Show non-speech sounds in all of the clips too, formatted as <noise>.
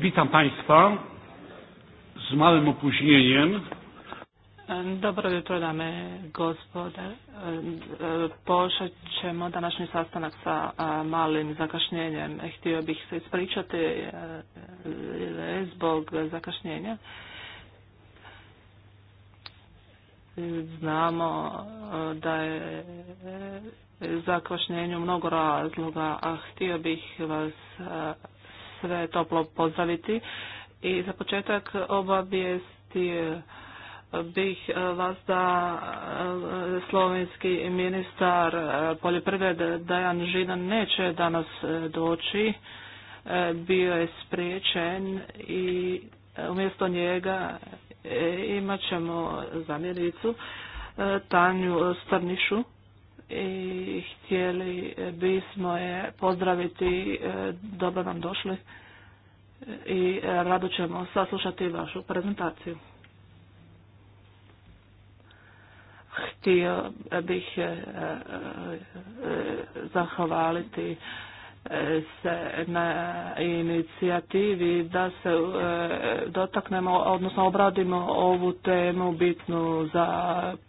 Witam Państwa z małym opóźnieniem. Dobro jutro, dame gospode. Počet ćemo današnji sastanak sa malim zakašnjenjem. Htio bih se ispričati e, e, zbog zakašnjenja. Znamo da je e, zakašnjenju mnogo razloga, a htio bih vas sve toplo pozdraviti. I za početak obavijesti eh, bih eh, vas da eh, slovenski ministar poljoprivrede Dajan Židan neće danas doći. Bio je spriječen i umjesto njega imat ćemo zamjenicu Tanju Strnišu i htjeli bismo je pozdraviti, e, dobro nam došli e, i rado ćemo saslušati vašu prezentaciju. Htio bih e, zahvaliti se na inicijativi da se e, dotaknemo, odnosno obradimo ovu temu bitnu za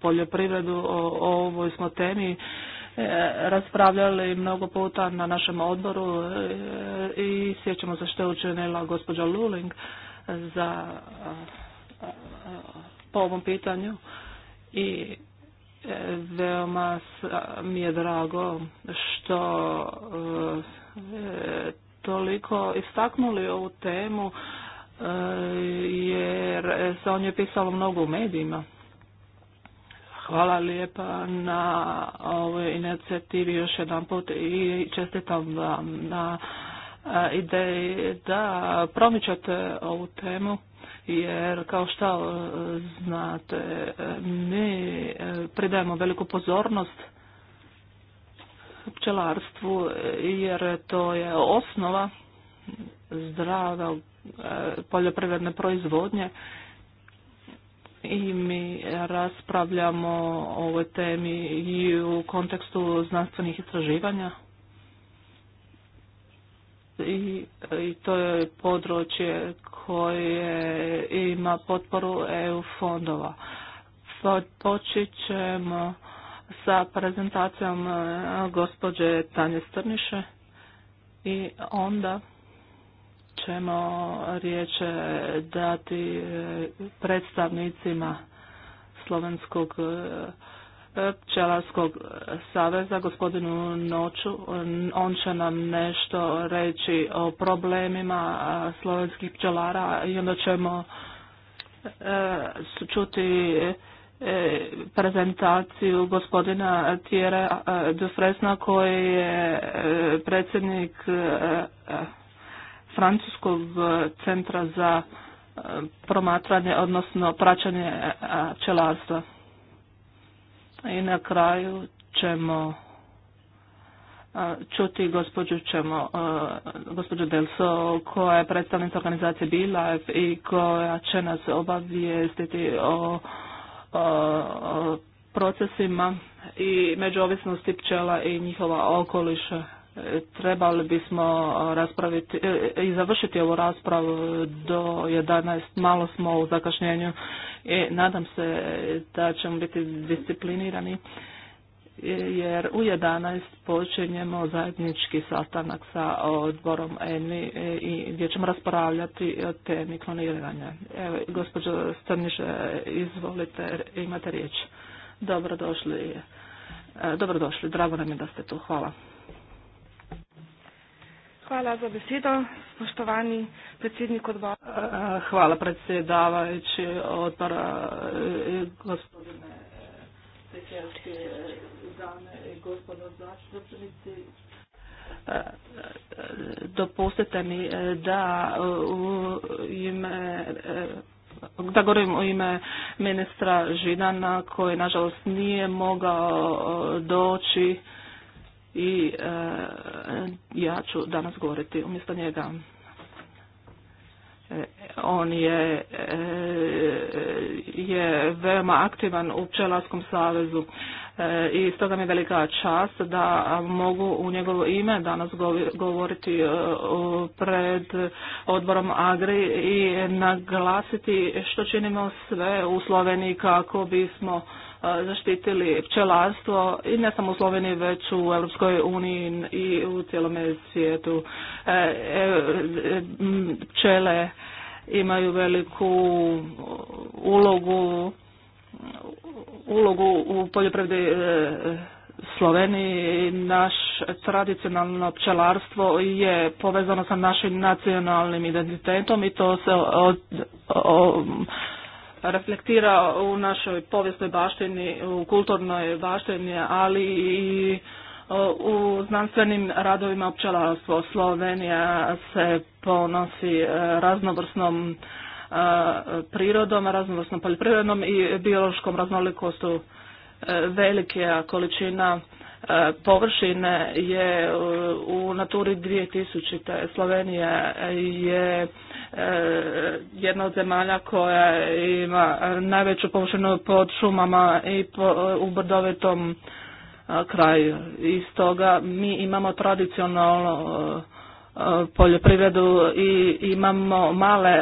poljoprivredu. O ovoj smo temi e, raspravljali mnogo puta na našem odboru e, i sjećamo se što je učinila gospođa Luling za po ovom pitanju i veoma mi je drago što E, toliko istaknuli ovu temu e, jer se on je pisalo mnogo u medijima. Hvala lijepa na ovoj inicijativi još jedan put i čestitam vam na e, ideji da promičate ovu temu jer kao što znate mi pridajemo veliku pozornost pčelarstvu e, jer to je osnova zdrava e, poljoprivredne proizvodnje i mi raspravljamo o ovoj temi i u kontekstu znanstvenih istraživanja. I, i to je područje koje ima potporu EU fondova. Počet ćemo sa prezentacijom e, gospođe Tanje Strniše i onda ćemo riječ dati e, predstavnicima Slovenskog e, pčelarskog saveza, gospodinu Noću. On će nam nešto reći o problemima slovenskih pčelara i onda ćemo čuti E, prezentaciju gospodina Tijera e, Dufresna koji je e, predsjednik Francuskog centra za promatranje, odnosno praćanje pčelarstva. I na kraju ćemo čuti gospođu, ćemo, gospođu Delso koja je predstavnica organizacije BILAF i koja će nas obavijestiti o procesima i međuovisnosti pčela i njihova okoliša. E, trebali bismo raspraviti e, i završiti ovu raspravu do 11. Malo smo u zakašnjenju i nadam se da ćemo biti disciplinirani jer u 11 počinjemo zajednički sastanak sa odborom eni e, i gdje ćemo raspravljati o temi kloniranja. Evo, gospođo Strniše, izvolite, imate riječ. Dobrodošli. E, dobrodošli, drago nam je da ste tu. Hvala. Hvala za besedo, Poštovani predsjednik odbora. E, hvala predsjedavajući odbora, gospodine Sekerski dame e, gospodo e, e, Dopustite mi da u ime da govorim u ime ministra Židana koji nažalost nije mogao doći i ja ću danas govoriti umjesto njega on je, je veoma aktivan u Pčelarskom savezu. E, i stoga mi je velika čast da mogu u njegovo ime danas govoriti e, pred odborom Agri i naglasiti što činimo sve u Sloveniji kako bismo e, zaštitili pčelarstvo i ne samo u Sloveniji već u Europskoj uniji i u cijelome svijetu. Pčele imaju veliku ulogu ulogu u poljoprivredi e, Sloveniji naš tradicionalno pčelarstvo je povezano sa našim nacionalnim identitetom i to se od, reflektira u našoj povijesnoj baštini, u kulturnoj baštini, ali i u znanstvenim radovima pčelarstvo. Slovenija se ponosi e, raznovrsnom prirodom, raznovrsnom poljoprivrednom i biološkom raznolikostu e, velike količina e, površine je e, u naturi 2000. Slovenija je jedna od zemalja koja ima najveću površinu pod šumama i u brdovitom kraju. I stoga mi imamo tradicionalno E, poljoprivredu i imamo male e,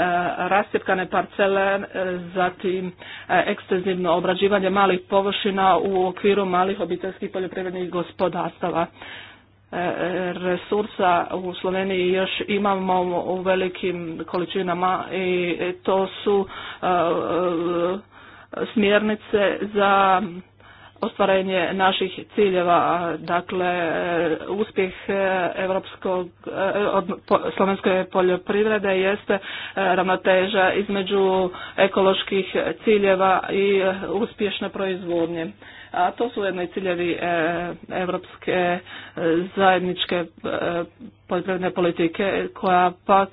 rasjepkane parcele, e, zatim ekstenzivno obrađivanje malih površina u okviru malih obiteljskih poljoprivrednih gospodarstava. Resursa u Sloveniji još imamo u velikim količinama i to su smjernice za ostvarenje naših ciljeva, dakle uspjeh e, evropskog e, slovenske poljoprivrede jeste e, ravnoteža između ekoloških ciljeva i uspješne proizvodnje. A to su ujedno i ciljevi evropske zajedničke poljoprivredne politike koja pak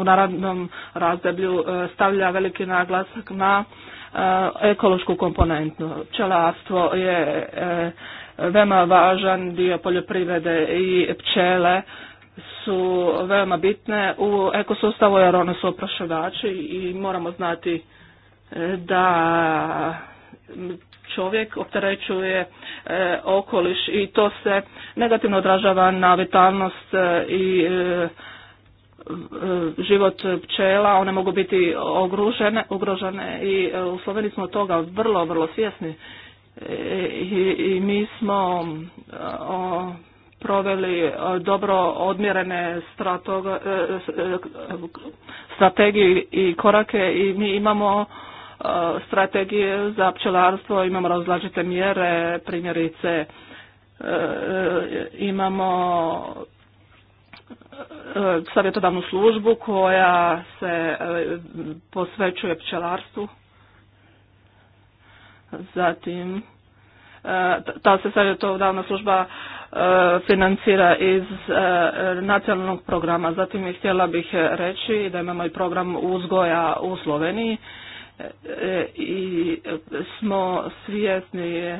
u narodnom razdoblju stavlja veliki naglasak na E, ekološku komponentu. Pčelarstvo je e, veoma važan dio poljoprivrede i pčele su veoma bitne u ekosustavu jer one su oprašivači i moramo znati e, da čovjek opterećuje okoliš i to se negativno odražava na vitalnost i E, život pčela, one mogu biti ogružene, ugrožene i e, u Sloveniji smo toga vrlo, vrlo svjesni. E, I, i mi smo o, proveli dobro odmjerene strategije i korake i mi imamo strategije za pčelarstvo, imamo različite mjere, primjerice imamo E, savjetodavnu službu koja se e, posvećuje pčelarstvu. Zatim e, ta se savjetodavna služba financira iz nacionalnog programa. Zatim htjela bih reći da imamo i program uzgoja u Sloveniji i smo svjesni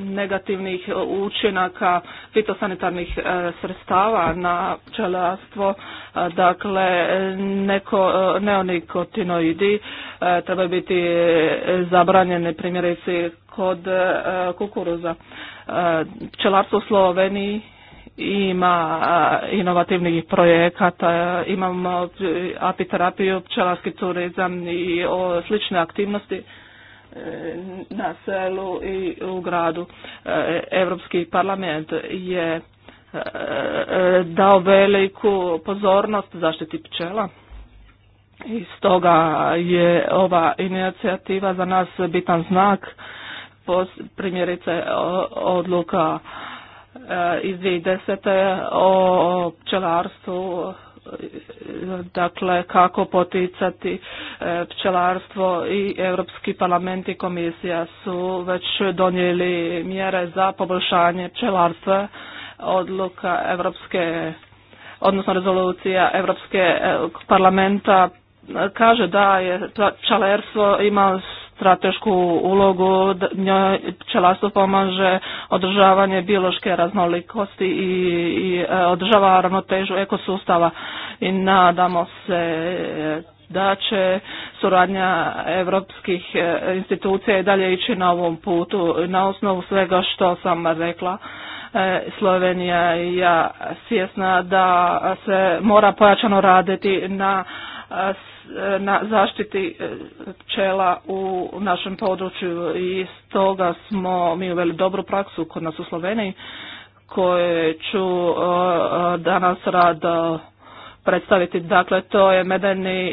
negativnih učinaka fitosanitarnih e, sredstava na pčelarstvo, e, dakle neko, e, neonikotinoidi treba biti zabranjene primjerice kod kukuruza. Pčelarstvo u Sloveniji ima inovativnih projekata, imamo apiterapiju, pčelarski turizam i slične aktivnosti E, na selu i u gradu. Europski parlament je e, dao veliku pozornost zaštiti pčela. I stoga je ova inicijativa za nas bitan znak, primjerice odluka e, iz 2010. o pčelarstvu dakle kako poticati e, pčelarstvo i Europski parlament i komisija su već donijeli mjere za poboljšanje pčelarstva odluka Europske odnosno rezolucija Europske e, parlamenta e, kaže da je pčelarstvo ima stratešku ulogu, njoj pčelarstvo pomaže održavanje biološke raznolikosti i, i e, održava ravnotežu ekosustava i nadamo se e, da će suradnja europskih e, institucija i dalje ići na ovom putu. Na osnovu svega što sam rekla, Slovenija i ja svjesna da se mora pojačano raditi na E, na zaštiti e, pčela u našem području i stoga smo mi uveli dobru praksu kod nas u Sloveniji koje ću e, danas rad predstaviti. Dakle, to je medeni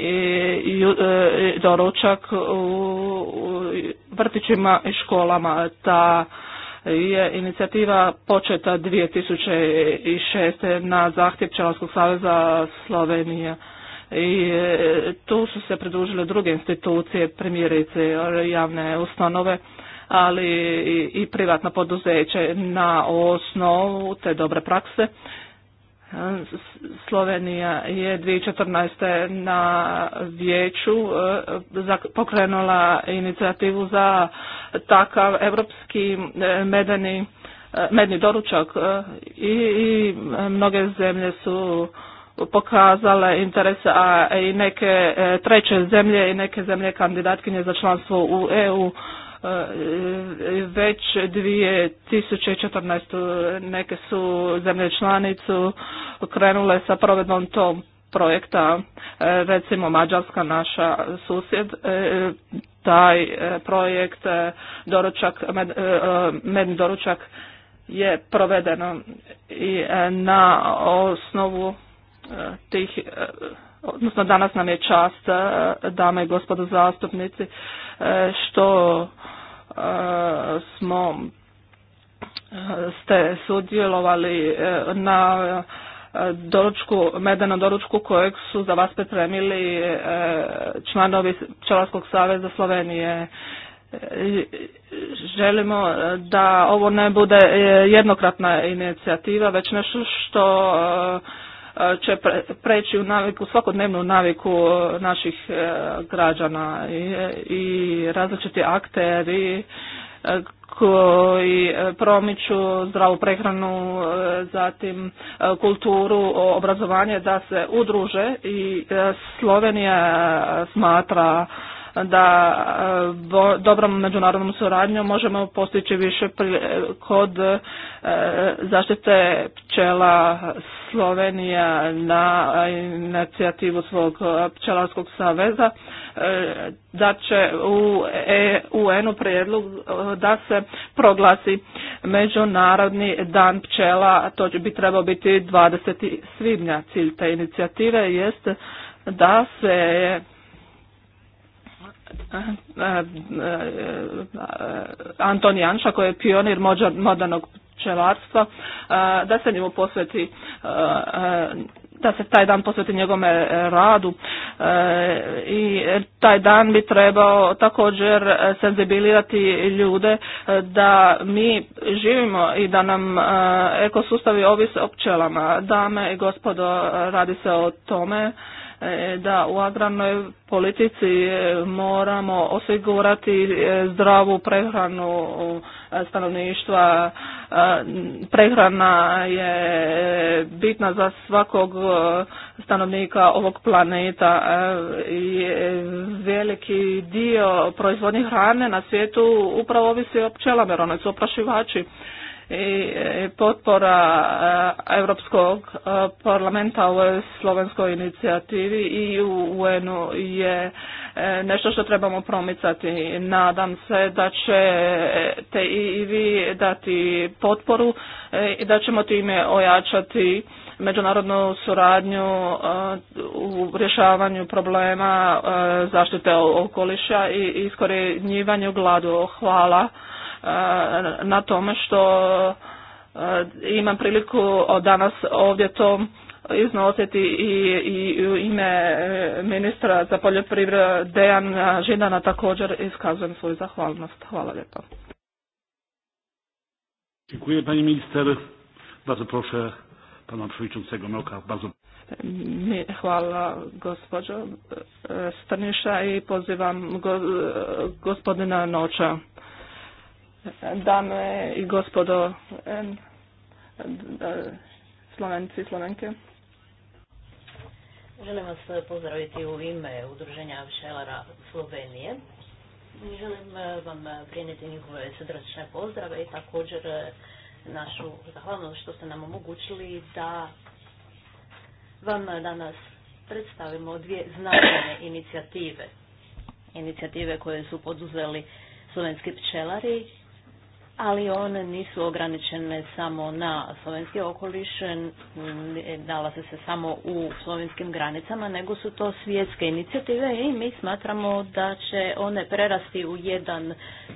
doručak u vrtićima i školama. Ta je inicijativa početa 2006. na zahtjev Čelovskog saveza Slovenije i e, tu su se pridružile druge institucije, primjerice javne ustanove, ali i privatna poduzeće na osnovu te dobre prakse. Slovenija je 2014. na vijeću e, pokrenula inicijativu za takav evropski e, medeni medni doručak i, i mnoge zemlje su pokazale interes, a i neke e, treće zemlje i neke zemlje kandidatkinje za članstvo u EU e, već 2014. neke su zemlje članicu krenule sa provedbom tom projekta, e, recimo Mađarska naša susjed, taj projekt doručak, med, doručak je provedeno i na osnovu tih, e, odnosno danas nam je čast, e, dame i gospodo zastupnici, e, što smo ste sudjelovali na doručku, medeno doručku kojeg su za vas pripremili članovi Pčelarskog saveza Slovenije. Želimo da ovo ne bude jednokratna inicijativa, već nešto što će preći u naviku, svakodnevnu naviku e, naših e, građana i, e, i različiti akteri koji promiču zdravu prehranu, zatim kulturu, obrazovanje da se udruže i Slovenija smatra da e, dobrom međunarodnom suradnjom možemo postići više e, kod e, zaštite pčela Slovenija na inicijativu svog pčelarskog saveza da će u UN-u prijedlog da se proglasi Međunarodni dan pčela, to bi trebao biti 20. svibnja. Cilj te inicijative jest da se Anton Janša koji je pionir modernog pčelarstva, da se njemu posveti da se taj dan posveti njegome radu i taj dan bi trebao također senzibilirati ljude da mi živimo i da nam ekosustavi ovise o pčelama. Dame i gospodo, radi se o tome E, da u agrarnoj politici e, moramo osigurati e, zdravu prehranu stanovništva. Prehrana je bitna za svakog stanovnika ovog planeta i veliki dio proizvodnje hrane na svijetu upravo ovisi o pčelama jer su oprašivači i potpora e, Europskog e, parlamenta u slovenskoj inicijativi i u UN-u je e, nešto što trebamo promicati. Nadam se da te i vi dati potporu i da ćemo time ojačati međunarodnu suradnju u rješavanju problema zaštite okoliša i iskorjenjivanju gladu. Hvala na tome što imam priliku danas ovdje to iznositi i, i u ime ministra za poljoprivredu Dejan Žindana također iskazujem svoju zahvalnost. Hvala lijepo. Dziękuję pani minister. Bardzo proszę pana przewodniczącego Melka. Bardzo... Hvala gospođo e, Staniša i pozivam go, e, gospodina Noća dame i gospodo slovenci i slovenke. Želim vas pozdraviti u ime Udruženja pšelara Slovenije. Želim eh, vam prenijeti njihove sredračne pozdrave i također eh, našu zahvalnost što ste nam omogućili da vam danas predstavimo dvije značajne inicijative. Inicijative koje su poduzeli slovenski pčelari ali one nisu ograničene samo na slovenski okoliš, nalaze se samo u slovenskim granicama, nego su to svjetske inicijative i mi smatramo da će one prerasti u jedan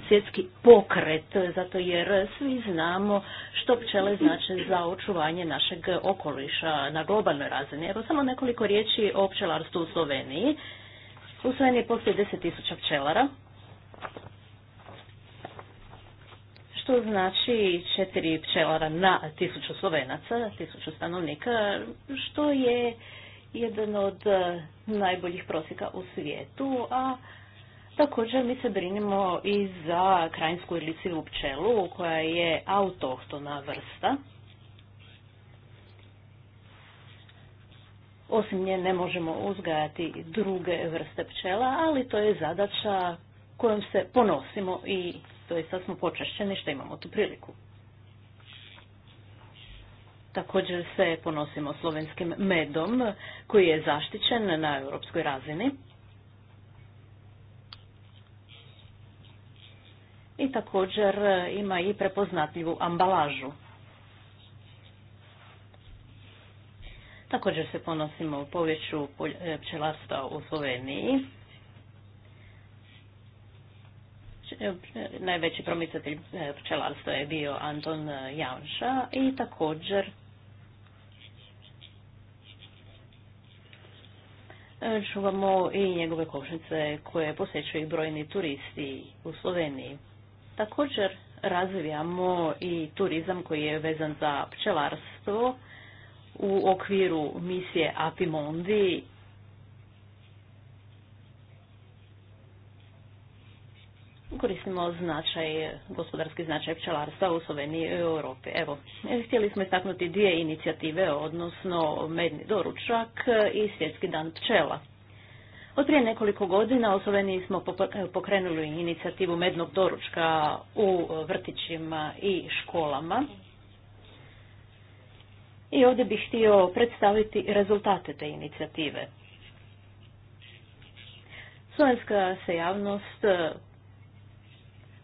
svjetski pokret, zato jer svi znamo što pčele znače za očuvanje našeg okoliša na globalnoj razini. Evo samo nekoliko riječi o pčelarstvu u Sloveniji. U Sloveniji postoji 10.000 pčelara, što znači četiri pčelara na tisuću slovenaca, tisuću stanovnika, što je jedan od e, najboljih prosjeka u svijetu, a također mi se brinimo i za krajinsku ilicivu pčelu koja je autohtona vrsta. Osim nje ne možemo uzgajati druge vrste pčela, ali to je zadaća kojom se ponosimo i sad smo počašćeni što imamo tu priliku. Također se ponosimo slovenskim medom koji je zaštićen na europskoj razini. I također ima i prepoznatljivu ambalažu. Također se ponosimo u povjeću e, pčelasta u Sloveniji najveći promicatelj e, pčelarstva je bio Anton e, Janša i također e, čuvamo i njegove košnice koje posjećuju brojni turisti u Sloveniji. Također razvijamo i turizam koji je vezan za pčelarstvo u okviru misije Apimondi koristimo značaj, gospodarski značaj pčelarstva u Sloveniji i Europi. Evo, e, htjeli smo istaknuti dvije inicijative, odnosno medni doručak i svjetski dan pčela. Od prije nekoliko godina u Sloveniji smo e, pokrenuli inicijativu mednog doručka u vrtićima i školama. I ovdje bih htio predstaviti rezultate te inicijative. Slovenska se javnost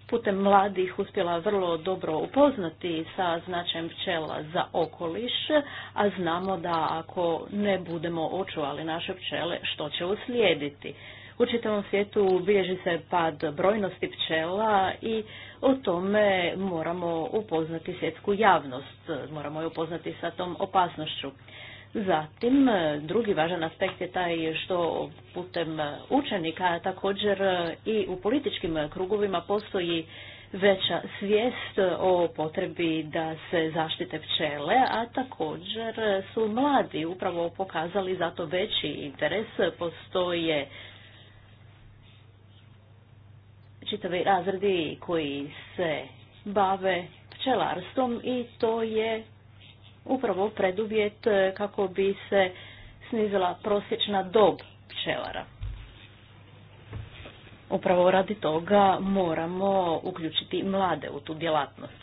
putem mladih uspjela vrlo dobro upoznati sa značajem pčela za okoliš, a znamo da ako ne budemo očuvali naše pčele, što će uslijediti. U čitavom svijetu bilježi se pad brojnosti pčela i o tome moramo upoznati svjetsku javnost, moramo je upoznati sa tom opasnošću. Zatim, e, drugi važan aspekt je taj što putem učenika također e, i u političkim krugovima postoji veća svijest o potrebi da se zaštite pčele, a također su mladi upravo pokazali zato veći interes. Postoje čitavi razredi koji se bave pčelarstvom i to je upravo preduvjet e, kako bi se snizila prosječna dob pčelara. Upravo radi toga moramo uključiti mlade u tu djelatnost.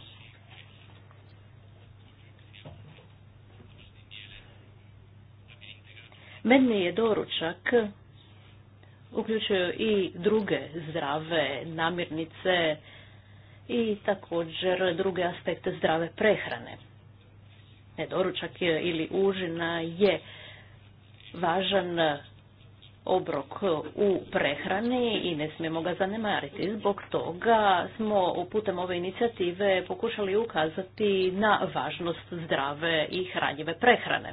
Meni je doručak uključio i druge zdrave namirnice i također druge aspekte zdrave prehrane ne doručak ili užina je važan obrok u prehrani i ne smijemo ga zanemariti. Zbog toga smo putem ove inicijative pokušali ukazati na važnost zdrave i hranjive prehrane.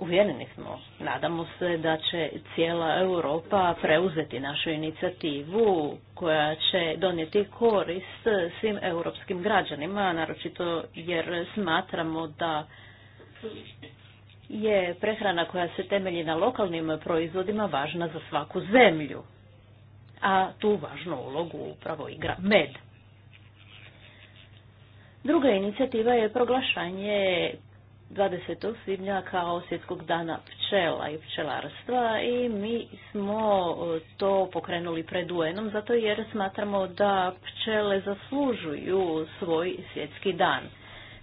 Uvjereni smo, nadamo se da će cijela Europa preuzeti našu inicijativu koja će donijeti korist svim europskim građanima, naročito jer smatramo da je prehrana koja se temelji na lokalnim proizvodima važna za svaku zemlju. A tu važnu ulogu upravo igra med. Druga inicijativa je proglašanje 20. svibnja kao svjetskog dana pčela i pčelarstva i mi smo e, to pokrenuli pred un zato jer smatramo da pčele zaslužuju svoj svjetski dan.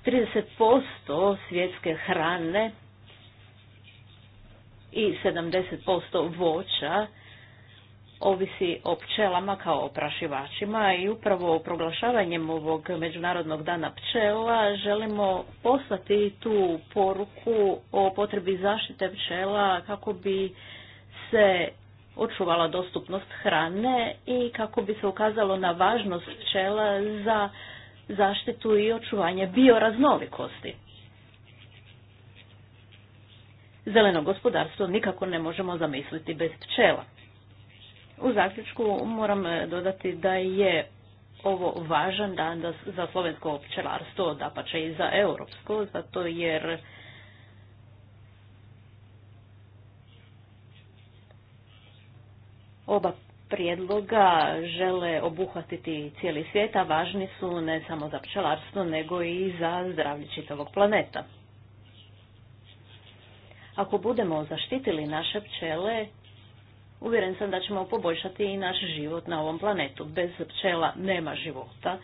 30% svjetske hrane i 70% voća ovisi o pčelama kao oprašivačima i upravo proglašavanjem ovog Međunarodnog dana pčela želimo poslati tu poruku o potrebi zaštite pčela kako bi se očuvala dostupnost hrane i kako bi se ukazalo na važnost pčela za zaštitu i očuvanje bioraznolikosti. Zeleno gospodarstvo nikako ne možemo zamisliti bez pčela. U zaključku moram e, dodati da je ovo važan dan za slovensko pčelarstvo, da pa će i za europsko, zato jer oba prijedloga žele obuhvatiti cijeli svijet, a važni su ne samo za pčelarstvo, nego i za zdravlje čitavog planeta. Ako budemo zaštitili naše pčele, uvjeren sam da ćemo poboljšati i naš život na ovom planetu. Bez pčela nema života,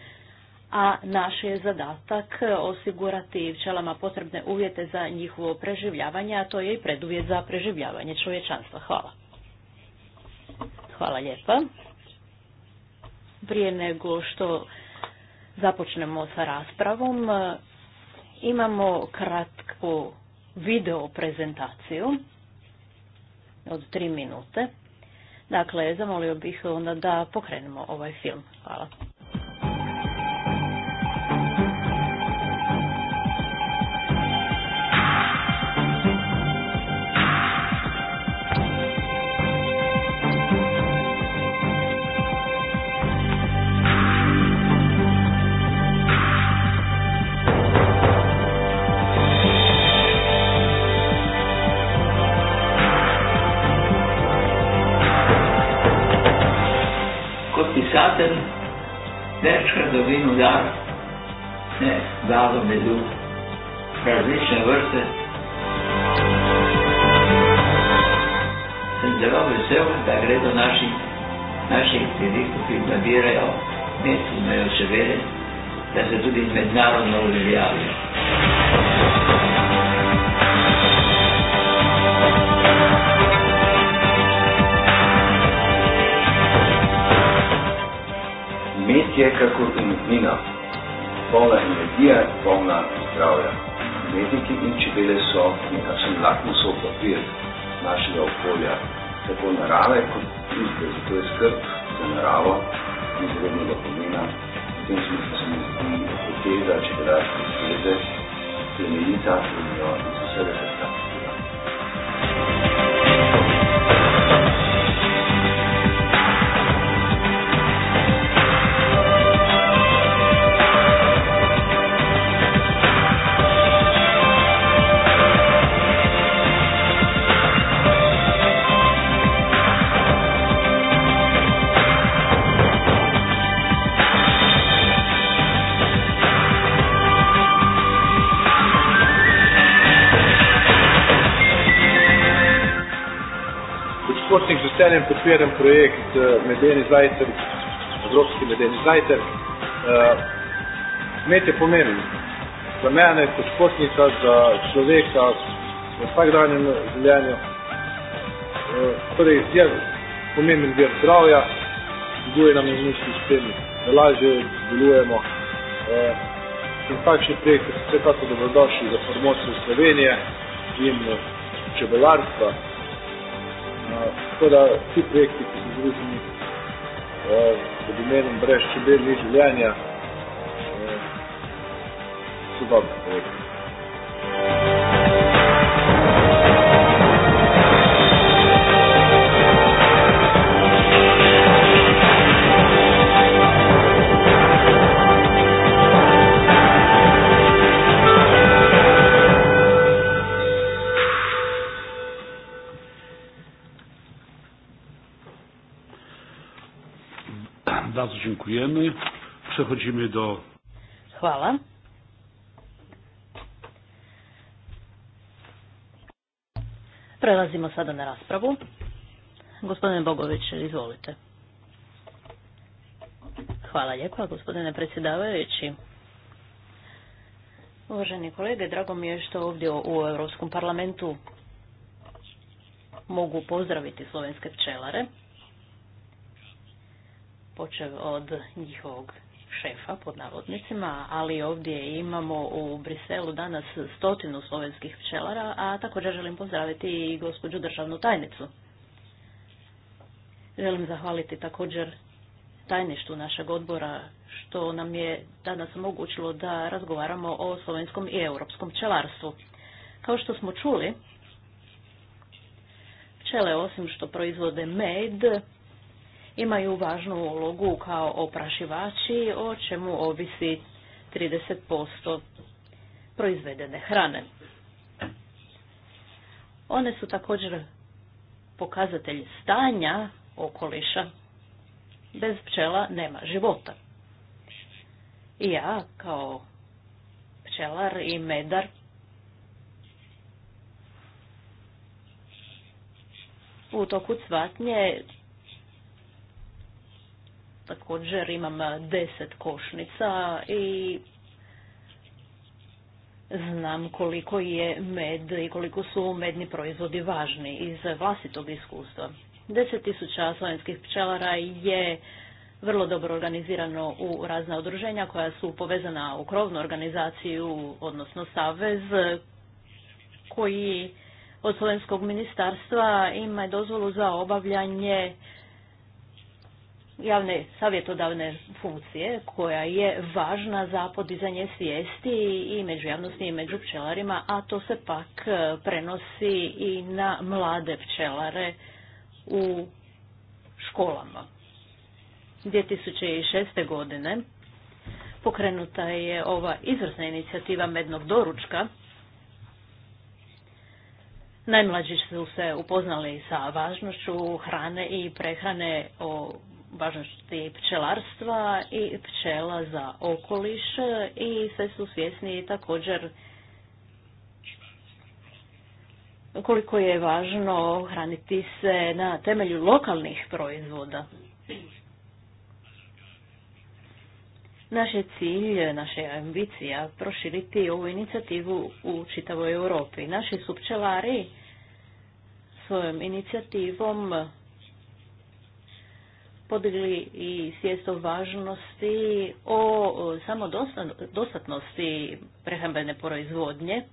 a naš je zadatak osigurati pčelama potrebne uvjete za njihovo preživljavanje, a to je i preduvjet za preživljavanje čovječanstva. Hvala. Hvala lijepa. Prije nego što započnemo sa raspravom, imamo kratku video prezentaciju od tri minute. Dakle, zamolio bih onda da pokrenemo ovaj film. Hvala. između različne vrste Sam zelo vesel, da gredo naši, naši pristupi, da birajo mesto imajoče vere, da se tudi mednarodno uveljavijo. Umet je kako umetnina, polna energija, polna zdravja. Medniki in čebele so nekakšen lakmusov papir našega okolja, tako narave kot tiste, zato je skrb za naravo izrednega pomena. V tem smislu se mi zdi poteza čebelarske zveze plemenita in jo iz vsega srca you. Športnik z veseljem podpiram projekt eh, Medeni Zajter, Evropski medeni Zajter. Eh, med je pomembno Za mene kot športnika, za človeka v vsakdanjem življenju. Eh, torej, je pomemben vir zdravja, duje nam imunski sistem, da lažje delujemo. In takšni projekti so vsekakor dobrodošli za promocijo Slovenije in čebelarstva. Tako da ti projekti, ki so združeni pod imenom Brez čebel ni življenja, so dobro projekti. Dziękujemy. Przechodzimy do... Hvala. Prelazimo sada na raspravu. Gospodine Bogović, izvolite. Hvala lijepa, gospodine predsjedavajući. Uvaženi kolege, drago mi je što ovdje u Europskom parlamentu mogu pozdraviti slovenske pčelare počev od njihovog šefa, pod navodnicima, ali ovdje imamo u Briselu danas stotinu slovenskih pčelara, a također želim pozdraviti i gospođu državnu tajnicu. Želim zahvaliti također tajništu našeg odbora što nam je danas omogućilo da razgovaramo o slovenskom i europskom pčelarstvu. Kao što smo čuli, pčele osim što proizvode med, imaju važnu ulogu kao oprašivači, o čemu ovisi 30% proizvedene hrane. One su također pokazatelj stanja okoliša. Bez pčela nema života. I ja kao pčelar i medar u toku cvatnje također imam e, deset košnica i znam koliko je med i koliko su medni proizvodi važni iz vlastitog iskustva. Deset tisuća slovenskih pčelara je vrlo dobro organizirano u razna odruženja koja su povezana u krovnu organizaciju, odnosno savez, koji od Slovenskog ministarstva ima dozvolu za obavljanje javne savjetodavne funkcije koja je važna za podizanje svijesti i među javnosti i među pčelarima, a to se pak e, prenosi i na mlade pčelare u školama. 2006. godine pokrenuta je ova izvrsna inicijativa mednog doručka. Najmlađi su se upoznali sa važnošću hrane i prehrane o važnosti pčelarstva i pčela za okoliš i sve su svjesni također koliko je važno hraniti se na temelju lokalnih proizvoda. Naš je cilj, naša je ambicija proširiti ovu inicijativu u čitavoj Europi. Naši su pčelari svojom inicijativom podigli i svijest o važnosti, o samodostatnosti prehrambene proizvodnje,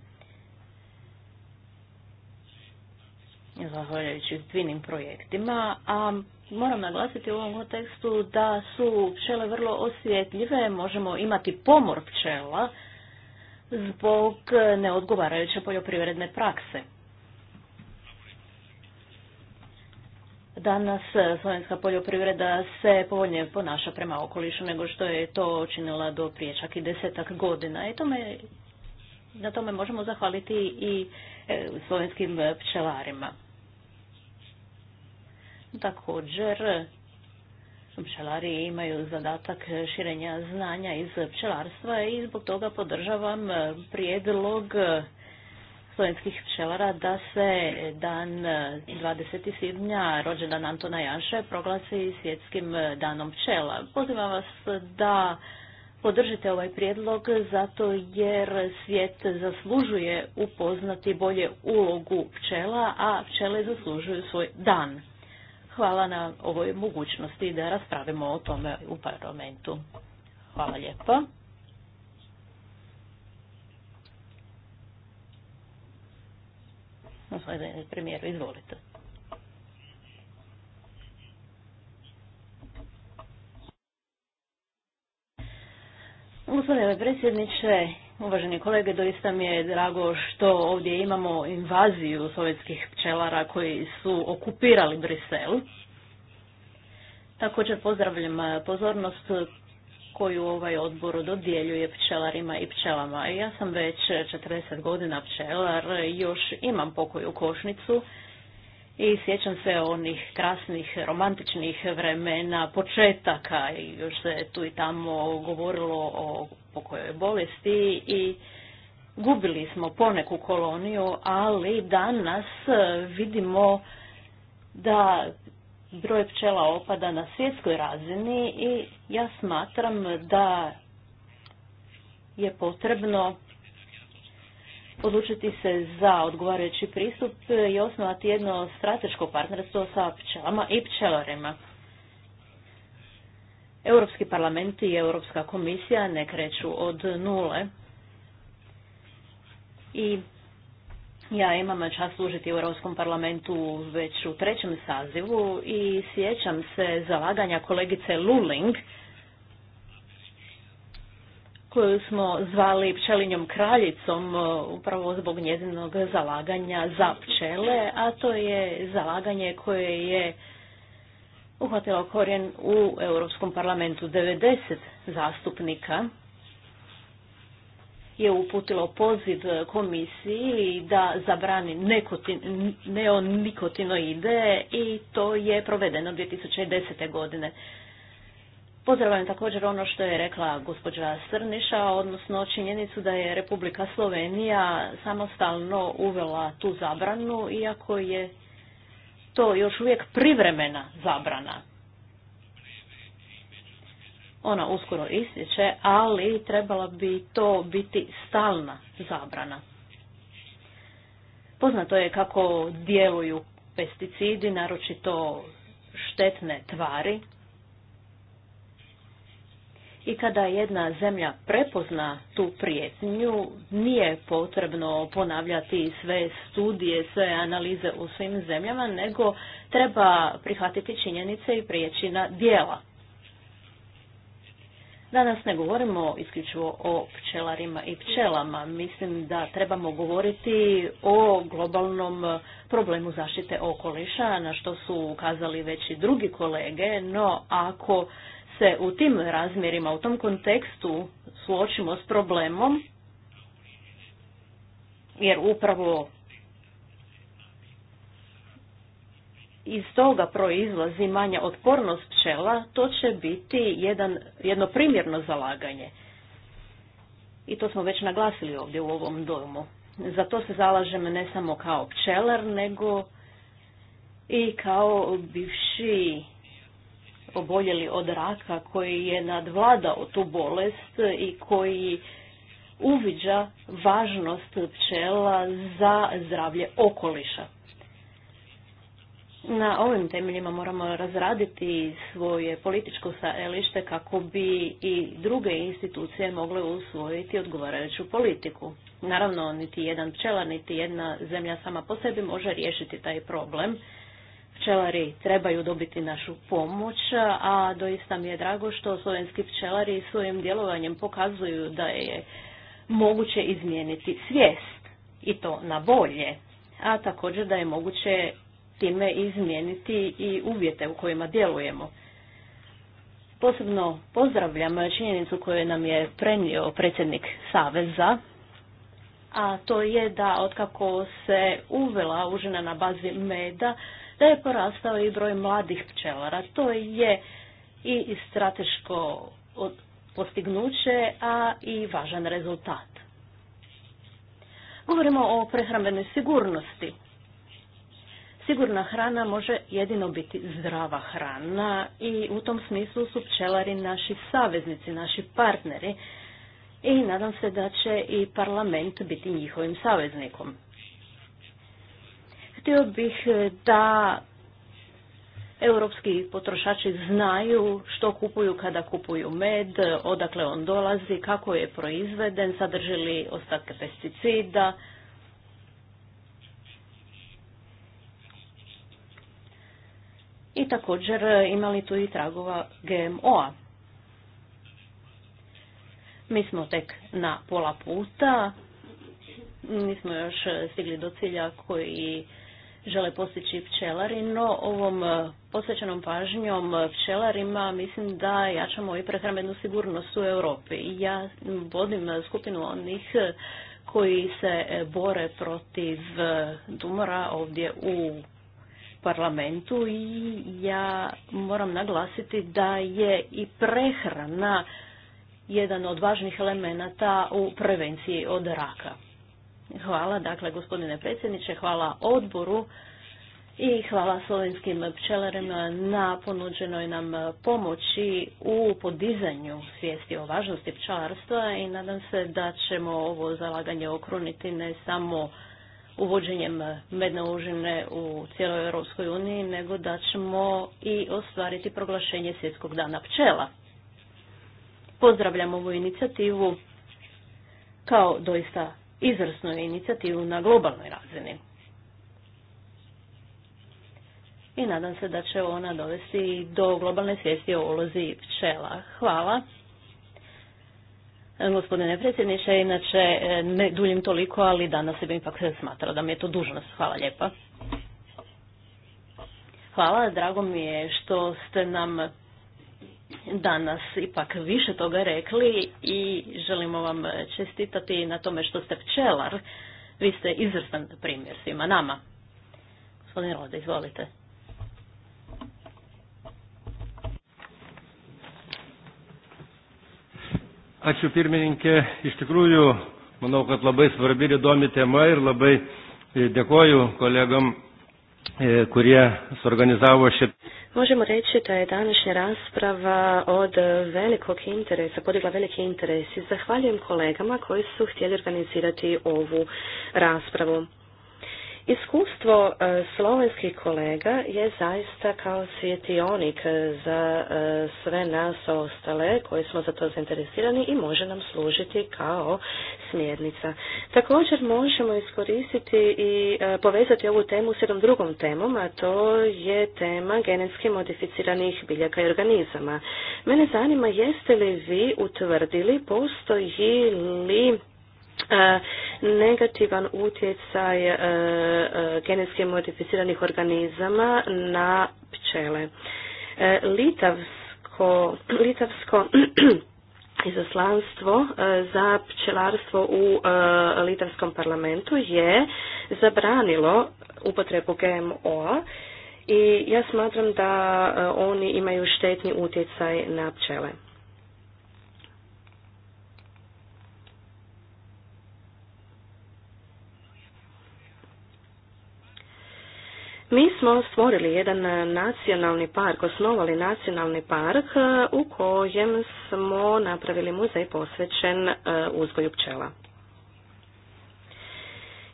zahvaljujući dvinim projektima, a moram naglasiti u ovom kontekstu da su pčele vrlo osjetljive, možemo imati pomor pčela zbog neodgovarajuće poljoprivredne prakse. Danas e, slovenska poljoprivreda se povoljnije ponaša prema okolišu nego što je to činila do prije čak i desetak godina. I tome, na tome možemo zahvaliti i e, slovenskim pčelarima. Također, pčelari imaju zadatak širenja znanja iz pčelarstva i zbog toga podržavam prijedlog slovenskih pčelara da se dan 20. Eh, svibnja rođendan Antona Janše proglasi svjetskim danom pčela. Pozivam vas da podržite ovaj prijedlog zato jer svijet zaslužuje upoznati bolje ulogu pčela, a pčele zaslužuju svoj dan. Hvala na ovoj mogućnosti da raspravimo o tome u parlamentu. Hvala lijepo. Gospodine premijeru, izvolite. Gospodine predsjedniče, uvaženi kolege, doista mi je drago što ovdje imamo invaziju sovjetskih pčelara koji su okupirali Brisel. Također pozdravljam pozornost koju ovaj odbor dodjeljuje pčelarima i pčelama. Ja sam već 40 godina pčelar, još imam pokoju košnicu i sjećam se onih krasnih romantičnih vremena, početaka i još se tu i tamo govorilo o pokojoj bolesti i gubili smo poneku koloniju, ali danas vidimo da broj pčela opada na svjetskoj razini i ja smatram da je potrebno odlučiti se za odgovarajući pristup i osnovati jedno strateško partnerstvo sa pčelama i pčelarima. Europski parlament i Europska komisija ne kreću od nule i ja imam čast služiti u Europskom parlamentu već u trećem sazivu i sjećam se zalaganja kolegice Luling koju smo zvali pčelinjom kraljicom e, upravo zbog njezinog zalaganja za pčele, a to je zalaganje koje je uhvatilo korijen u Europskom parlamentu 90 zastupnika je uputilo poziv komisiji da zabrani neonikotinoide i to je provedeno 2010. godine. Pozdravljam također ono što je rekla gospođa Srniša, odnosno činjenicu da je Republika Slovenija samostalno uvela tu zabranu, iako je to još uvijek privremena zabrana ona uskoro ističe, ali trebala bi to biti stalna zabrana. Poznato je kako djeluju pesticidi, naročito štetne tvari. I kada jedna zemlja prepozna tu prijetnju, nije potrebno ponavljati sve studije, sve analize u svim zemljama, nego treba prihvatiti činjenice i prijeći na dijela. Danas ne govorimo isključivo o pčelarima i pčelama. Mislim da trebamo govoriti o globalnom problemu zaštite okoliša, na što su ukazali već i drugi kolege, no ako se u tim razmjerima, u tom kontekstu suočimo s problemom, jer upravo iz toga proizlazi manja otpornost pčela, to će biti jedan, jedno primjerno zalaganje. I to smo već naglasili ovdje u ovom domu. Za to se zalažem ne samo kao pčelar, nego i kao bivši oboljeli od raka koji je nadvladao tu bolest i koji uviđa važnost pčela za zdravlje okoliša na ovim temeljima moramo razraditi svoje političko stajalište kako bi i druge institucije mogle usvojiti odgovarajuću politiku. Naravno, niti jedan pčelar, niti jedna zemlja sama po sebi može riješiti taj problem. Pčelari trebaju dobiti našu pomoć, a doista mi je drago što slovenski pčelari svojim djelovanjem pokazuju da je moguće izmijeniti svijest i to na bolje, a također da je moguće time izmijeniti i uvjete u kojima djelujemo. Posebno pozdravljam činjenicu koju nam je prenio predsjednik Saveza, a to je da otkako se uvela užina na bazi meda, da je porastao i broj mladih pčelara. To je i strateško postignuće, a i važan rezultat. Govorimo o prehrambenoj sigurnosti. Sigurna hrana može jedino biti zdrava hrana i u tom smislu su pčelari naši saveznici, naši partneri i nadam se da će i parlament biti njihovim saveznikom. Htio bih da europski potrošači znaju što kupuju kada kupuju med, odakle on dolazi, kako je proizveden, sadrži li ostatke pesticida, i također e, imali tu i tragova GMO-a. Mi smo tek na pola puta, nismo još e, stigli do cilja koji žele postići pčelari, no ovom e, posvećenom pažnjom pčelarima mislim da jačamo i prehrambenu sigurnost u Europi. Ja vodim skupinu onih koji se bore protiv tumora ovdje u parlamentu i ja moram naglasiti da je i prehrana jedan od važnih elemenata u prevenciji od raka. Hvala, dakle, gospodine predsjedniče, hvala odboru i hvala slovenskim pčelarima na ponuđenoj nam pomoći u podizanju svijesti o važnosti pčelarstva i nadam se da ćemo ovo zalaganje okruniti ne samo uvođenjem medne užine u cijeloj Europskoj uniji, nego da ćemo i ostvariti proglašenje svjetskog dana pčela. Pozdravljam ovu inicijativu kao doista izvrsnu inicijativu na globalnoj razini. I nadam se da će ona dovesti do globalne svijesti o ulozi pčela. Hvala. E, gospodine predsjedniče, inače e, ne duljim toliko, ali danas se bi ipak smatrao da mi je to dužnost. Hvala lijepa. Hvala, drago mi je što ste nam danas ipak više toga rekli i želimo vam čestitati na tome što ste pčelar. Vi ste izvrstan primjer svima nama. Gospodin Rode, izvolite. Ačiū pirmininkė. Iš tikrųjų, manau, kad labai svarbi ir įdomi tema ir labai e, dėkoju kolegam e, kurie suorganizavo še... Možemo reći da je današnja rasprava od velikog interesa, podigla veliki interes i zahvaljujem kolegama koji su htjeli organizirati ovu raspravu. Iskustvo e, slovenskih kolega je zaista kao svjetionik za e, sve nas ostale koji smo za to zainteresirani i može nam služiti kao smjernica. Također možemo iskoristiti i e, povezati ovu temu s jednom drugom temom, a to je tema genetski modificiranih biljaka i organizama. Mene zanima jeste li vi utvrdili postoji li negativan utjecaj e, e, genetski modificiranih organizama na pčele. E, litavsko, litavsko <clears throat> izaslanstvo za pčelarstvo u Litavskom parlamentu je zabranilo upotrebu GMO-a i ja smatram da oni imaju štetni utjecaj na pčele. Mi smo stvorili jedan e, nacionalni park, osnovali nacionalni park e, u kojem smo napravili muzej posvećen e, uzgoju pčela.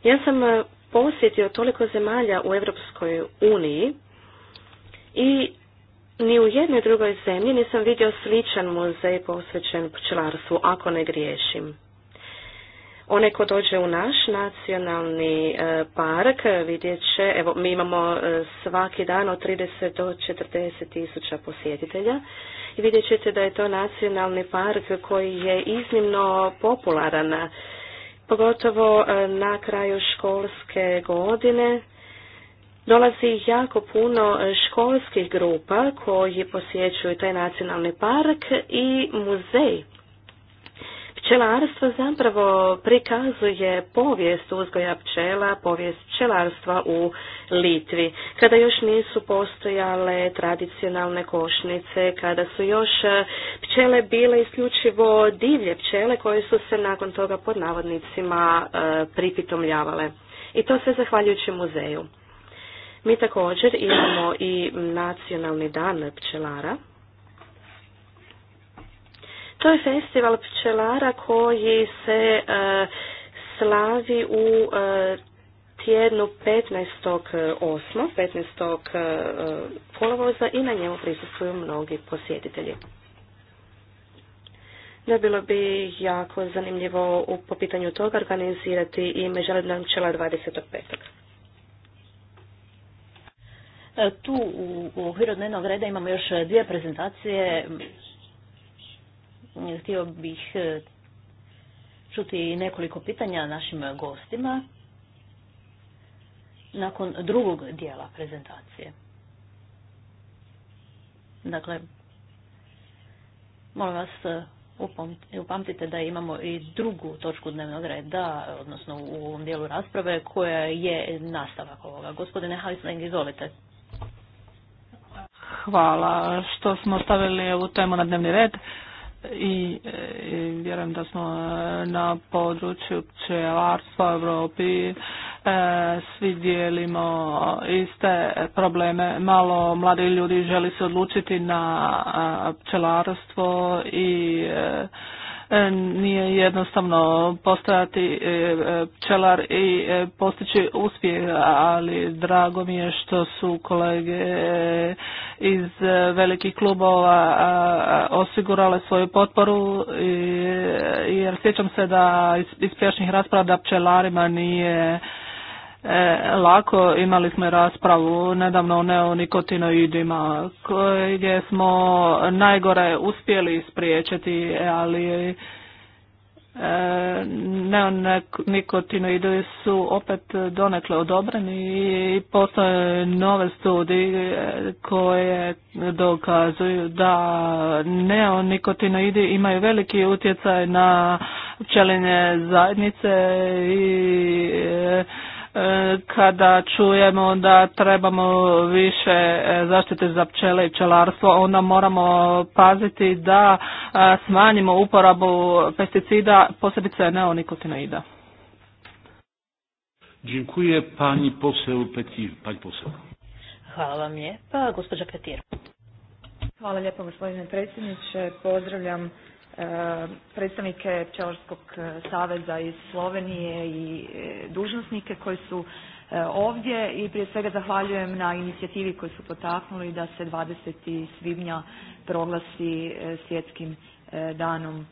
Ja sam posjetio toliko zemalja u Europskoj uniji i ni u jednoj drugoj zemlji nisam vidio sličan muzej posvećen pčelarstvu, ako ne griješim. Onaj ko dođe u naš nacionalni e, park vidjet će, evo mi imamo e, svaki dan od 30 do 40 tisuća posjetitelja i vidjet ćete da je to nacionalni park koji je iznimno popularan, pogotovo e, na kraju školske godine. Dolazi jako puno školskih grupa koji posjećuju taj nacionalni park i muzej Pčelarstvo zapravo prikazuje povijest uzgoja pčela, povijest pčelarstva u Litvi. Kada još nisu postojale tradicionalne košnice, kada su još e, pčele bile isključivo divlje pčele koje su se nakon toga pod navodnicima e, pripitomljavale. I to sve zahvaljujući muzeju. Mi također imamo i nacionalni dan pčelara to je festival pčelara koji se e, slavi u e, tjednu 15.8. 15. E, kolovoza i na njemu prisustuju mnogi posjetitelji. Da bilo bi jako zanimljivo u, po pitanju toga organizirati i Međunarodna pčela 25. Tu u okviru dnevnog reda imamo još dvije prezentacije htio bih e, čuti nekoliko pitanja našim gostima nakon drugog dijela prezentacije. Dakle, molim vas e, upamtite da imamo i drugu točku dnevnog reda, odnosno u ovom dijelu rasprave, koja je nastavak ovoga. Gospodine Heisling, izvolite. Hvala što smo stavili ovu temu na dnevni red. E, i, vjerujem da smo e, na području pčelarstva u Europi e, svi dijelimo iste probleme. Malo mladi ljudi želi se odlučiti na pčelarstvo i E, nije jednostavno postojati e, e, pčelar i postići uspjeh, ali drago mi je što su kolege iz velikih klubova osigurale svoju potporu jer sjećam se da iz prijašnjih rasprava da pčelarima nije E, lako. Imali smo raspravu nedavno o neonikotinoidima koje smo najgore uspjeli spriječiti, ali e, neonikotinoidi su opet donekle odobreni i postoje nove studije e, koje dokazuju da neonikotinoidi imaju veliki utjecaj na pčelinje zajednice i E, kada čujemo da trebamo više e, zaštite za pčele i pčelarstvo, onda moramo paziti da e, smanjimo uporabu pesticida, posebice neonikotinoida. Dziękuję pani poseł Petir, pani poseł. Hvala vam lijepa, gospođa Petir. Hvala lijepo gospodine predsjedniče, pozdravljam E, predstavnike Pčelarskog e, saveza iz Slovenije i e, dužnosnike koji su ovdje i prije svega zahvaljujem na inicijativi koju su potaknuli da se 20. svibnja proglasi svjetskim danom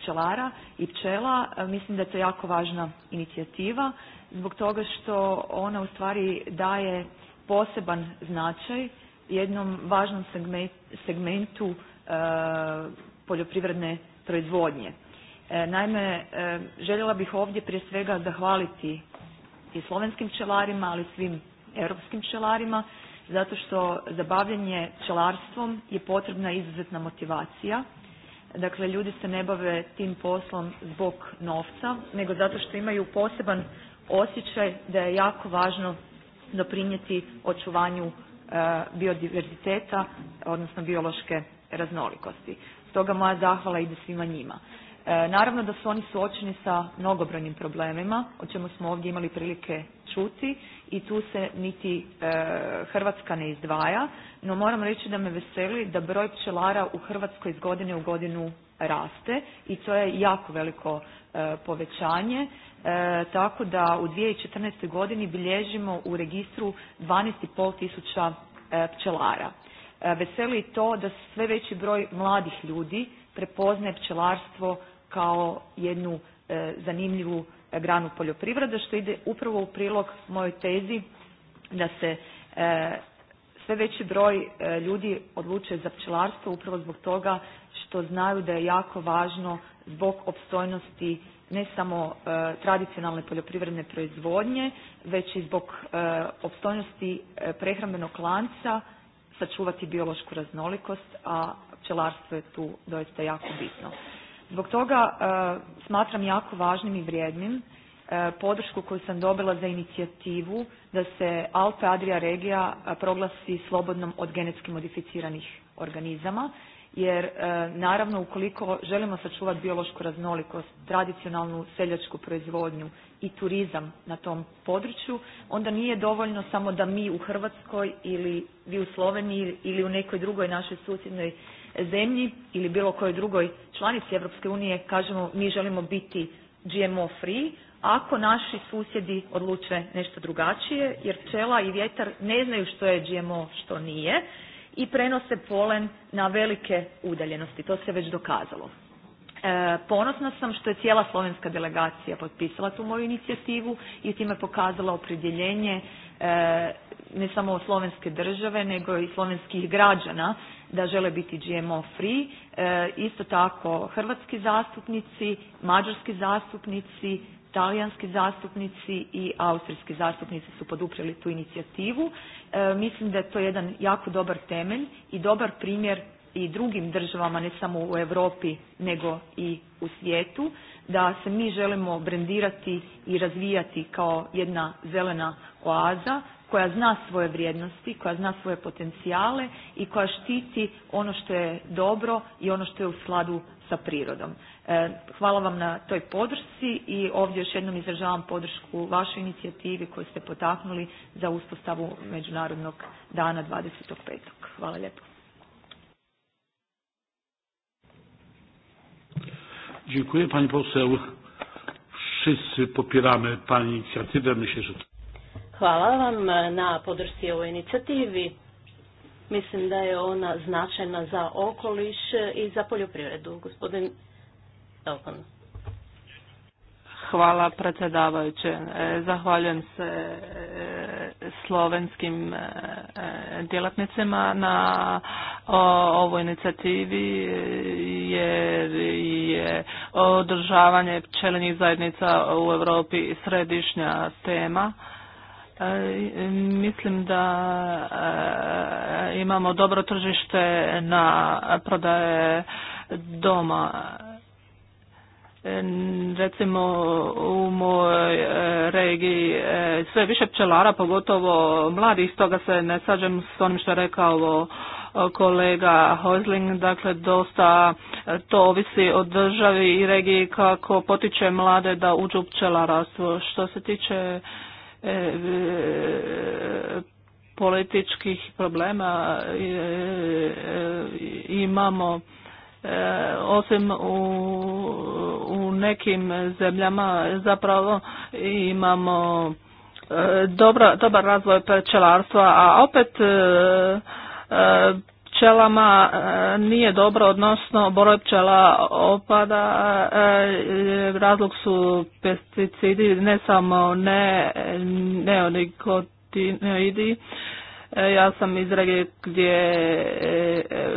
pčelara i pčela. Mislim da je to jako važna inicijativa zbog toga što ona ustvari daje poseban značaj jednom važnom segmentu Eh, poljoprivredne proizvodnje. Eh, naime, eh, željela bih ovdje prije svega zahvaliti i slovenskim pčelarima, ali i svim europskim pčelarima, zato što za bavljenje pčelarstvom je potrebna izuzetna motivacija. Dakle, ljudi se ne bave tim poslom zbog novca, nego zato što imaju poseban osjećaj da je jako važno doprinijeti očuvanju biodiverziteta, odnosno biološke raznolikosti. Stoga moja zahvala ide svima njima. E, naravno da su oni suočeni sa mnogobrojnim problemima, o čemu smo ovdje imali prilike čuti i tu se niti e, Hrvatska ne izdvaja, no moram reći da me veseli da broj pčelara u Hrvatskoj iz godine u godinu raste i to je jako veliko e, povećanje, tako da u 2014. godini bilježimo u registru 12,5 tisuća pčelara. E, veseli to da sve veći broj mladih ljudi prepoznaje pčelarstvo kao jednu e, zanimljivu e, granu poljoprivrede što ide upravo u prilog mojoj tezi da se sve veći broj ljudi odlučuje za pčelarstvo upravo zbog toga što znaju da je jako važno zbog opstojnosti ne samo tradicionalne poljoprivredne proizvodnje već i zbog opstojnosti prehrambenog lanca sačuvati biološku raznolikost, a pčelarstvo je tu doista jako bitno. Zbog toga e, smatram jako važnim i vrijednim e, podršku koju sam dobila za inicijativu da se Alpe Adria regija e, proglasi slobodnom od genetski modificiranih organizama jer e, naravno ukoliko želimo sačuvati biološku raznolikost, tradicionalnu seljačku proizvodnju i turizam na tom području, onda nije dovoljno samo da mi u Hrvatskoj ili vi u Sloveniji ili u nekoj drugoj našoj susjednoj zemlji ili bilo kojoj drugoj članici Europske unije kažemo mi želimo biti GMO free, ako naši susjedi odluče nešto drugačije jer pčela i vjetar ne znaju što je GMO, što nije i prenose polen na velike udaljenosti. To se već dokazalo. E, ponosna sam što je cijela slovenska delegacija potpisala tu moju inicijativu i time pokazala opredjeljenje e, ne samo slovenske države nego i slovenskih građana da žele biti GMO free. E, isto tako hrvatski zastupnici, mađarski zastupnici, talijanski zastupnici i austrijski zastupnici su poduprili tu inicijativu. E, mislim da je to jedan jako dobar temelj i dobar primjer i drugim državama, ne samo u Europi nego i u svijetu, da se mi želimo brendirati i razvijati kao jedna zelena oaza koja zna svoje vrijednosti, koja zna svoje potencijale i koja štiti ono što je dobro i ono što je u skladu sa prirodom. E, hvala vam na toj podršci i ovdje još jednom izražavam podršku vašoj inicijativi koju ste potaknuli za uspostavu Međunarodnog dana 25. Hvala lijepo. Dziękuję pani poseł. Wszyscy popieramy pani inicjatywę. Myślę, że Hvala vam e, na podršci ovoj inicijativi. Mislim da je ona značajna za okoliš e, i za poljoprivredu. Gospodin Hvala predsjedavajuće. E, zahvaljujem se e, slovenskim e, djelatnicima na ovoj inicijativi jer je održavanje pčelinjih zajednica u Europi središnja tema. Mislim da imamo dobro tržište na prodaje doma recimo u mojoj e, regiji e, sve više pčelara, pogotovo mladih, stoga se ne sađem s onim što je rekao e, kolega Hozling, dakle dosta to ovisi o državi i regiji kako potiče mlade da uđu u pčelarstvo. Što se tiče političkih problema imamo E, osim u, u nekim zemljama zapravo imamo e, dobra, dobar razvoj pčelarstva, a opet e, pčelama nije dobro, odnosno broj pčela opada, razlog su pesticidi, ne samo ne, neonikotinoidi, E, ja sam iz regije gdje e, e,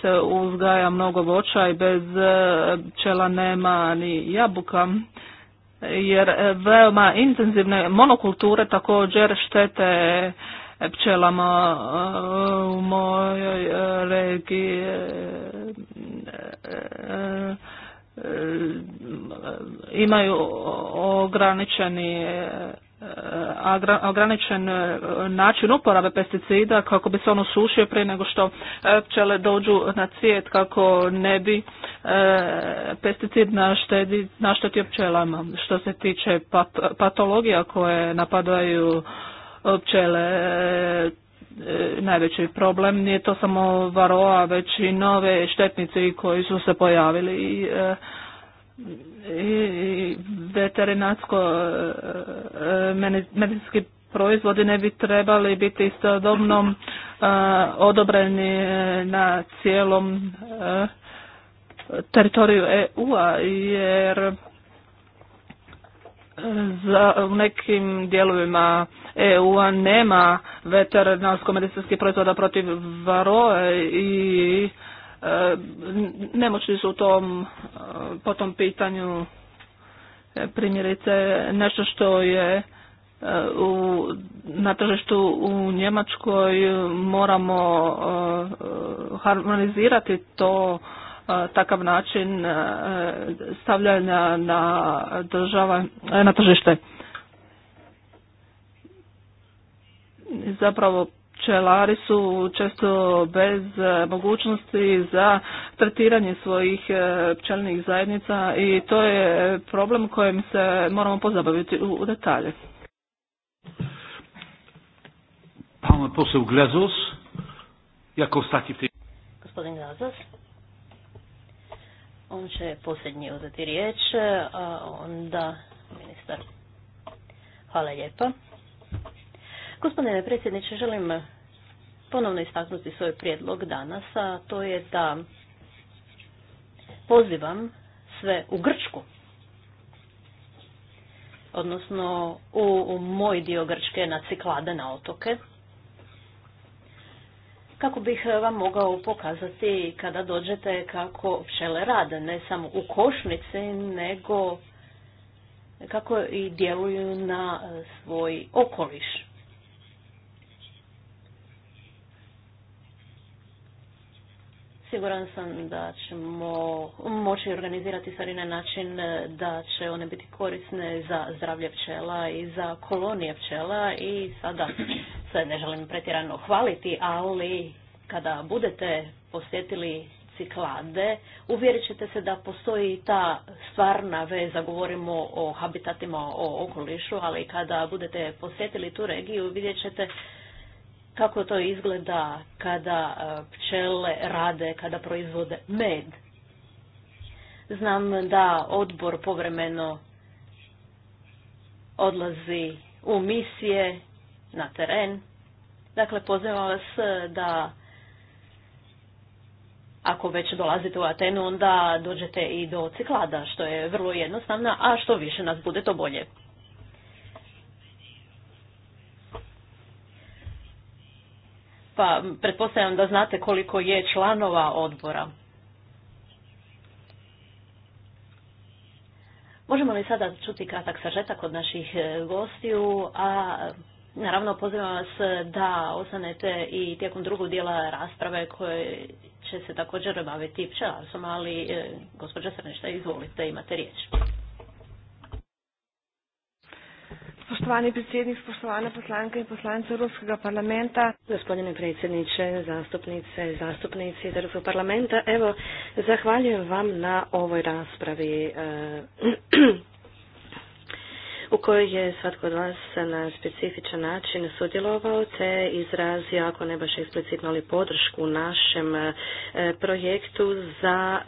se uzgaja mnogo voća i bez pčela nema ni jabuka jer veoma intenzivne monokulture također štete pčelama u mojoj regiji imaju ograničeni ograničen e, način uporabe pesticida kako bi se on osušio prije nego što e, pčele dođu na cvijet kako ne bi e, pesticid naštetio pčelama. Što se tiče patologija koje napadaju pčele, najveći problem nije to samo varoa, već i nove štetnici koji su se pojavili i i veterinarsko e, e, medicinski proizvodi ne bi trebali biti istodobno e, odobreni na cijelom teritoriju EU-a jer za, u nekim dijelovima EU-a nema veterinarsko-medicinskih proizvoda protiv varoe i E, Nemoći su u tom, e, po tom pitanju e, primjerice nešto što je u, na tržištu u Njemačkoj moramo harmonizirati to takav način stavljanja na država na tržište. Zapravo pčelari su često bez e, mogućnosti za tretiranje svojih e, pčelnih zajednica i to je problem kojim se moramo pozabaviti u detalje. Pan Glezos, jako Gospodin Glezos. On će posljednji uzeti riječ, a onda ministar. Hvala lijepa. Gospodine predsjedniče, želim ponovno istaknuti svoj prijedlog danas, a to je da pozivam sve u Grčku, odnosno u, moj dio Grčke na ciklade, na otoke, kako bih vam mogao pokazati kada dođete kako pčele rade, ne samo u košnici, nego kako i djeluju na svoj okoliš. Siguran sam da ćemo moći organizirati stvari na način e, da će one biti korisne za zdravlje pčela i za kolonije pčela i sada se ne želim pretjerano hvaliti, ali kada budete posjetili ciklade, uvjerit ćete se da postoji ta stvarna veza, govorimo o habitatima, o okolišu, ali kada budete posjetili tu regiju vidjet ćete kako to izgleda kada e, pčele rade, kada proizvode med. Znam da odbor povremeno odlazi u misije na teren. Dakle, pozivam vas da ako već dolazite u Atenu, onda dođete i do ciklada, što je vrlo jednostavna, a što više nas bude, to bolje. pa pretpostavljam da znate koliko je članova odbora. Možemo li sada čuti kratak sažetak od naših e, gostiju, a naravno pozivam vas da ostanete i tijekom drugog dijela rasprave koje će se također baviti pčelarstvom, ali e, gospođa Srnešta, izvolite, imate riječ. Spoštovani predsjednik, spoštovane poslanke i poslance Evropskega parlamenta. Gospodine predsjedniče, zastupnice, zastupnici Europskog parlamenta, evo, zahvaljujem vam na ovoj raspravi. Eh, u kojoj je svatko od vas na specifičan način sudjelovao te izrazio, ako ne baš eksplicitno, ali podršku našem e, projektu za e,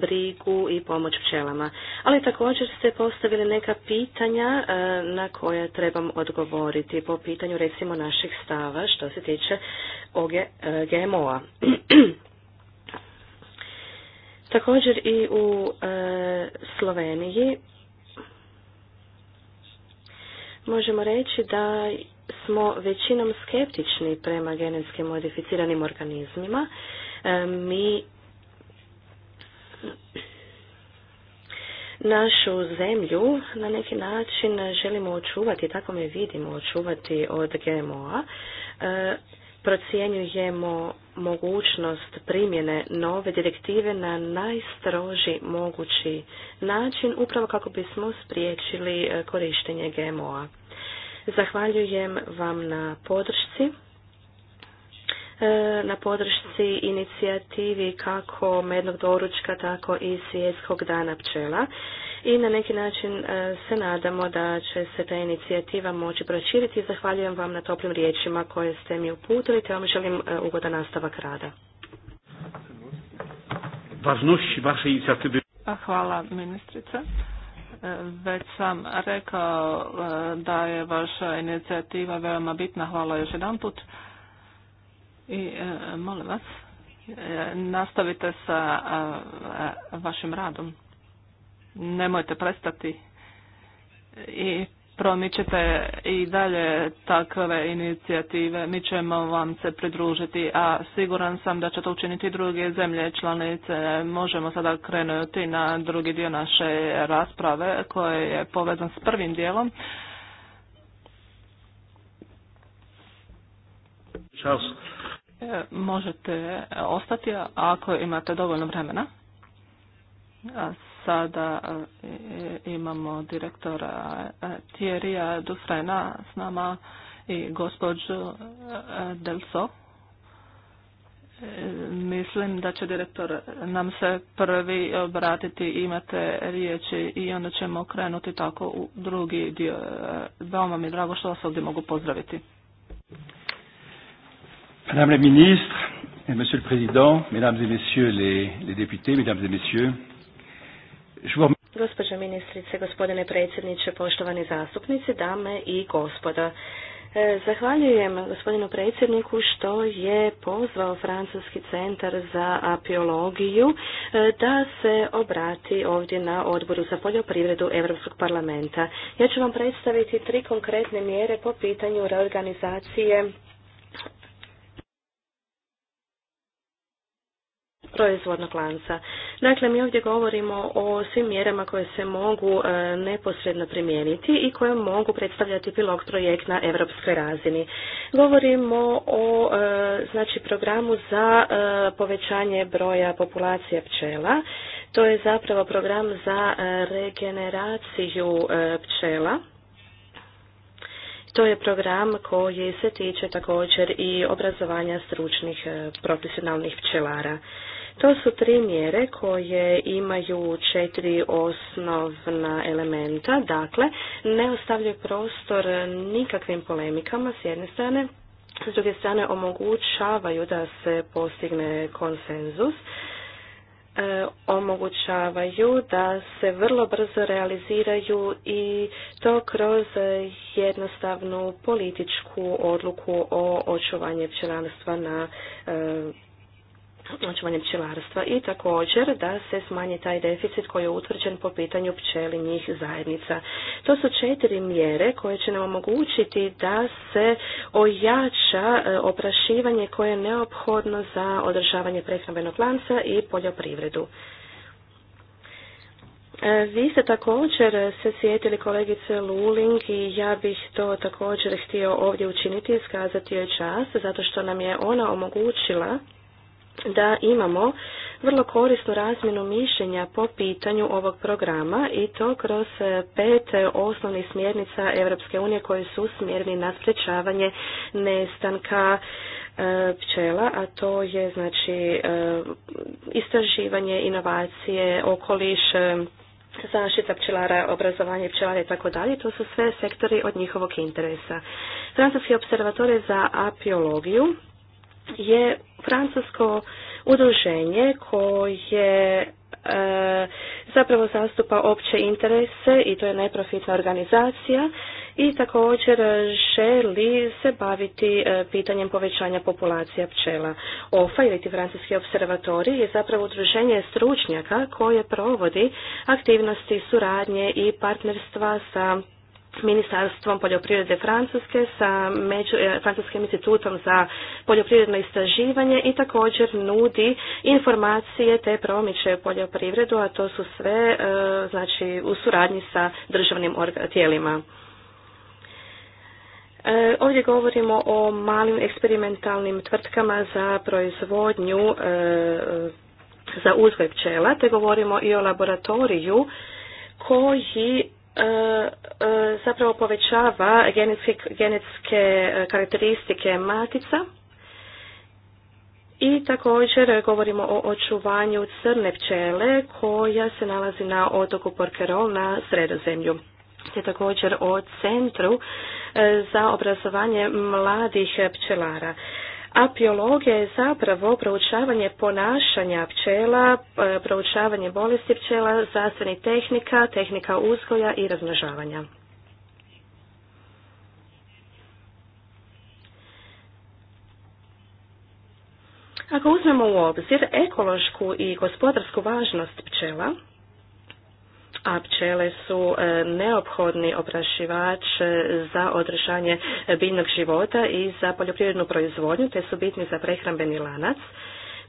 brigu i pomoć pčelama. Ali također ste postavili neka pitanja e, na koja trebam odgovoriti po pitanju recimo naših stava što se tiče GMO-a. <clears throat> Također i u Sloveniji možemo reći da smo većinom skeptični prema genetski modificiranim organizmima. E, mi našu zemlju na neki način želimo očuvati, tako me vidimo, očuvati od GMO-a. E, Procijenjujemo mogućnost primjene nove direktive na najstroži mogući način, upravo kako bismo spriječili e, korištenje GMO-a. Zahvaljujem vam na podršci e, na podršci inicijativi kako mednog doručka, tako i svjetskog dana pčela i na neki način e, se nadamo da će se ta inicijativa moći proširiti zahvaljujem vam na toplim riječima koje ste mi uputili te vam želim e, ugodan nastavak rada. Hvala ministrice. E, već sam rekao da je vaša inicijativa veoma bitna. Hvala još jedan put. I molim vas, nastavite sa vašim radom nemojte prestati i promičete i dalje takve inicijative. Mi ćemo vam se pridružiti, a siguran sam da će to učiniti druge zemlje članice. Možemo sada krenuti na drugi dio naše rasprave koji je povezan s prvim dijelom. Čas. E, možete ostati ako imate dovoljno vremena. A sada e, e, imamo direktora e, Thierrya Dufrena s nama i gospođu Delso. Mislim da će direktor nam se prvi obratiti, imate riječi i onda ćemo krenuti tako u drugi dio. Veoma mi je drago što vas ovdje mogu pozdraviti. Madame la ministre, monsieur le président, mesdames et messieurs les, les députés, mesdames et messieurs, Gospođo ministrice, gospodine predsjedniče, poštovani zastupnici, dame i gospoda. E, zahvaljujem gospodinu predsjedniku što je pozvao Francuski centar za apiologiju e, da se obrati ovdje na odboru za poljoprivredu Europskog parlamenta. Ja ću vam predstaviti tri konkretne mjere po pitanju reorganizacije proizvodnog lanca. Dakle, mi ovdje govorimo o svim mjerama koje se mogu e, neposredno primijeniti i koje mogu predstavljati pilog projekt na evropskoj razini. Govorimo o e, znači, programu za e, povećanje broja populacije pčela. To je zapravo program za regeneraciju pčela. To je program koji se tiče također i obrazovanja stručnih profesionalnih pčelara. To su tri mjere koje imaju četiri osnovna elementa, dakle ne ostavljaju prostor nikakvim polemikama s jedne strane, s druge strane omogućavaju da se postigne konsenzus, e, omogućavaju da se vrlo brzo realiziraju i to kroz jednostavnu političku odluku o očuvanju pčelarstva na e, očuvanje pčelarstva i također da se smanji taj deficit koji je utvrđen po pitanju njih zajednica. To su četiri mjere koje će nam omogućiti da se ojača e, oprašivanje koje je neophodno za održavanje prehrambenog lanca i poljoprivredu. E, vi ste također se sjetili kolegice Luling i ja bih to također htio ovdje učiniti, iskazati joj čas, zato što nam je ona omogućila da imamo vrlo korisnu razmjenu mišljenja po pitanju ovog programa i to kroz eh, pet osnovnih smjernica Europske unije koje su smjerni na sprečavanje nestanka eh, pčela, a to je znači eh, istraživanje, inovacije, okoliš, zaštita pčelara, obrazovanje pčelara i tako dalje, to su sve sektori od njihovog interesa. Francuski observatorij za apiologiju je francusko udruženje koje e, zapravo zastupa opće interese i to je neprofitna organizacija i također želi se baviti e, pitanjem povećanja populacija pčela. OFA ili Francuski observatori je zapravo udruženje stručnjaka koje provodi aktivnosti suradnje i partnerstva sa Ministarstvom poljoprivrede Francuske, sa e, Francuskim institutom za poljoprivredno istraživanje i također nudi informacije te promiče poljoprivredu, a to su sve e, znači, u suradnji sa državnim tijelima. E, ovdje govorimo o malim eksperimentalnim tvrtkama za proizvodnju za uzgoj pčela, te govorimo i o laboratoriju koji E, e, zapravo povećava genetske, genetske e, karakteristike matica i također govorimo o očuvanju crne pčele koja se nalazi na otoku Porkerol na sredozemlju Je također o Centru za obrazovanje mladih pčelara. Apiologija je zapravo proučavanje ponašanja pčela, e, proučavanje bolesti pčela, zdravstvenih tehnika, tehnika uzgoja i razmnožavanja. Ako uzmemo u obzir ekološku i gospodarsku važnost pčela, a pčele su e, neophodni oprašivač e, za održanje biljnog života i za poljoprivrednu proizvodnju, te su bitni za prehrambeni lanac.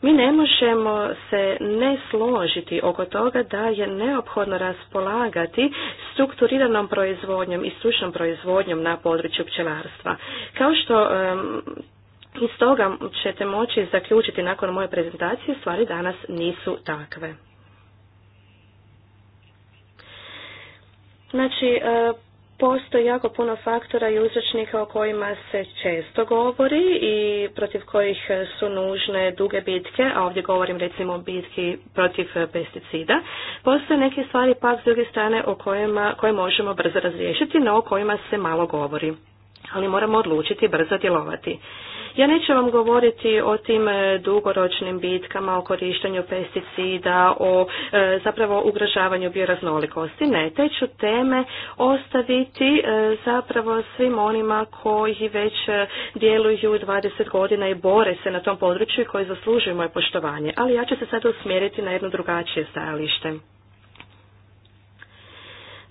Mi ne možemo se ne složiti oko toga da je neophodno raspolagati strukturiranom proizvodnjom i stručnom proizvodnjom na području pčelarstva. Kao što iz toga ćete moći zaključiti nakon moje prezentacije, stvari danas nisu takve. Znači, e, postoji jako puno faktora i uzročnika o kojima se često govori i protiv kojih su nužne duge bitke, a ovdje govorim recimo o bitki protiv pesticida. Postoje neke stvari pak s druge strane o kojima, koje možemo brzo razriješiti, no o kojima se malo govori ali moramo odlučiti brzo djelovati. Ja neću vam govoriti o tim e, dugoročnim bitkama, o korištenju pesticida, o e, zapravo ugrožavanju bioraznolikosti. Ne, te ću teme ostaviti e, zapravo svim onima koji već djeluju 20 godina i bore se na tom području i koji zaslužuju moje poštovanje. Ali ja ću se sada usmjeriti na jedno drugačije stajalište.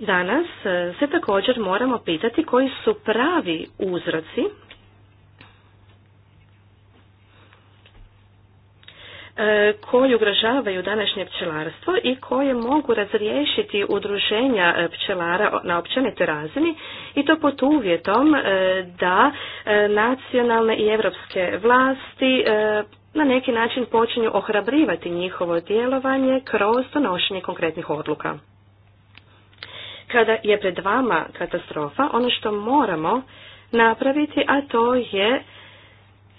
Danas e, se također moramo pitati koji su pravi uzroci e, koji ugražavaju današnje pčelarstvo i koje mogu razriješiti udruženja e, pčelara na općenitoj razini i to pod uvjetom da nacionalne i europske vlasti na neki način počinju ohrabrivati njihovo djelovanje kroz donošenje konkretnih odluka kada je pred vama katastrofa, ono što moramo napraviti, a to je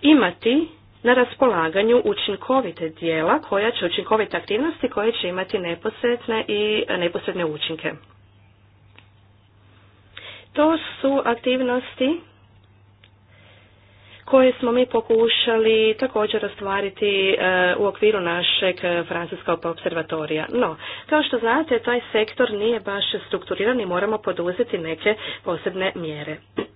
imati na raspolaganju učinkovite dijela koja će učinkovite aktivnosti koje će imati neposredne i neposredne učinke. To su aktivnosti koje smo mi pokušali također ostvariti e, u okviru našeg francuskog observatorija. No, kao što znate, taj sektor nije baš strukturiran i moramo poduzeti neke posebne mjere. <clears throat>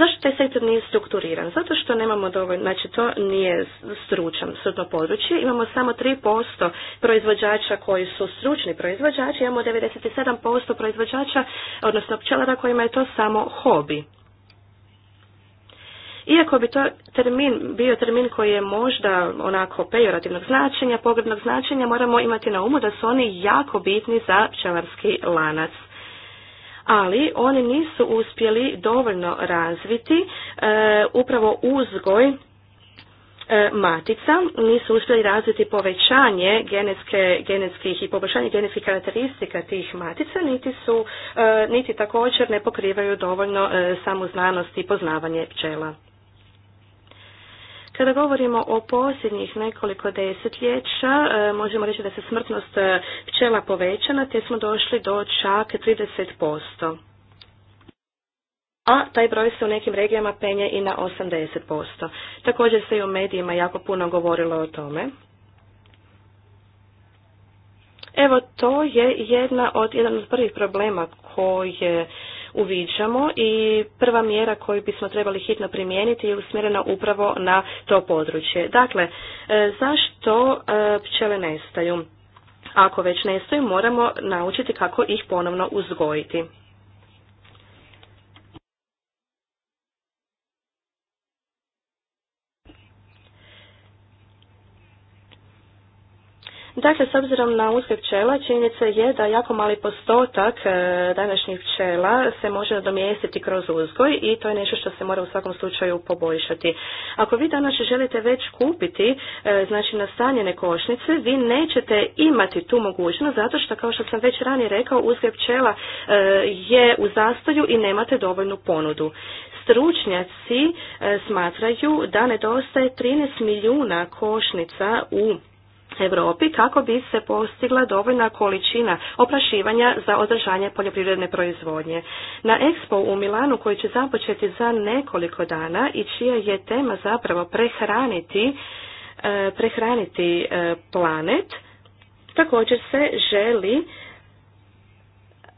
Zašto taj sektor nije strukturiran? Zato što nemamo dovoljno, znači to nije stručan sudno područje, imamo samo 3% proizvođača koji su stručni proizvođači, imamo 97% proizvođača, odnosno pčelara kojima je to samo hobi. Iako bi to termin bio termin koji je možda onako pejorativnog značenja, pogrednog značenja, moramo imati na umu da su oni jako bitni za pčelarski lanac ali oni nisu uspjeli dovoljno razviti e, upravo uzgoj e, matica, nisu uspjeli razviti povećanje genetske, genetskih i poboljšanje genetskih karakteristika tih matica, niti, su, e, niti također ne pokrivaju dovoljno samu znanost i poznavanje pčela. Kada govorimo o posljednjih nekoliko desetljeća, e, možemo reći da se smrtnost e, pčela povećana, te smo došli do čak 30%. A taj broj se u nekim regijama penje i na 80%. Također se i u medijima jako puno govorilo o tome. Evo, to je jedna od, jedan od prvih problema koje uviđamo i prva mjera koju bismo trebali hitno primijeniti je usmjerena upravo na to područje. Dakle, e, zašto e, pčele nestaju? Ako već nestaju, moramo naučiti kako ih ponovno uzgojiti. Dakle, s obzirom na uzgoj pčela, činjenica je da jako mali postotak e, današnjih pčela se može domjestiti kroz uzgoj i to je nešto što se mora u svakom slučaju poboljšati. Ako vi danas želite već kupiti e, znači nastanjene košnice, vi nećete imati tu mogućnost zato što, kao što sam već ranije rekao, uzgoj pčela e, je u zastoju i nemate dovoljnu ponudu. Stručnjaci smatraju da nedostaje 13 milijuna košnica u Europi kako bi se postigla dovoljna količina oprašivanja za održanje poljoprivredne proizvodnje. Na Expo u Milanu koji će započeti za nekoliko dana i čija je tema zapravo prehraniti, e, prehraniti e, planet, također se želi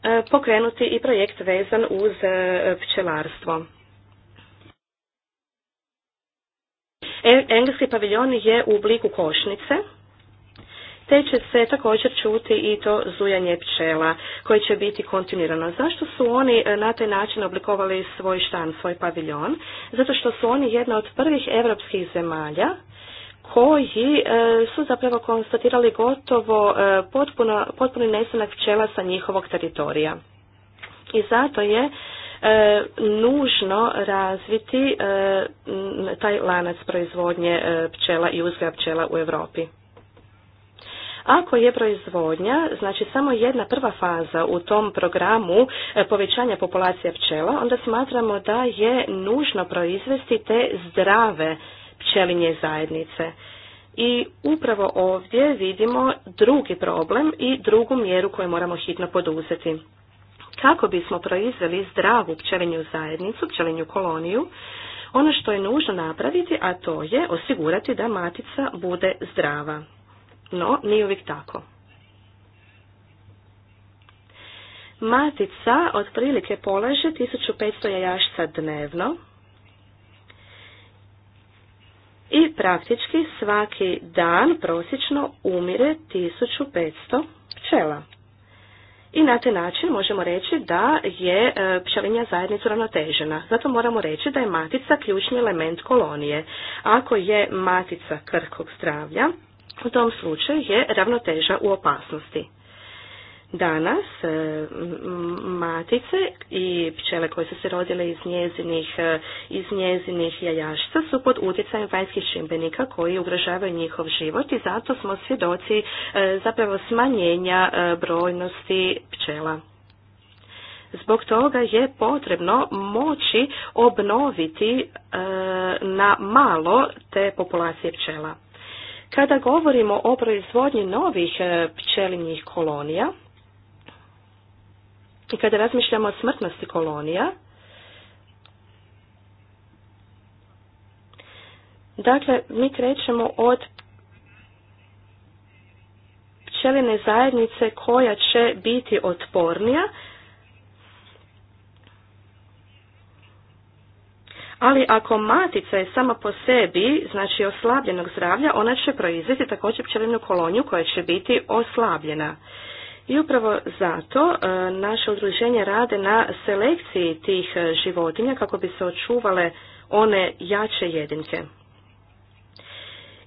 e, pokrenuti i projekt vezan uz pčelarstvo. Engleski paviljon je u obliku košnice te će se također čuti i to zujanje pčela koje će biti kontinuirano. Zašto su oni e, na taj način oblikovali svoj štan, svoj paviljon? Zato što su oni jedna od prvih europskih zemalja koji e, su zapravo konstatirali gotovo e, potpuno, potpuni nestanak pčela sa njihovog teritorija. I zato je nužno razviti taj lanac proizvodnje pčela i uzgoja pčela u Europi. Ako je proizvodnja, znači samo jedna prva faza u tom programu e, povećanja populacije pčela, onda smatramo da je nužno proizvesti te zdrave pčelinje zajednice. I upravo ovdje vidimo drugi problem i drugu mjeru koju moramo hitno poduzeti. Kako bismo proizveli zdravu pčelinju zajednicu, pčelinju koloniju, ono što je nužno napraviti, a to je osigurati da matica bude zdrava. No, nije uvijek tako. Matica otprilike polaže 1500 jajašca dnevno i praktički svaki dan prosječno umire 1500 pčela. I na taj način možemo reći da je e, pčelinja zajednica ravnotežena. Zato moramo reći da je matica ključni element kolonije. Ako je matica krhkog zdravlja, u tom slučaju je ravnoteža u opasnosti. Danas e, matice i pčele koje su se rodile iz njezinih, e, iz njezinih jajašca su pod utjecajem vanjskih čimbenika koji ugrožavaju njihov život i zato smo svjedoci e, zapravo smanjenja brojnosti pčela. Zbog toga je potrebno moći obnoviti na malo te populacije pčela. Kada govorimo o proizvodnji novih e, pčelinjih kolonija i kada razmišljamo o smrtnosti kolonija, dakle, mi krećemo od pčeline zajednice koja će biti otpornija ali ako matica je sama po sebi, znači oslabljenog zdravlja, ona će proizvesti također pčelinu koloniju koja će biti oslabljena. I upravo zato e, naše udruženje rade na selekciji tih e, životinja kako bi se očuvale one jače jedinke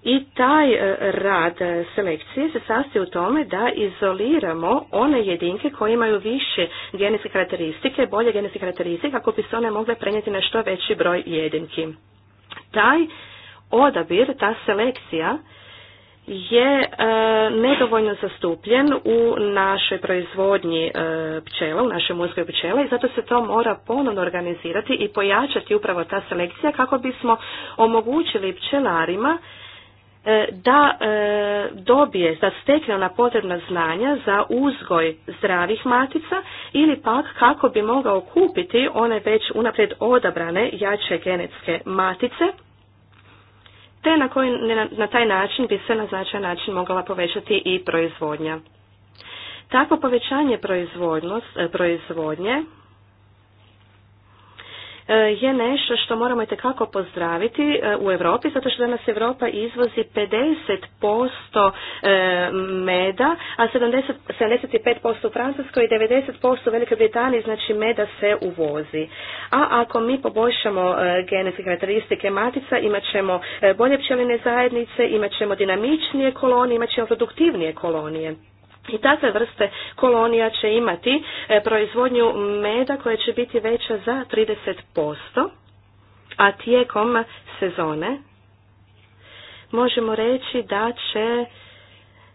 i taj e, rad e, selekcije se sastoji u tome da izoliramo one jedinke koje imaju više genetske karakteristike, bolje genetske karakteristike kako bi se one mogle prenijeti na što veći broj jedinki. Taj odabir, ta selekcija je e, nedovoljno zastupljen u našoj proizvodnji pčela, u našoj muzgoj pčela i zato se to mora ponovno organizirati i pojačati upravo ta selekcija kako bismo omogućili pčelarima E, da e, dobije, da stekne ona potrebna znanja za uzgoj zdravih matica ili pak kako bi mogao kupiti one već unaprijed odabrane jače genetske matice te na, koji, na taj način bi se na značajan način mogla povećati i proizvodnja. Takvo povećanje e, proizvodnje E, je nešto što moramo itekako pozdraviti e, u Europi zato što danas Europa izvozi 50% e, meda, a 70, 75% u Francuskoj i 90% u Velikoj Britaniji, znači meda se uvozi. A ako mi poboljšamo genetske karakteristike matica, imat ćemo bolje pčeline zajednice, imat ćemo dinamičnije kolonije, imat ćemo produktivnije kolonije i takve vrste kolonija će imati e, proizvodnju meda koja će biti veća za 30%, a tijekom sezone možemo reći da će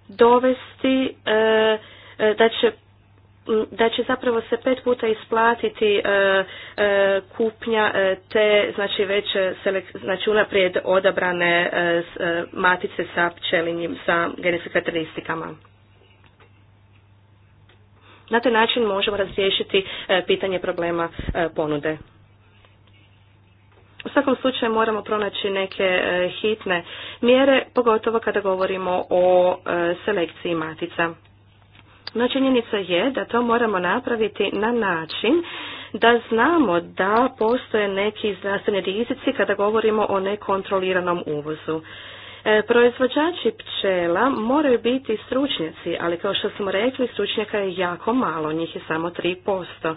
dovesti, e, e, da će da će zapravo se pet puta isplatiti kupnja te znači već selek, znači unaprijed odabrane matice sa pčelinjim sa genetskim karakteristikama. Na taj način možemo razriješiti e, pitanje problema e, ponude. U svakom slučaju moramo pronaći neke e, hitne mjere, pogotovo kada govorimo o selekciji matica. No činjenica je da to moramo napraviti na način da znamo da postoje neki zdravstveni rizici kada govorimo o nekontroliranom uvozu. E, proizvođači pčela moraju biti stručnjaci, ali kao što smo rekli, stručnjaka je jako malo, njih je samo 3%.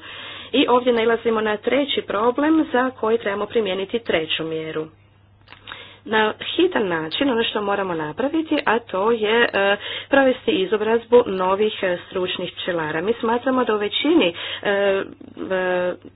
I ovdje nalazimo na treći problem za koji trebamo primijeniti treću mjeru na hitan način ono što moramo napraviti, a to je e, provesti izobrazbu novih e, stručnih pčelara. Mi smatramo da u većini e,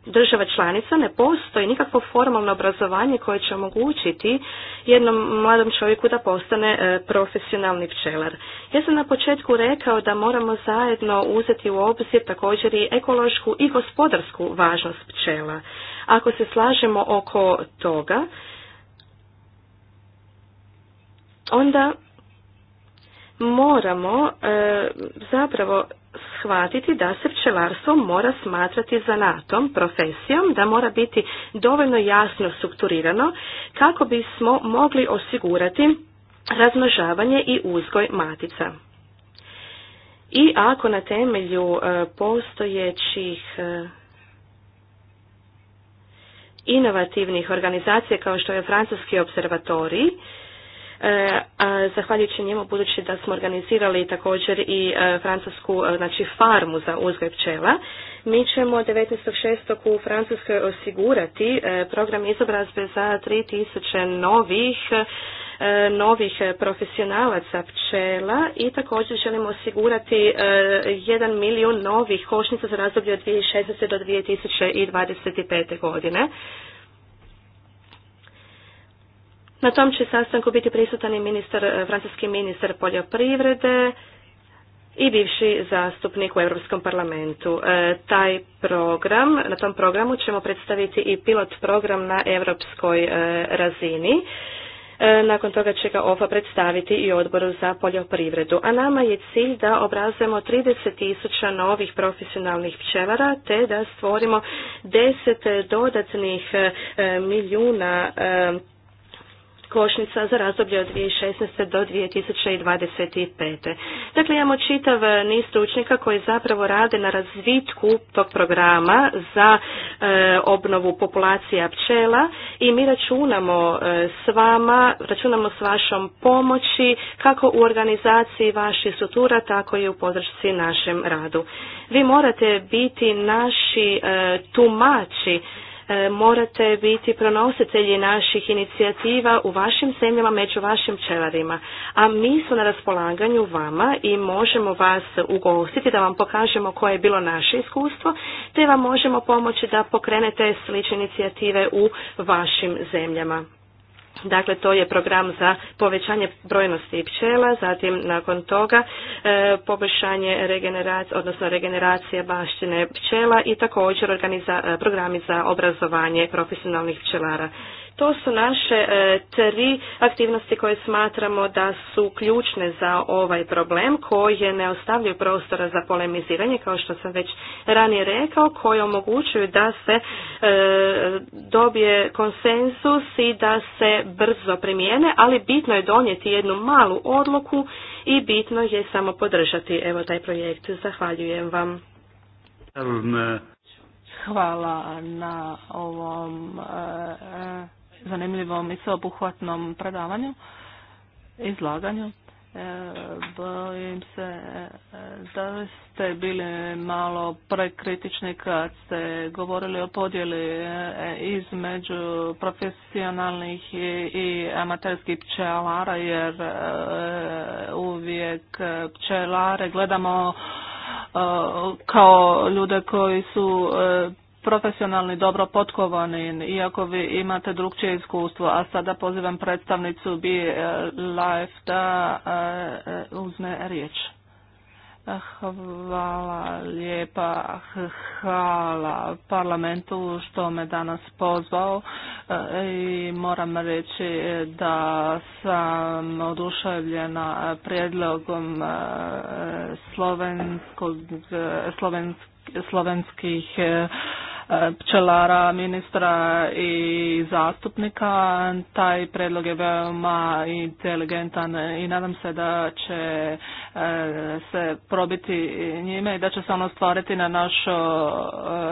država članica ne postoji nikakvo formalno obrazovanje koje će omogućiti jednom mladom čovjeku da postane profesionalni pčelar. Ja sam na početku rekao da moramo zajedno uzeti u obzir također i ekološku i gospodarsku važnost pčela. Ako se slažemo oko toga, onda moramo e, zapravo shvatiti da se pčelarstvo mora smatrati zanatom, profesijom, da mora biti dovoljno jasno strukturirano kako bismo mogli osigurati razmnožavanje i uzgoj matica. I ako na temelju e, postojećih e, inovativnih organizacija kao što je Francuski observatorij, E, zahvaljujući njemu budući da smo organizirali također i e, francusku e, znači farmu za uzgoj pčela, mi ćemo 19.6. u Francuskoj osigurati program izobrazbe za 3000 novih novih profesionalaca pčela i također želimo osigurati 1 milijun novih košnica za razdoblje od 2016. do 2025. godine. Na tom će sastanku biti prisutan i ministar, e, francuski ministar poljoprivrede i bivši zastupnik u Europskom parlamentu. E, taj program, na tom programu ćemo predstaviti i pilot program na europskoj e, razini. nakon toga će ga OFA predstaviti i odboru za poljoprivredu. A nama je cilj da obrazujemo 30 tisuća novih profesionalnih pčelara te da stvorimo 10 dodatnih milijuna košnica za razdoblje od 2016. do 2025. Dakle, imamo čitav niz stručnjaka koji zapravo rade na razvitku tog programa za e, obnovu populacija pčela i mi računamo e, s vama, računamo s vašom pomoći kako u organizaciji vaših sutura, tako i u podršci našem radu. Vi morate biti naši e, tumači E, morate biti pronositelji naših inicijativa u vašim zemljama među vašim čelarima, A mi smo na raspolaganju vama i možemo vas ugostiti da vam pokažemo koje je bilo naše iskustvo te vam možemo pomoći da pokrenete slične inicijative u vašim zemljama. Dakle, to je program za povećanje brojnosti pčela, zatim nakon toga e, poboljšanje regeneracije, odnosno regeneracije baštine pčela i također programi za obrazovanje profesionalnih pčelara. To su naše e, tri aktivnosti koje smatramo da su ključne za ovaj problem koje ne ostavljaju prostora za polemiziranje kao što sam već ranije rekao koje omogućuju da se e, dobije konsensus i da se brzo primijene, ali bitno je donijeti jednu malu odluku i bitno je samo podržati evo taj projekt. Zahvaljujem vam. Hvala na ovom e, zanimljivom i sveobuhvatnom predavanju, izlaganju. E, bojim se e, da ste bili malo prekritični kad ste govorili o podjeli e, između profesionalnih i amaterskih pčelara jer e, uvijek pčelare gledamo kao ljude koji su profesionalni dobro potkovani, iako vi imate drugčije iskustvo, a sada pozivam predstavnicu Be eh, Life da eh, eh, uzme riječ. Hvala lijepa, hvala parlamentu što me danas pozvao i moram reći da sam oduševljena prijedlogom slovenskog, slovenskih E, pčelara, ministra i zastupnika. Taj predlog je veoma inteligentan i nadam se da će e, se probiti njime i da će se ono stvariti na, našo,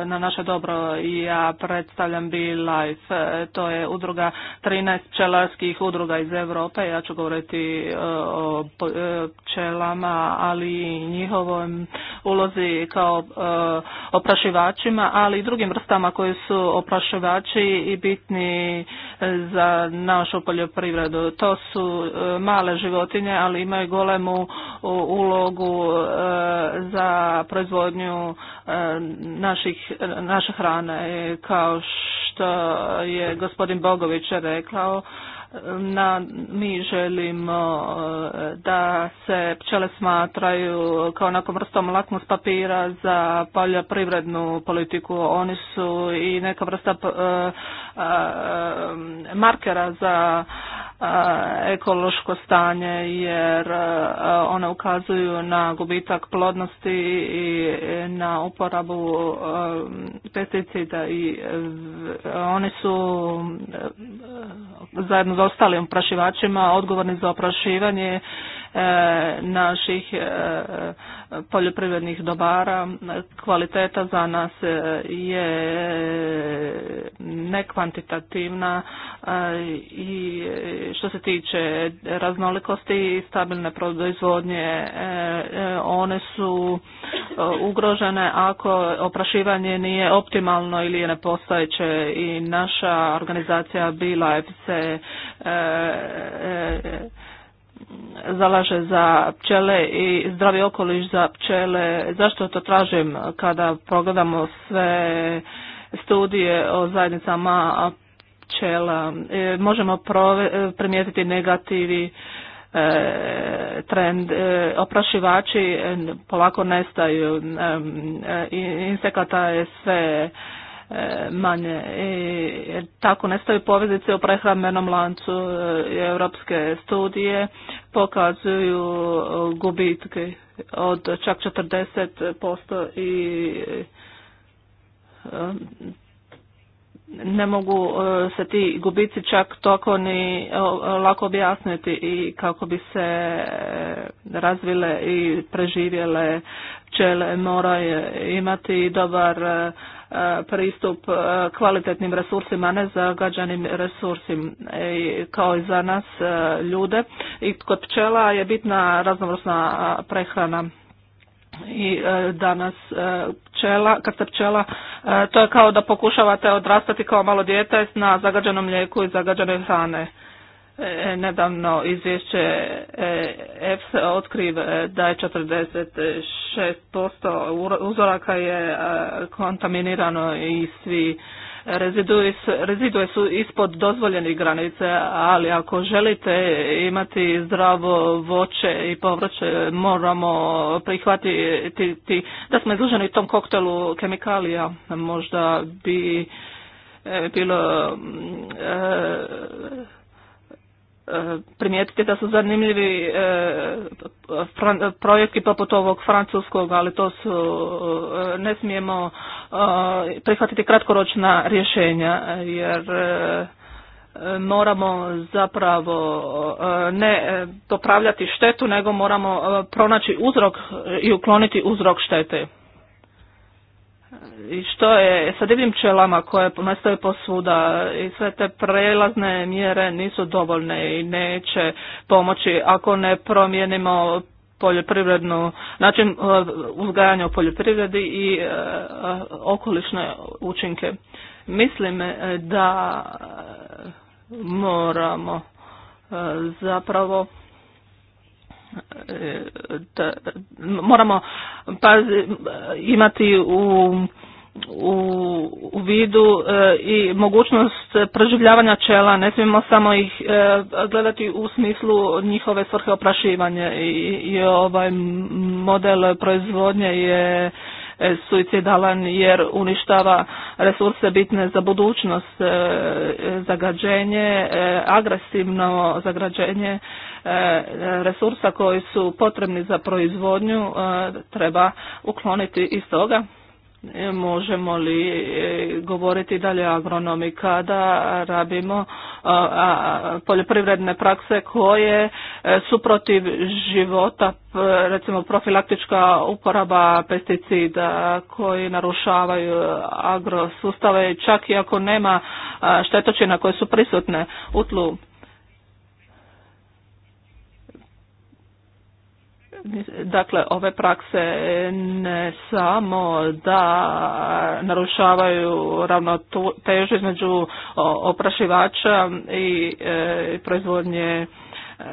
e, na naše dobro. Ja predstavljam Life. to je udruga 13 pčelarskih udruga iz Europe. Ja ću govoriti o pčelama, ali i njihovoj ulozi kao oprašivačima, ali i drugim vrstama koji su oprašivači i bitni e, za našu poljoprivredu. To su e, male životinje, ali imaju golemu ulogu e, za proizvodnju naših, naše hrane. Kao što je gospodin Bogović rekao, na, mi želimo e, da se pčele smatraju kao nekom vrstom lakmus papira za poljoprivrednu politiku. Oni su i neka vrsta e, e, markera za ekološko stanje jer one ukazuju na gubitak plodnosti i na uporabu pesticida i oni su zajedno s ostalim oprašivačima odgovorni za oprašivanje E, naših e, poljoprivrednih dobara. Kvaliteta za nas e, je nekvantitativna i što se tiče raznolikosti i stabilne proizvodnje, one su ugrožene ako oprašivanje nije optimalno ili je nepostojeće i naša organizacija bila se zalaže za pčele i zdravi okoliš za pčele. Zašto to tražim kada pogledamo sve studije o zajednicama pčela? E, možemo e, primijetiti negativi e, trend. Oprašivači polako nestaju. Insekata je sve Eh, manje. I tako nestaju poveznice u prehrambenom lancu. Eh, europske studije pokazuju eh, gubitke od čak 40% i ne mogu se ti gubici čak toko ni lako objasniti i kako bi se razvile i preživjele pčele moraju imati dobar E, pristup e, kvalitetnim resursima, ne zagađanim resursima, e, kao i za nas ljude. I kod pčela je bitna raznovrsna prehrana i danas pčela, kad pčela, to je kao da pokušavate odrastati kao malo dijete na zagađenom mlijeku i zagađene hrane. E, nedavno izvješće EFS e otkriv e, da je 46% uzoraka je kontaminirano i svi rezidue su ispod dozvoljenih granice, ali ako želite imati zdravo voće i povrće, moramo prihvatiti da smo izloženi tom koktelu kemikalija. Možda bi bilo mm, primijetiti da su zanimljivi e, projekti poput ovog francuskog, ali to su, e, ne smijemo e, prihvatiti kratkoročna rješenja, jer moramo zapravo ne popravljati štetu, nego moramo pronaći uzrok i ukloniti uzrok štete i što je sa divljim pčelama koje nastaju posvuda i sve te prelazne mjere nisu dovoljne i neće pomoći ako ne promijenimo poljoprivrednu, način e, uzgajanja u poljoprivredi i e, okolišne učinke. Mislim e, da moramo zapravo da moramo pa, imati u u, vidu e, i mogućnost preživljavanja čela, ne smijemo samo ih e, gledati u smislu njihove svrhe oprašivanja i, i ovaj model proizvodnje je e, suicidalan jer uništava resurse bitne za budućnost, zagađenje, agresivno zagađenje E, resursa koji su potrebni za proizvodnju e, treba ukloniti iz toga. E, možemo li govoriti dalje o agronomi kada rabimo poljoprivredne prakse koje su protiv života, recimo profilaktička uporaba pesticida koji narušavaju agrosustave čak i ako nema štetočina koje su prisutne u tlu. Dakle, ove prakse ne samo da narušavaju ravnotežu između oprašivača i e, proizvodnje e,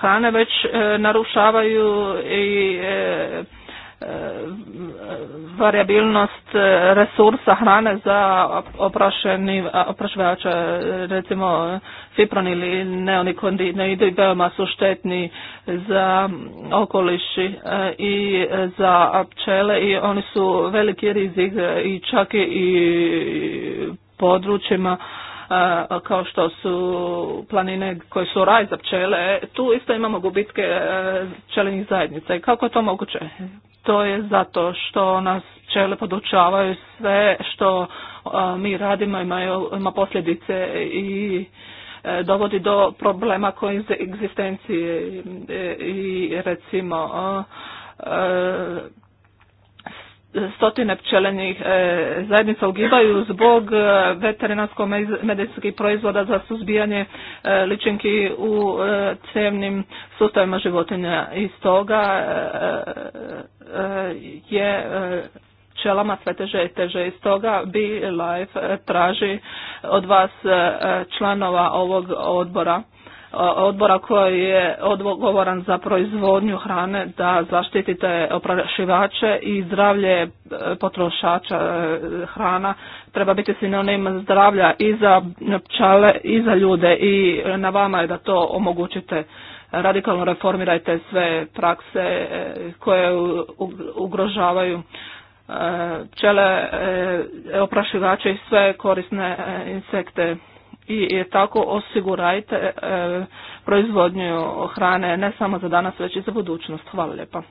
hrane, već e, narušavaju i variabilnost e, resursa hrane za oprašivače, recimo fipron ili neonikondinoidi veoma su štetni za okoliši e, i za pčele i oni su veliki rizik e, i čak i područjima kao što su planine koje su raj za pčele, tu isto imamo gubitke e, čeleni zajednica. I kako je to moguće? To je zato što nas pčele podučavaju sve što mi radimo imaju, ima posljedice i e, dovodi do problema koji egzistencije e, i recimo stotine pčelenih e, zajednica ugibaju zbog e, veterinarsko-medicinskih proizvoda za suzbijanje e, ličinki u cevnim sustavima životinja. I stoga je pčelama sve teže i teže. I stoga Life traži od vas članova ovog odbora odbora koji je odgovoran za proizvodnju hrane da zaštitite oprašivače i zdravlje e, potrošača e, hrana treba biti sinonim zdravlja i za pčale i za ljude i na vama je da to omogućite radikalno reformirajte sve prakse e, koje ugrožavaju pčele, oprašivače i sve korisne insekte i tako osigurajte e, proizvodnju hrane ne samo za danas već i za budućnost. Hvala lijepa.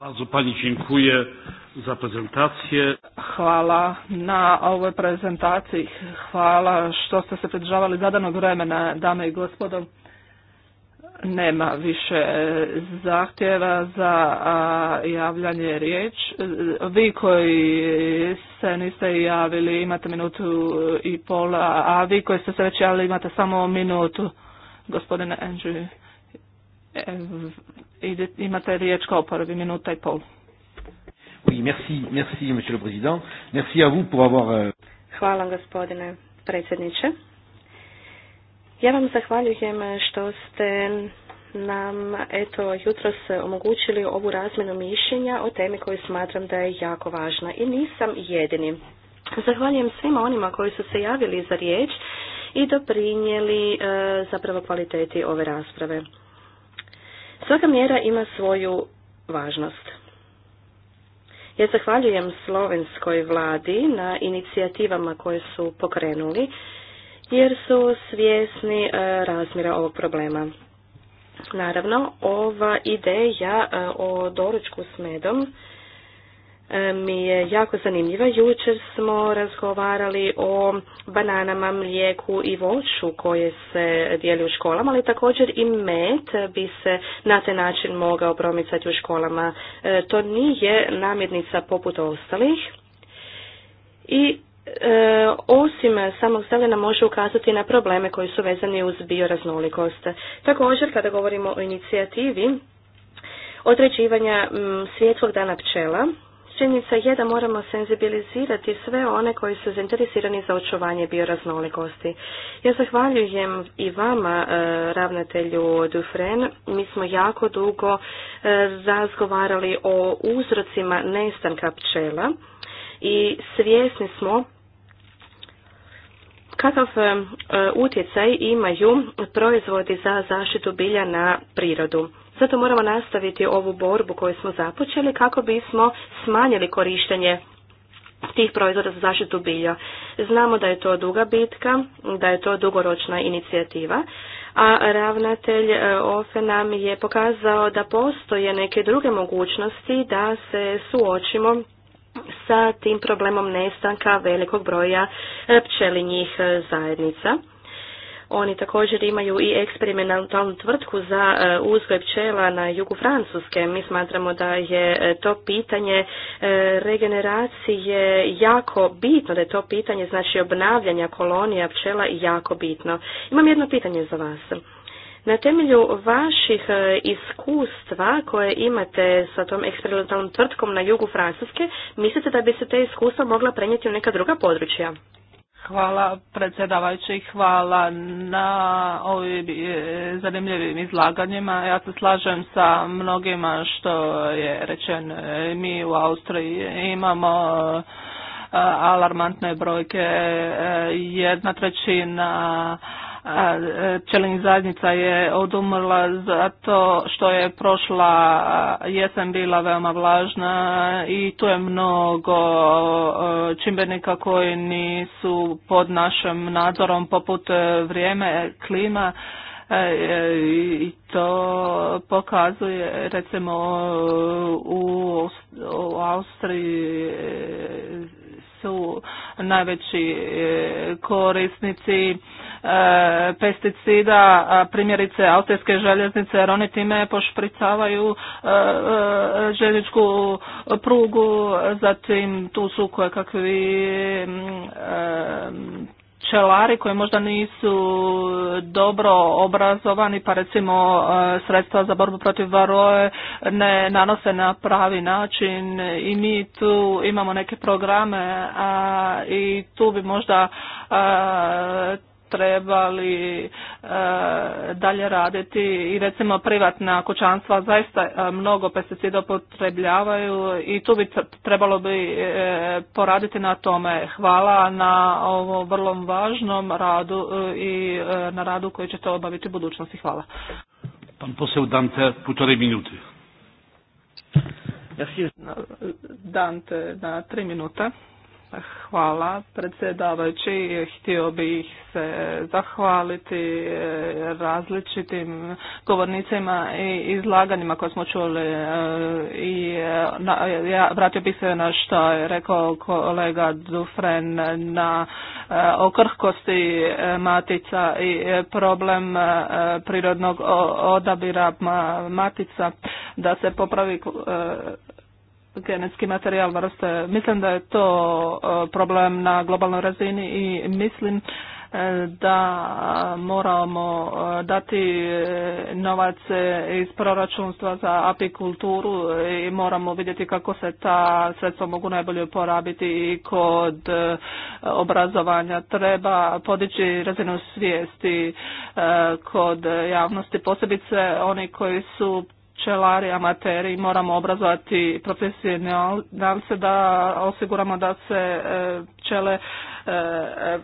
za Hvala na ovoj prezentaciji. Hvala što ste se pridržavali zadanog vremena, dame i gospodo nema više e, zahtjeva za javljanje riječ. E, vi koji se niste javili imate minutu i pola, a vi koji ste se već javili imate samo minutu. Gospodine Andrew, e, imate riječ kao prvi, minuta i pol. Hvala, gospodine predsjedniče. Ja vam zahvaljujem što ste nam eto jutros omogućili ovu razmjenu mišljenja o temi koju smatram da je jako važna i nisam jedini. Zahvaljujem svima onima koji su se javili za riječ i doprinijeli e, zapravo kvaliteti ove rasprave. Svaka mjera ima svoju važnost. Ja zahvaljujem slovenskoj vladi na inicijativama koje su pokrenuli jer su svjesni e, razmjera ovog problema. Naravno, ova ideja e, o doručku s medom e, mi je jako zanimljiva. Jučer smo razgovarali o bananama, mlijeku i voću koje se dijeli u školama, ali također i med bi se na taj način mogao promicati u školama. To nije namjednica poput ostalih i E, osim samog stavljena može ukazati na probleme koji su vezani uz bioraznolikost. Također, kada govorimo o inicijativi određivanja svjetlog dana pčela, činjenica je da moramo senzibilizirati sve one koji su zainteresirani za očuvanje bioraznolikosti. Ja zahvaljujem i vama, e, ravnatelju Dufren. Mi smo jako dugo e, razgovarali o uzrocima nestanka pčela i svjesni smo kakav e, utjecaj imaju proizvodi za zaštitu bilja na prirodu. Zato moramo nastaviti ovu borbu koju smo započeli kako bismo smanjili korištenje tih proizvoda za zaštitu bilja. Znamo da je to duga bitka, da je to dugoročna inicijativa, a ravnatelj e, OFE nam je pokazao da postoje neke druge mogućnosti da se suočimo sa tim problemom nestanka velikog broja e, pčelinjih e, zajednica. Oni također imaju i eksperimentalnu tvrtku za e, uzgoj pčela na jugu Francuske. Mi smatramo da je to pitanje regeneracije jako bitno, da je to pitanje znači obnavljanja kolonija pčela jako bitno. Imam jedno pitanje za vas. Na temelju vaših e, iskustva koje imate sa tom eksperimentalnom tvrtkom na jugu Francuske, mislite da bi se te iskustva mogla prenijeti u neka druga područja? Hvala predsjedavajući, hvala na ovim e, zanimljivim izlaganjima. Ja se slažem sa mnogima što je rečeno. Mi u Austriji imamo e, alarmantne brojke, jedna trećina E, čelini zajednica je odumrla zato što je prošla jesen bila veoma vlažna i tu je mnogo e, čimbenika koji nisu pod našim nadzorom poput e, vrijeme, klima i to pokazuje recimo u, u Austriji su najveći korisnici E, pesticida, primjerice austrijske željeznice, jer oni time pošpricavaju e, e, željezničku prugu, zatim tu su koje kakvi mm, čelari, koji možda nisu dobro obrazovani, pa recimo sredstva za borbu protiv varoje ne nanose na pravi način i mi tu imamo neke programe a, i tu bi možda a, trebali e, dalje raditi i recimo privatna kućanstva zaista e, mnogo pesticida upotrebljavaju i tu bi trebalo bi e, poraditi na tome. Hvala na ovom vrlo važnom radu i na radu koji ćete obaviti u budućnosti. Hvala. Pan Dante, Dante na tri minute. Hvala predsjedavajući. Htio bih se zahvaliti e, različitim govornicima i izlaganjima koje smo čuli e, i e, ja vratio bih se na što je rekao kolega Dufren na okrhkosti matica i problem prirodnog odabira matica da se popravi genetski materijal vrste. Mislim da je to e, problem na globalnoj razini i mislim e, da moramo e, dati novac iz proračunstva za apikulturu i moramo vidjeti kako se ta sredstva mogu najbolje uporabiti i kod obrazovanja. Treba podići razinu svijesti kod javnosti, posebice oni koji su pčelari, amateri, moramo obrazovati se da osiguramo da se e, pčele E, e,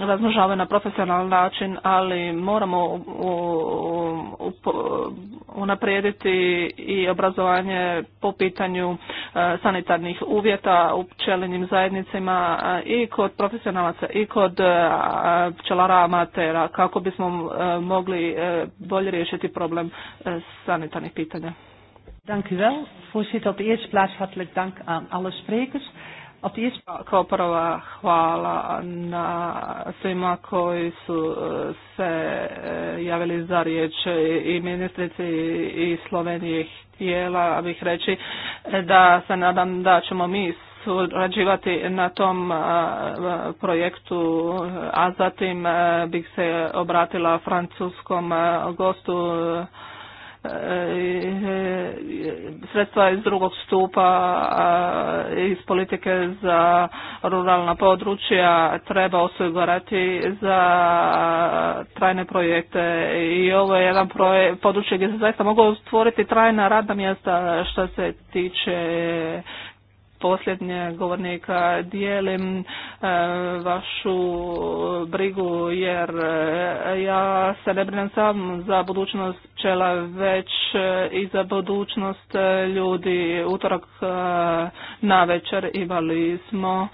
e, razmnožavaju na profesionalan način, ali moramo unaprijediti i obrazovanje po pitanju sanitarnih uvjeta u pčelinjim zajednicama i kod profesionalaca i kod pčelara amatera kako bismo mogli bolje riješiti problem sanitarnih pitanja. Dank u Voorzitter, op eerste plaats hartelijk dank aan alle sprekers. Od kao prva hvala na svima koji su eh, se eh, javili za riječ i ministrici i Slovenije htjela bih reći eh, da se nadam da ćemo mi surađivati na tom projektu, a zatim bih se obratila francuskom gostu E, sredstva iz drugog stupa iz politike za ruralna područja treba osigurati za trajne projekte i ovo je jedan područje gdje se zaista mogu stvoriti trajna radna mjesta što se tiče Posljednje, govornika dijelim e, vašu brigu jer e, ja se ne brinem sam za budućnost Čela već e, i za budućnost ljudi. Utorak na večer imali smo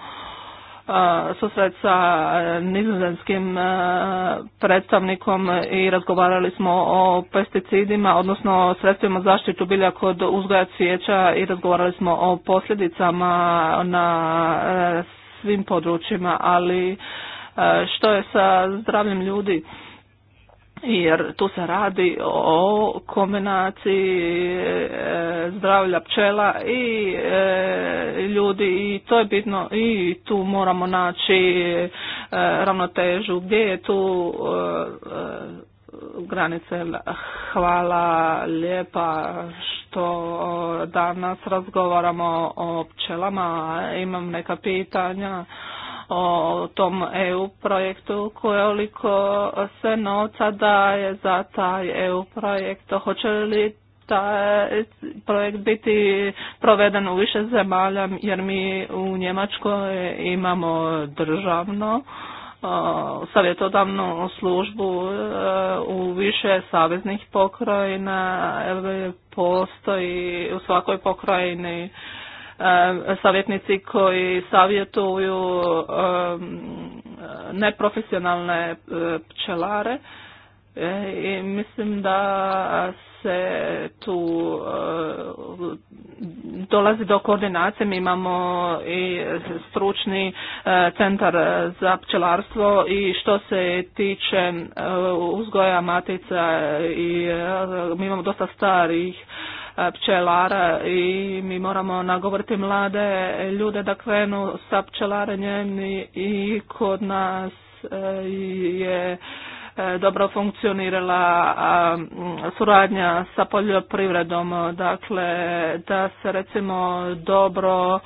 susret sa e, nizozemskim e, predstavnikom i razgovarali smo o pesticidima, odnosno o sredstvima zaštitu bilja kod uzgoja cvijeća i razgovarali smo o posljedicama na e, svim područjima, ali što je sa zdravljem ljudi? jer tu se radi o kombinaciji e, zdravlja pčela i e, ljudi i to je bitno i tu moramo naći e, ravnotežu gdje je tu granice. Hvala lijepa što danas razgovaramo o pčelama. Imam neka pitanja o tom EU projektu, koliko se novca daje za taj EU projekt. Hoće li taj projekt biti proveden u više zemalja, jer mi u Njemačkoj imamo državno savjetodavnu službu e, u više saveznih pokrajina, e, postoji u svakoj pokrajini E, savjetnici koji savjetuju neprofesionalne e, pčelare e, i mislim da se tu dolazi do koordinacije. Mi imamo i stručni centar za pčelarstvo i što se tiče uzgoja matica i mi imamo dosta starih E, pčelara i mi moramo nagovoriti mlade ljude da krenu sa pčelarenjem i kod nas e, je E, dobro funkcionirala suradnja sa poljoprivredom, dakle da se recimo dobro e,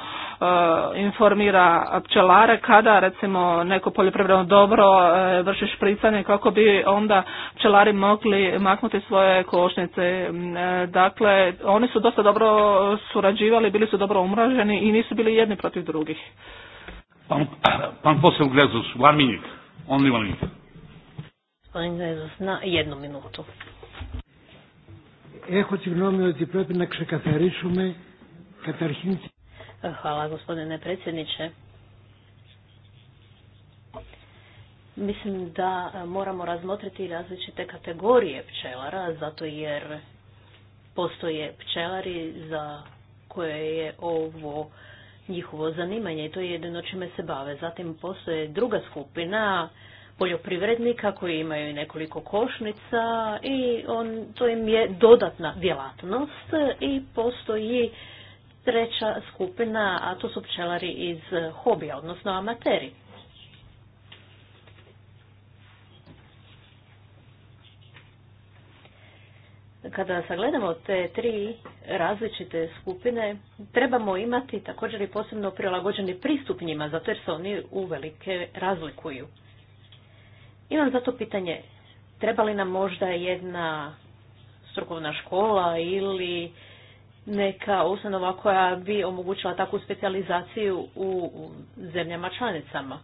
informira pčelare kada recimo neko poljoprivredno dobro e, vrši špricanje kako bi onda pčelari mogli maknuti svoje košnice. Dakle, oni su dosta dobro surađivali, bili su dobro umraženi i nisu bili jedni protiv drugih. Pan, pan posel Glezus, one minute, na jednu minutu. E, Hvala gospodine predsjedniče. Mislim da moramo razmotriti različite kategorije pčelara, zato jer postoje pčelari za koje je ovo njihovo zanimanje i to je jedino čime se bave. Zatim postoje druga skupina poljoprivrednika koji imaju nekoliko košnica i on, to im je dodatna djelatnost i postoji treća skupina, a to su pčelari iz hobija, odnosno amateri. Kada sagledamo te tri različite skupine, trebamo imati također i posebno prilagođeni pristup njima, zato jer se oni uvelike razlikuju. Imam zato pitanje, treba li nam možda jedna strukovna škola ili neka ustanova koja bi omogućila takvu specijalizaciju u zemljama članicama?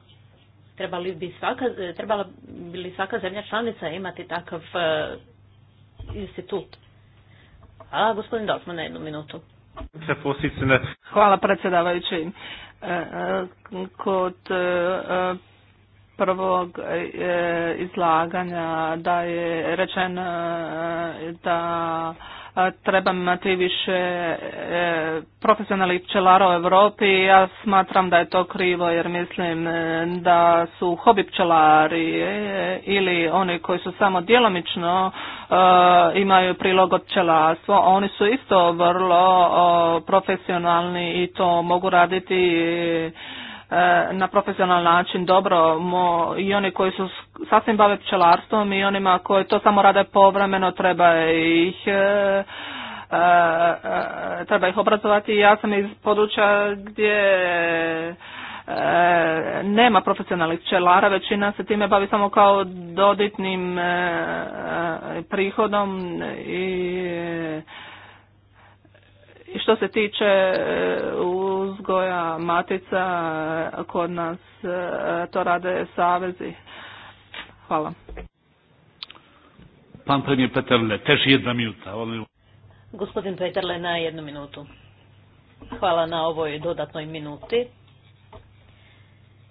Trebali bi svaka, trebala bi li svaka zemlja članica imati takav e, institut? Hvala, gospodin Dortman, na jednu minutu. Hvala predsjedavajući. E, e, kod prvog e, izlaganja da je rečeno e, da e, treba imati više profesionalnih pčelara u Europi. Ja smatram da je to krivo jer mislim da su hobi pčelari ili oni koji su samo djelomično imaju prilog od pčelarstva. Oni su isto vrlo profesionalni i to mogu raditi E, na profesionalan način dobro mo, i oni koji su sasvim bave pčelarstvom i onima koji to samo rade povremeno treba ih e, e, treba ih obrazovati. Ja sam iz područja gdje nema profesionalnih pčelara, većina se time bavi samo kao doditnim prihodom i što se tiče e, uzgoja matica, kod nas e, to rade savezi. Hvala. Pan premijer jedna minuta. Gospodin Peterle, na jednu minutu. Hvala na ovoj dodatnoj minuti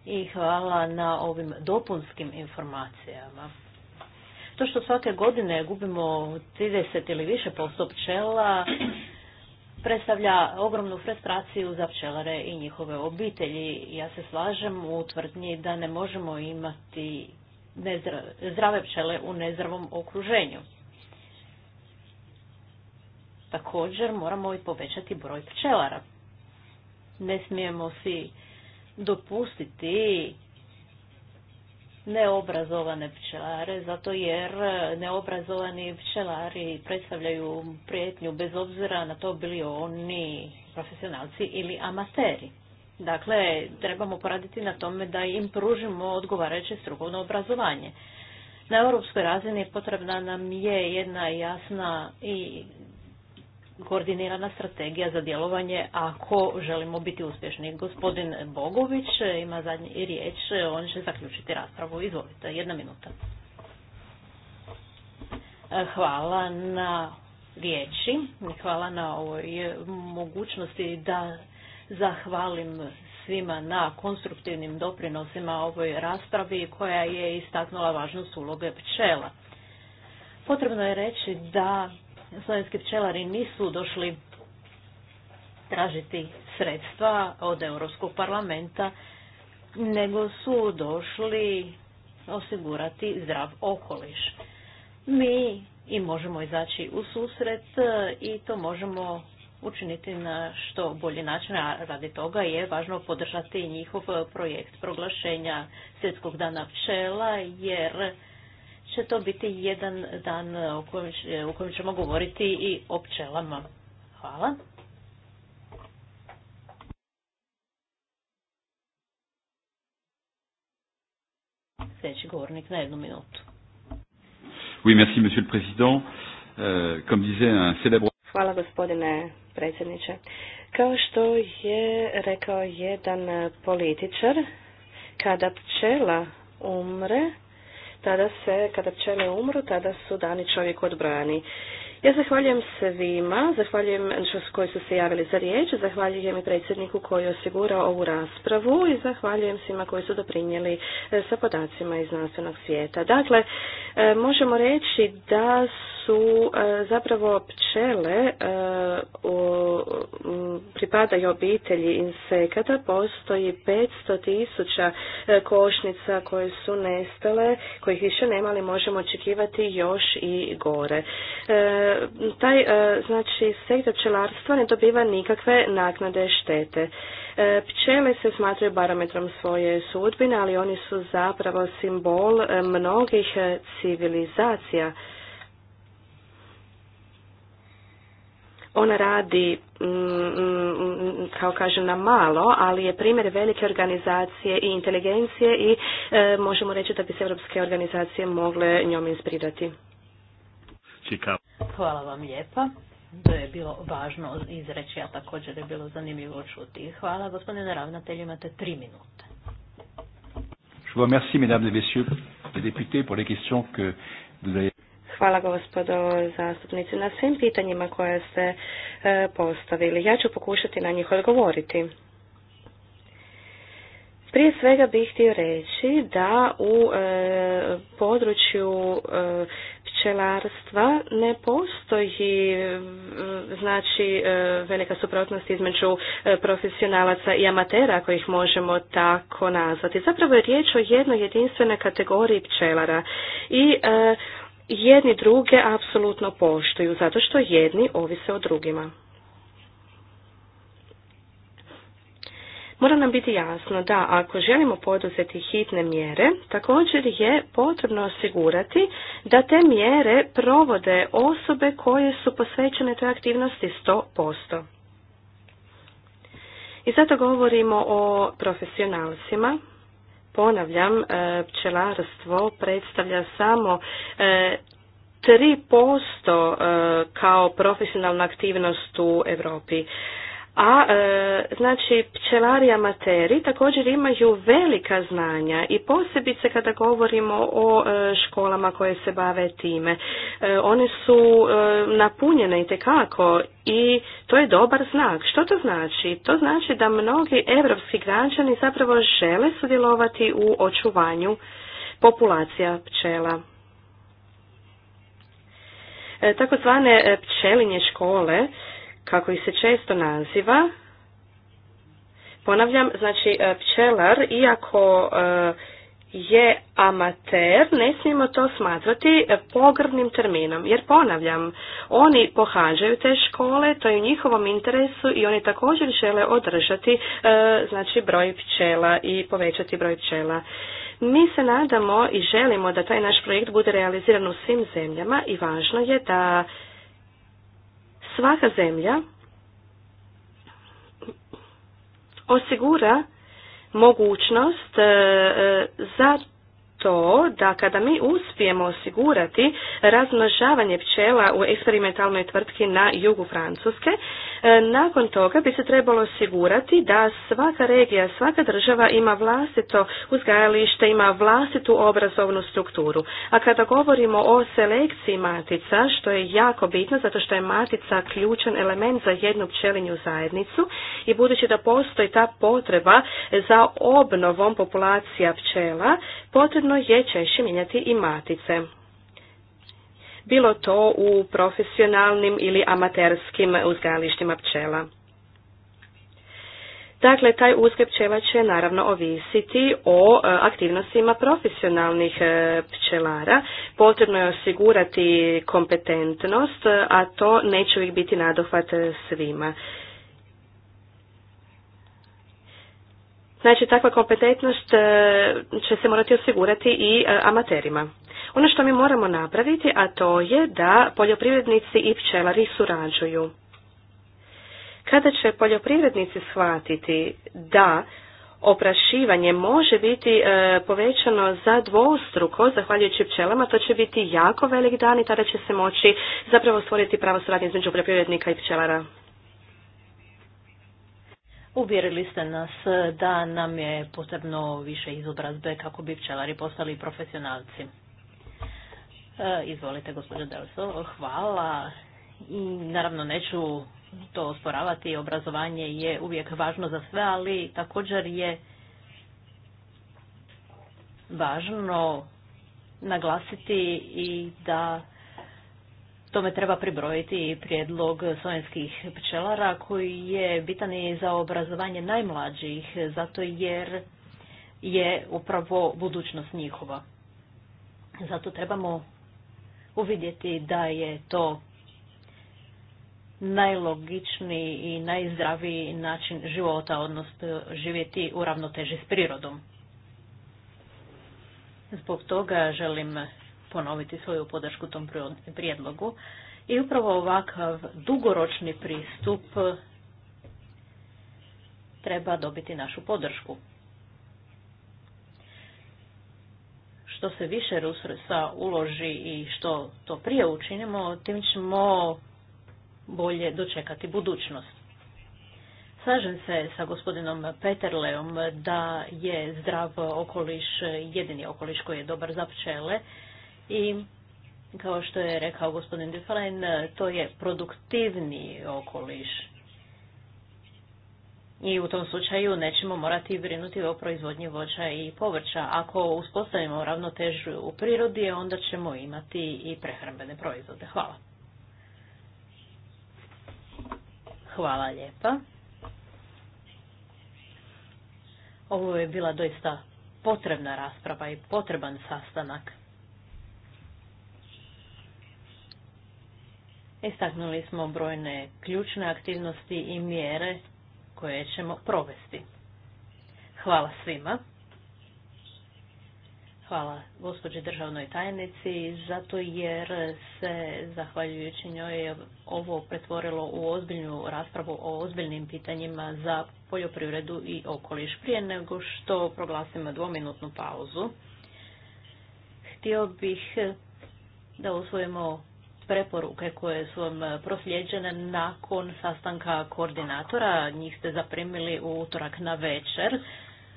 i hvala na ovim dopunskim informacijama. To što svake godine gubimo 30 ili više posto pčela predstavlja ogromnu frustraciju za pčelare i njihove obitelji. Ja se slažem u tvrdnji da ne možemo imati zdrave pčele u nezdravom okruženju. Također moramo i povećati broj pčelara. Ne smijemo si dopustiti neobrazovane pčelare, zato jer e, neobrazovani pčelari predstavljaju prijetnju bez obzira na to bili oni profesionalci ili amateri. Dakle, trebamo poraditi na tome da im pružimo odgovarajuće strukovno obrazovanje. Na europskoj razini potrebna nam je jedna jasna i koordinirana strategija za djelovanje ako želimo biti uspješni. Gospodin Bogović ima zadnji riječ, on će zaključiti raspravu. Izvolite, jedna minuta. Hvala na riječi, hvala na ovoj mogućnosti da zahvalim svima na konstruktivnim doprinosima ovoj raspravi koja je istaknula važnost uloge pčela. Potrebno je reći da slovenski pčelari nisu došli tražiti sredstva od Europskog parlamenta, nego su došli osigurati zdrav okoliš. Mi i možemo izaći u susret i to možemo učiniti na što bolji način, a radi toga je važno podržati njihov projekt proglašenja Svjetskog dana pčela, jer će to biti jedan dan u kojem ćemo govoriti i o pčelama. Hvala. Sljedeći govornik na jednu minutu. Oui, merci, monsieur le président. Euh, comme disait un célèbre... Hvala gospodine predsjedniče. Kao što je rekao jedan političar, kada pčela umre, tada se, kada pčele umru, tada su dani čovjek odbrojani. Ja zahvaljujem svima, zahvaljujem koji su se javili za riječ, zahvaljujem i predsjedniku koji je osigurao ovu raspravu i zahvaljujem svima koji su doprinijeli e, sa podacima iz znanstvenog svijeta. Dakle, e, možemo reći da su e, zapravo pčele e, pripadaju obitelji insekata. Postoji 500 tisuća e, košnica koje su nestale, kojih više nema, ali možemo očekivati još i gore. Taj, znači, sektor pčelarstva ne dobiva nikakve naknade štete. Pčele se smatraju barometrom svoje sudbine, ali oni su zapravo simbol mnogih civilizacija. Ona radi, mm, mm, mm, kao kažem, na malo, ali je primjer velike organizacije i inteligencije i e, možemo reći da bi se evropske organizacije mogle njom inspirirati. Hvala vam lijepa. To je bilo važno izreći, a također je bilo zanimljivo čuti. Hvala gospodine ravnatelj, imate tri minute. Je vous remercie, mesdames et messieurs les députés, pour les questions que vous avez. Hvala gospodo zastupnici na svim pitanjima koje ste e, postavili. Ja ću pokušati na njih odgovoriti. Prije svega bih htio reći da u e, području e, pčelarstva ne postoji znači velika suprotnost između profesionalaca i amatera ako ih možemo tako nazvati. Zapravo je riječ o jednoj jedinstvenoj kategoriji pčelara i jedni druge apsolutno poštuju, zato što jedni ovise o drugima. Mora nam biti jasno da ako želimo poduzeti hitne mjere, također je potrebno osigurati da te mjere provode osobe koje su posvećene toj aktivnosti 100%. I zato govorimo o profesionalcima, Ponavljam, e, pčelarstvo predstavlja samo 3% e, e, kao profesionalna aktivnost u Europi a e, znači pčelari amateri također imaju velika znanja i posebice kada govorimo o e, školama koje se bave time. E, one su napunjene i tekako i to je dobar znak. Što to znači? To znači da mnogi evropski građani zapravo žele sudjelovati u očuvanju populacija pčela. Takozvane pčelinje škole kako ih se često naziva, ponavljam, znači e, pčelar, iako e, je amater, ne smijemo to smatrati e, pogrbnim terminom, jer ponavljam, oni pohađaju te škole, to je u njihovom interesu i oni također žele održati znači broj pčela i povećati broj pčela. Mi se nadamo i želimo da taj naš projekt bude realiziran u svim zemljama i važno je da svaka zemlja osigura mogućnost e, e, za to da kada mi uspijemo osigurati razmnožavanje pčela u eksperimentalnoj tvrtki na jugu Francuske, e, nakon toga bi se trebalo osigurati da svaka regija, svaka država ima vlastito uzgajalište, ima vlastitu obrazovnu strukturu. A kada govorimo o selekciji matica, što je jako bitno zato što je matica ključan element za jednu pčelinju zajednicu i budući da postoji ta potreba za obnovom populacija pčela, potrebno je češće mijenjati i matice. Bilo to u profesionalnim ili amaterskim uzgajalištima pčela. Dakle, taj uzgaj pčela će naravno ovisiti o e, aktivnostima profesionalnih e, pčelara. Potrebno je osigurati kompetentnost, a to neće uvijek biti nadohvat e, svima. Znači, takva kompetentnost e, će se morati osigurati i e, amaterima. Ono što mi moramo napraviti, a to je da poljoprivrednici i pčelari surađuju. Kada će poljoprivrednici shvatiti da oprašivanje može biti e, povećano za dvostruko zahvaljujući pčelama, to će biti jako velik dan i tada će se moći zapravo stvoriti pravo suradnje između poljoprivrednika i pčelara. Uvjerili ste nas da nam je potrebno više izobrazbe kako bi pčelari postali profesionalci. E, izvolite, gospođo Delso. Hvala. I naravno neću to osporavati. Obrazovanje je uvijek važno za sve, ali također je važno naglasiti i da Tome treba pribrojiti i prijedlog slovenskih pčelara koji je bitan i za obrazovanje najmlađih, zato jer je upravo budućnost njihova. Zato trebamo uvidjeti da je to najlogičniji i najzdraviji način života, odnosno živjeti u ravnoteži s prirodom. Zbog toga želim ponoviti svoju podršku tom prijedlogu. I upravo ovakav dugoročni pristup treba dobiti našu podršku. Što se više resursa uloži i što to prije učinimo, tim ćemo bolje dočekati budućnost. Slažem se sa gospodinom Peterleom da je zdrav okoliš jedini okoliš koji je dobar za pčele i kao što je rekao gospodin Dufresne, to je produktivni okoliš. I u tom slučaju nećemo morati brinuti o proizvodnji voća i povrća. Ako uspostavimo ravnotežu u prirodi, onda ćemo imati i prehrambene proizvode. Hvala. Hvala lijepa. Ovo je bila doista potrebna rasprava i potreban sastanak. Istaknuli smo brojne ključne aktivnosti i mjere koje ćemo provesti. Hvala svima. Hvala gospođi državnoj tajnici, zato jer se, zahvaljujući njoj, ovo pretvorilo u ozbiljnu raspravu o ozbiljnim pitanjima za poljoprivredu i okoliš. Prije nego što proglasimo dvominutnu pauzu, htio bih da usvojimo preporuke koje su vam proslijeđene nakon sastanka koordinatora. Njih ste zaprimili u utorak na večer.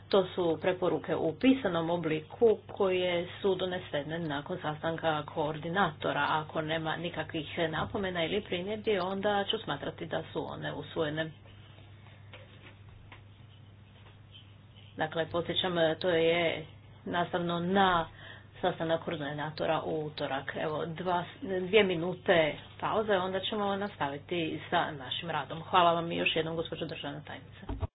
To su preporuke u pisanom obliku koje su donesene nakon sastanka koordinatora. Ako nema nikakvih napomena ili primjedbi, onda ću smatrati da su one usvojene. Dakle, posjećam, to je nastavno na sastanak koordinatora u utorak. Evo, dvije minute pauze, onda ćemo nastaviti sa našim radom. Hvala vam i još jednom, gospođo državna tajnica.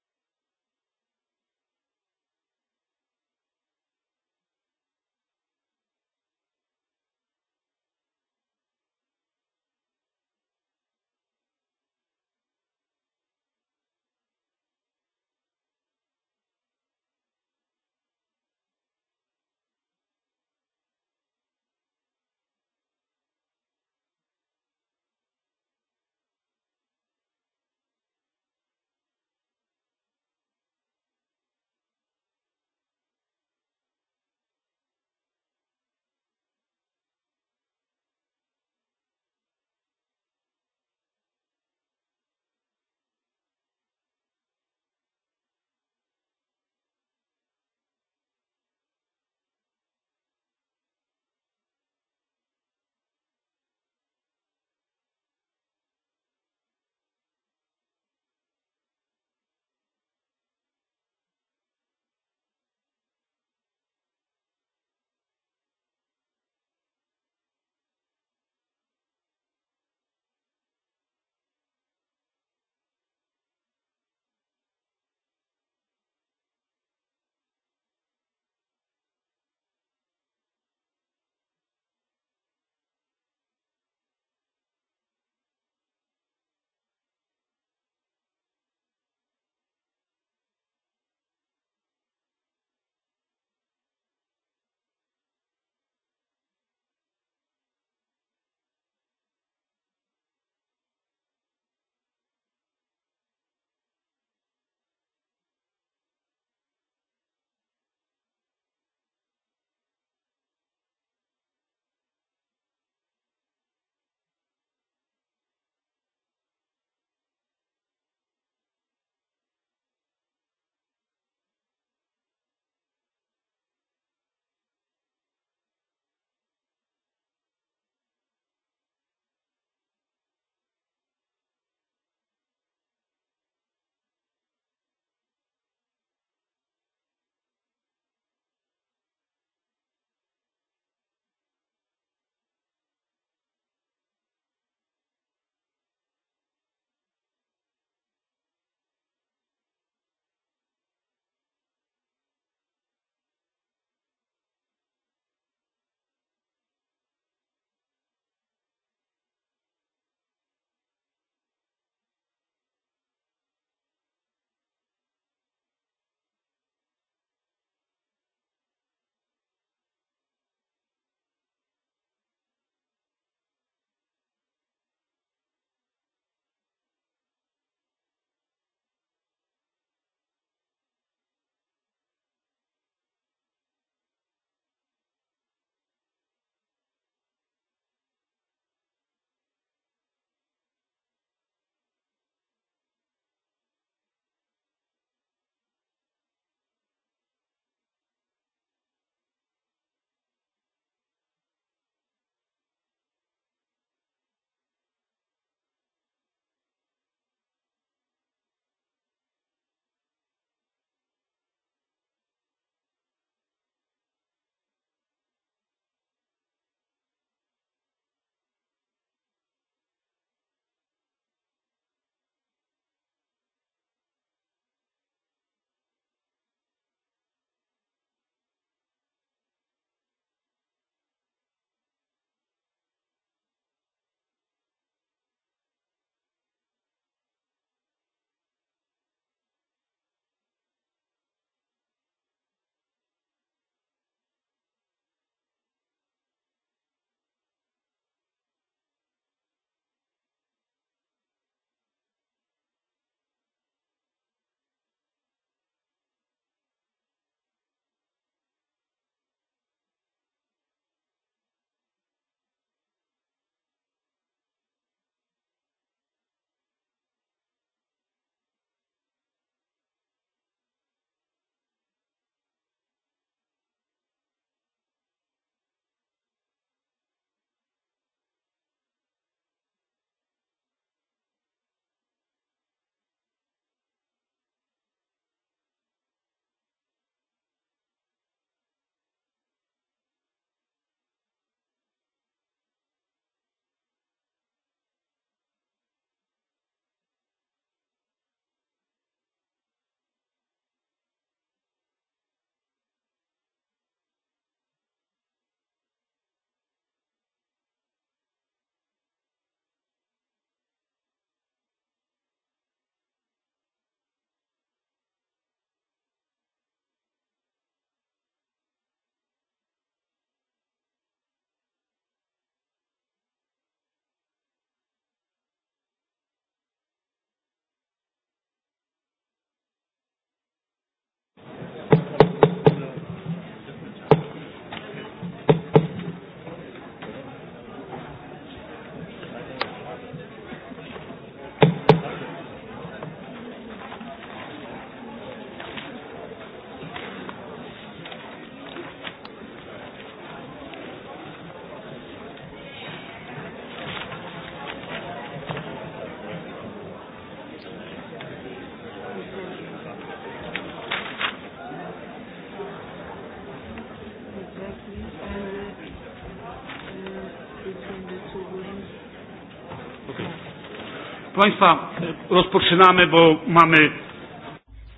Państwa, rozpoczynamy, bo mamy...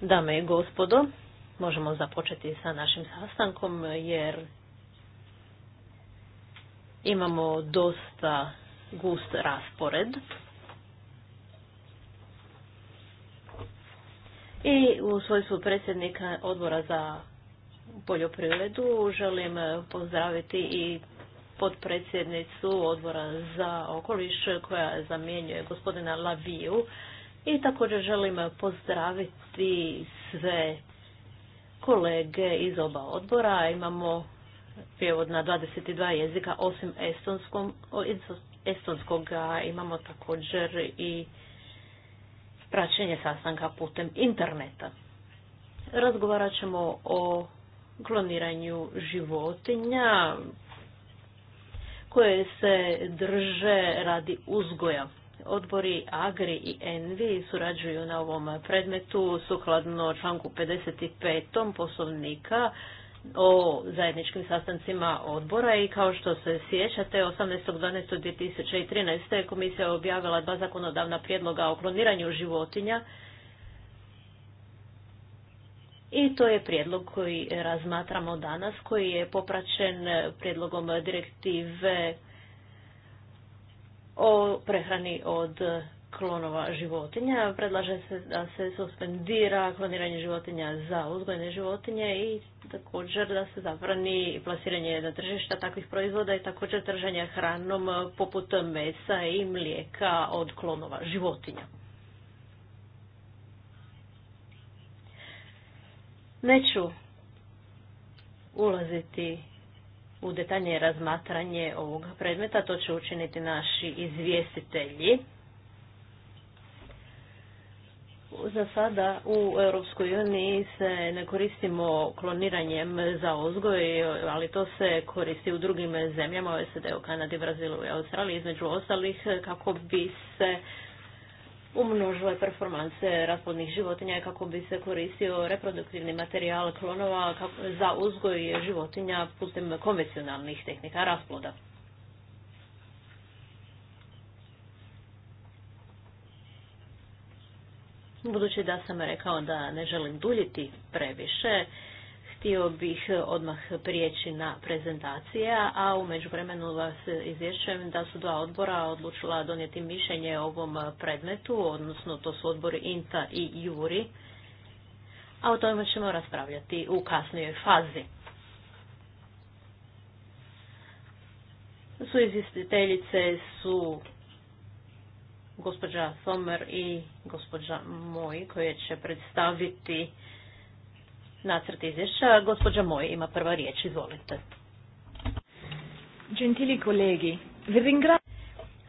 Dame i gospodo, možemo započeti sa našim sastankom jer imamo dosta gust raspored. I u svojstvu predsjednika odbora za poljoprivredu želim pozdraviti i podpredsjednicu odbora za okoliš koja zamjenjuje gospodina Laviju i također želim pozdraviti sve kolege iz oba odbora. Imamo prijevod na 22 jezika osim estonskog, imamo također i praćenje sastanka putem interneta. Razgovarat ćemo o kloniranju životinja, koje se drže radi uzgoja. Odbori Agri i Envi surađuju na ovom predmetu sukladno članku 55. poslovnika o zajedničkim sastancima odbora i kao što se sjećate 18.12.2013. komisija je objavila dva zakonodavna prijedloga o kloniranju životinja i to je prijedlog koji razmatramo danas, koji je popraćen prijedlogom direktive o prehrani od klonova životinja. Predlaže se da se suspendira kloniranje životinja za uzgojne životinje i također da se zabrani plasiranje na tržišta takvih proizvoda i također trženje hranom poput mesa i mlijeka od klonova životinja. Neću ulaziti u detaljnije razmatranje ovog predmeta, to će učiniti naši izvjestitelji. Za sada u Europskoj uniji se ne koristimo kloniranjem za ozgoj, ali to se koristi u drugim zemljama, OSD, u Kanadi, Brazilu i Australiji, između ostalih, kako bi se umnožile performanse rasplodnih životinja kako bi se koristio reproduktivni materijal klonova za uzgoj životinja putem konvencionalnih tehnika rasploda. Budući da sam rekao da ne želim duljiti previše, Htio bih odmah prijeći na prezentacije, a u međuvremenu vas izvješćujem da su dva odbora odlučila donijeti mišljenje o ovom predmetu, odnosno to su odbori INTA i JURI, a o tome ćemo raspravljati u kasnijoj fazi. izvjestiteljice su gospođa Somer i gospođa Moj koje će predstaviti nacrt izvješća. Gospođa Moj ima prva riječ, izvolite. Gentili kolegi,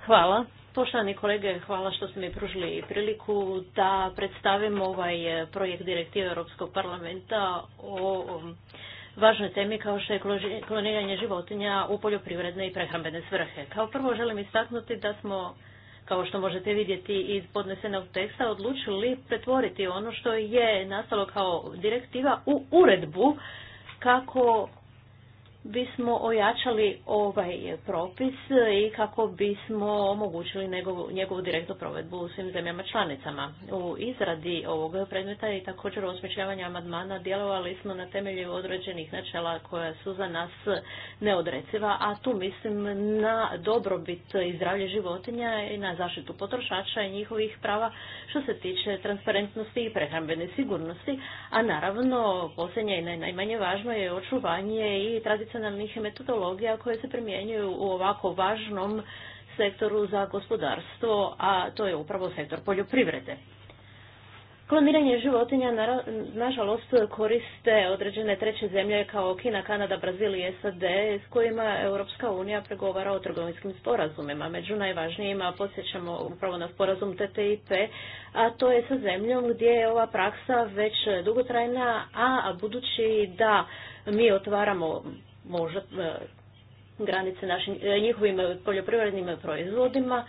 Hvala. Poštovani kolege, hvala što ste mi pružili priliku da predstavim ovaj eh, projekt direktive Europskog parlamenta o um, važnoj temi kao što je kloniranje životinja u poljoprivredne i prehrambene svrhe. Kao prvo želim istaknuti da smo kao što možete vidjeti iz podnesenog teksta, odlučili pretvoriti ono što je nastalo kao direktiva u uredbu kako bismo ojačali ovaj propis i kako bismo omogućili njegovu, njegovu direktnu provedbu u svim zemljama članicama. U izradi ovog predmeta i također u osmišljavanju amandmana djelovali smo na temelju određenih načela koja su za nas neodreciva, a tu mislim na dobrobit i zdravlje životinja i na zaštitu potrošača i njihovih prava što se tiče transparentnosti i prehrambene sigurnosti, a naravno posljednje i najmanje važno je očuvanje i tradicionalnih metodologija koje se primjenjuju u ovako važnom sektoru za gospodarstvo, a to je upravo sektor poljoprivrede. Kloniranje životinja, nažalost, koriste određene treće zemlje kao Kina, Kanada, Brazil i SAD, s kojima Europska unija pregovara o trgovinskim sporazumima. Među najvažnijima posjećamo upravo na sporazum TTIP, a to je sa zemljom gdje je ova praksa već dugotrajna, a budući da mi otvaramo možda e, granice našim, e, njihovim poljoprivrednim proizvodima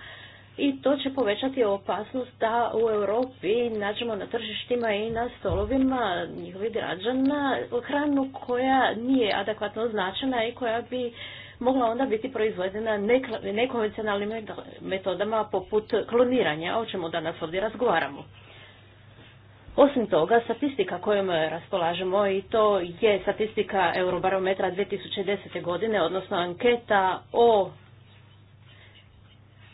i to će povećati opasnost da u Europi nađemo na tržištima i na stolovima njihovih građana hranu koja nije adekvatno značena i koja bi mogla onda biti proizvedena nekonvencionalnim metodama poput kloniranja, o čemu danas ovdje razgovaramo. Osim toga, statistika kojom raspolažemo i to je statistika Eurobarometra 2010. godine, odnosno anketa o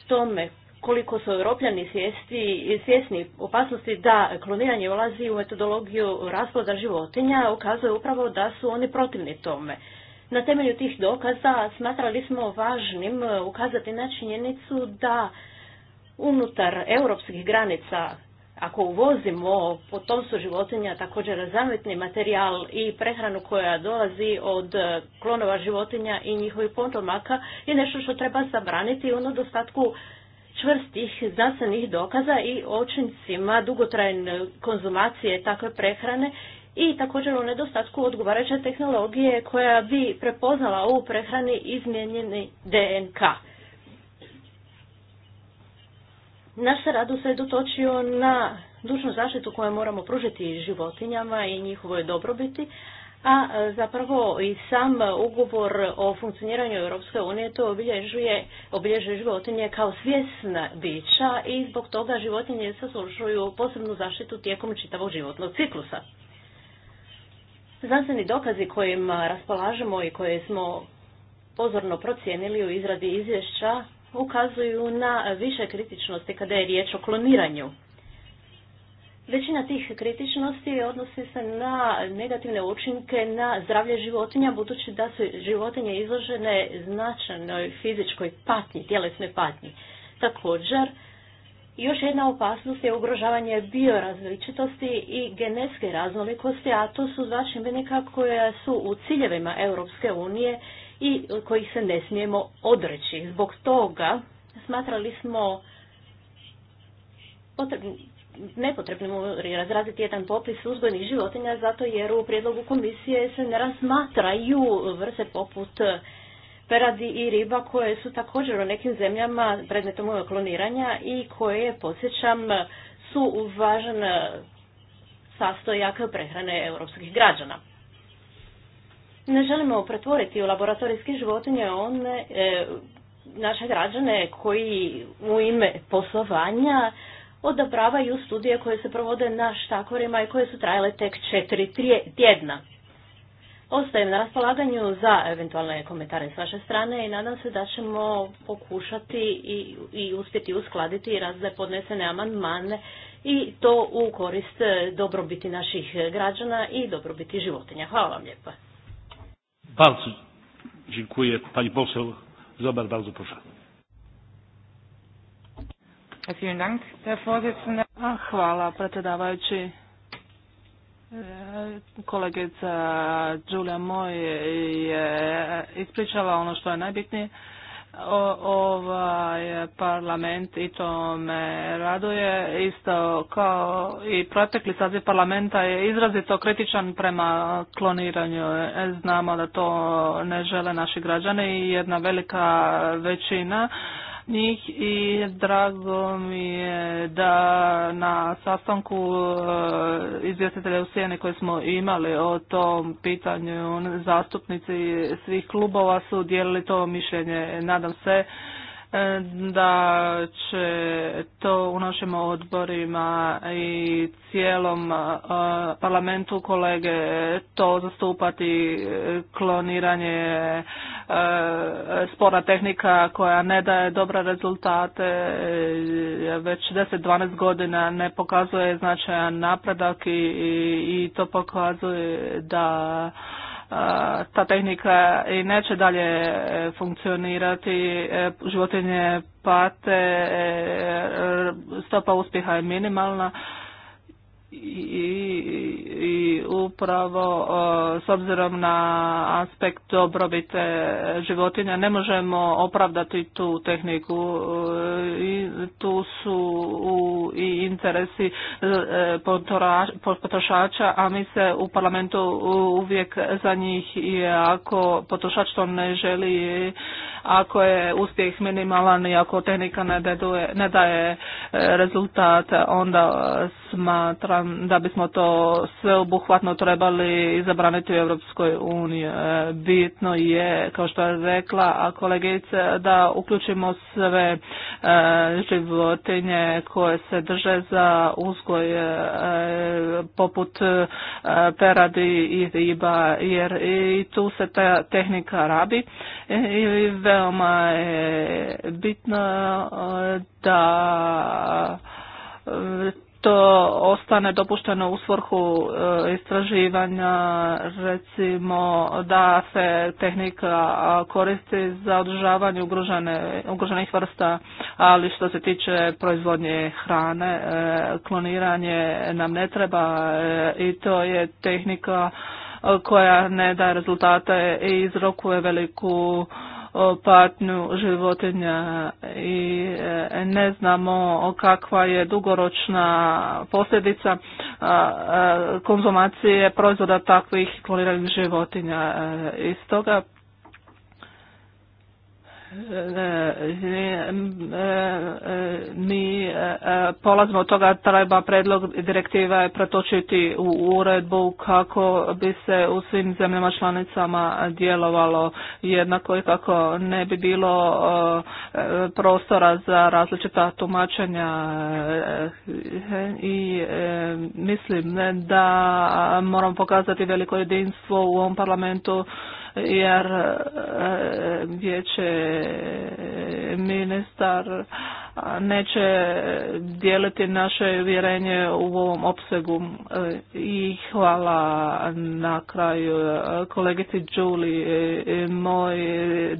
tome koliko su europljani svjesni, svjesni opasnosti da kloniranje ulazi u metodologiju razvoda životinja, ukazuje upravo da su oni protivni tome. Na temelju tih dokaza smatrali smo važnim ukazati na činjenicu da unutar europskih granica ako uvozimo su životinja također zametni materijal i prehranu koja dolazi od klonova životinja i njihovih potomaka je nešto što treba zabraniti u nedostatku čvrstih znanstvenih dokaza i očincima dugotrajne konzumacije takve prehrane i također u nedostatku odgovarajuće tehnologije koja bi prepoznala u prehrani izmijenjeni DNK. Naš se rad usredotočio na dužnu zaštitu koju moramo pružiti životinjama i njihovoj dobrobiti, a e, zapravo i sam ugovor o funkcioniranju Europske unije to obilježuje, obilježuje životinje kao svjesna bića i zbog toga životinje zaslužuju posebnu zaštitu tijekom čitavog životnog ciklusa. Znanstveni dokazi kojima raspolažemo i koje smo pozorno procijenili u izradi izvješća ukazuju na više kritičnosti kada je riječ o kloniranju. Većina tih kritičnosti odnosi se na negativne učinke na zdravlje životinja, budući da su životinje izložene značajnoj fizičkoj patnji, tjelesnoj patnji. Također, još jedna opasnost je ugrožavanje biorazličitosti i genetske raznolikosti, a to su dva čimbenika koja su u ciljevima Europske unije i kojih se ne smijemo odreći. Zbog toga smatrali smo nepotrebno razraziti jedan popis uzgojnih životinja zato jer u prijedlogu komisije se ne razmatraju vrste poput peradi i riba koje su također u nekim zemljama predmetom kloniranja i koje, podsjećam, su važan sastojak prehrane europskih građana ne želimo pretvoriti u laboratorijske životinje one e, naše građane koji u ime poslovanja odabravaju studije koje se provode na štakorima i koje su trajale tek četiri tjedna. Ostajem na raspolaganju za eventualne komentare s vaše strane i nadam se da ćemo pokušati i, i uspjeti uskladiti razne podnesene amandmane i to u korist dobrobiti naših građana i dobrobiti životinja. Hvala vam lijepa. Bardzo dziękuję. Pani poseł Zobar, bardzo proszę. Hvala predsjedavajući. E, kolegica Đulja Moj je ispričala ono što je najbitnije o, ovaj parlament i to me raduje. Isto kao i protekli saziv parlamenta je izrazito kritičan prema kloniranju. Znamo da to ne žele naši građani i jedna velika većina njih i drago mi je da na sastanku e, izvjestitelja u Sijeni koje smo imali o tom pitanju zastupnici svih klubova su dijelili to mišljenje. Nadam se E, da će to u našim odborima i cijelom e, parlamentu kolege to zastupati e, kloniranje spora tehnika koja ne daje dobre rezultate već 10-12 godina ne pokazuje značajan napredak i, i to pokazuje da ta tehnika i neće dalje e, funkcionirati, e, životinje pate, e, stopa uspjeha je minimalna i upravo e, s obzirom na aspekt dobrobite životinja ne možemo opravdati tu tehniku e, i tu su i interesi e, potrošača a mi se u parlamentu uvijek za njih i ako potrošač to ne želi ako je uspjeh minimalan i ako tehnika ne daje rezultat onda smatra da, bismo to sve obuhvatno trebali zabraniti u Europskoj uniji. E, bitno je, kao što je rekla kolegice, da uključimo sve e, životinje koje se drže za uzgoj e, poput peradi i riba, jer i tu se ta tehnika rabi i veoma je bitno da to ostane dopušteno u svrhu e, istraživanja, recimo da se tehnika koristi za održavanje ugrožene, ugroženih vrsta, ali što se tiče proizvodnje hrane, e, kloniranje nam ne treba e, i to je tehnika koja ne daje rezultate i izrokuje veliku o patnju životinja i e, ne znamo kakva je dugoročna posljedica konzumacije proizvoda takvih kloniranih životinja. E, iz toga mi e, polazimo od toga treba predlog direktive pretočiti u uredbu kako bi se u svim zemljama članicama djelovalo jednako i kako ne bi bilo e, prostora za različita tumačenja i e, mislim da moramo pokazati veliko jedinstvo u ovom parlamentu jer e, vijeće ministar neće dijeliti naše vjerenje u ovom opsegu e, i hvala na kraju e, kolegici i moj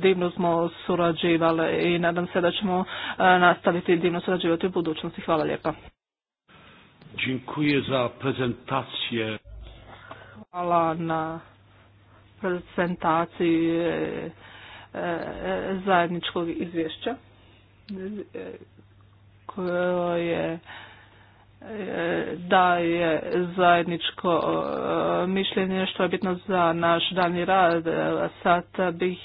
divno smo surađivali i nadam se da ćemo nastaviti divno surađivati u budućnosti. Hvala lijepa. Dziękuję za prezentację. Hvala na prezentaciji e, e, zajedničkog izvješća e, koje daje zajedničko mišljenje što je bitno za naš dani rad. Sad bih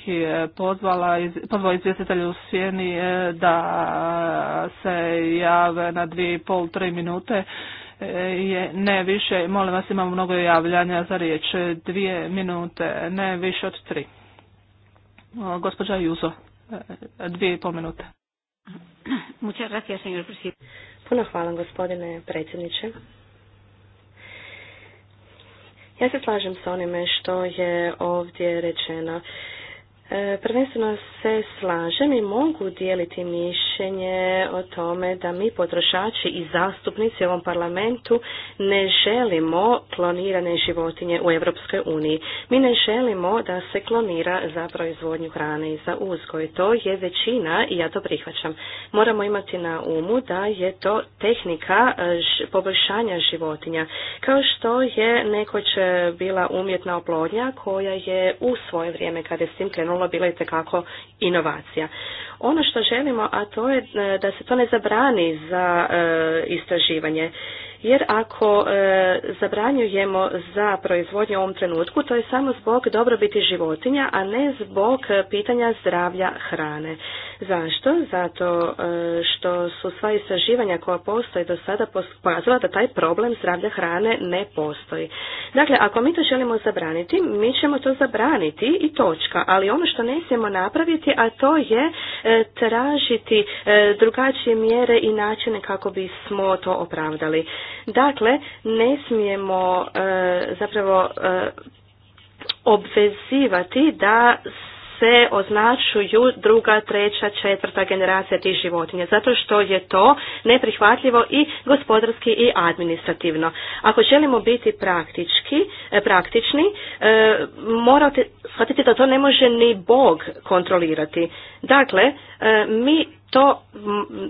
pozvala, pozvala izvjestitelju u sjeni da se jave na dvije i pol, tri minute je ne više, molim vas imamo mnogo javljanja za riječ, dvije minute, ne više od tri. Gospođa Juzo, e, dvije i pol minute. Muchas gracias, señor presidente. Puno hvala, gospodine predsjedniče. Ja se slažem s onime što je ovdje rečeno. E, prvenstveno se slažem i mogu dijeliti mišljenje o tome da mi potrošači i zastupnici u ovom parlamentu ne želimo klonirane životinje u Europskoj uniji. Mi ne želimo da se klonira za proizvodnju hrane i za uzgoj. To je većina i ja to prihvaćam. Moramo imati na umu da je to tehnika e, poboljšanja životinja. Kao što je nekoć e, bila umjetna oplodnja koja je u svoje vrijeme kada je s tim krenula spomenula bila je kako inovacija. Ono što želimo, a to je e, da se to ne zabrani za e, istraživanje. Jer ako e, zabranjujemo za proizvodnju u ovom trenutku, to je samo zbog dobrobiti životinja, a ne zbog pitanja zdravlja hrane. Zašto? Zato e, što su sva istraživanja koja postoje do sada pokazala da taj problem zdravlja hrane ne postoji. Dakle, ako mi to želimo zabraniti, mi ćemo to zabraniti i točka. Ali ono što ne smijemo napraviti, a to je e, tražiti drugačije mjere i načine kako bismo to opravdali. Dakle, ne smijemo e, zapravo e, obvezivati da se označuju druga, treća, četvrta generacija tih životinja, zato što je to neprihvatljivo i gospodarski i administrativno. Ako želimo biti praktički, e, praktični, e, morate shvatiti da to ne može ni Bog kontrolirati. Dakle, e, mi to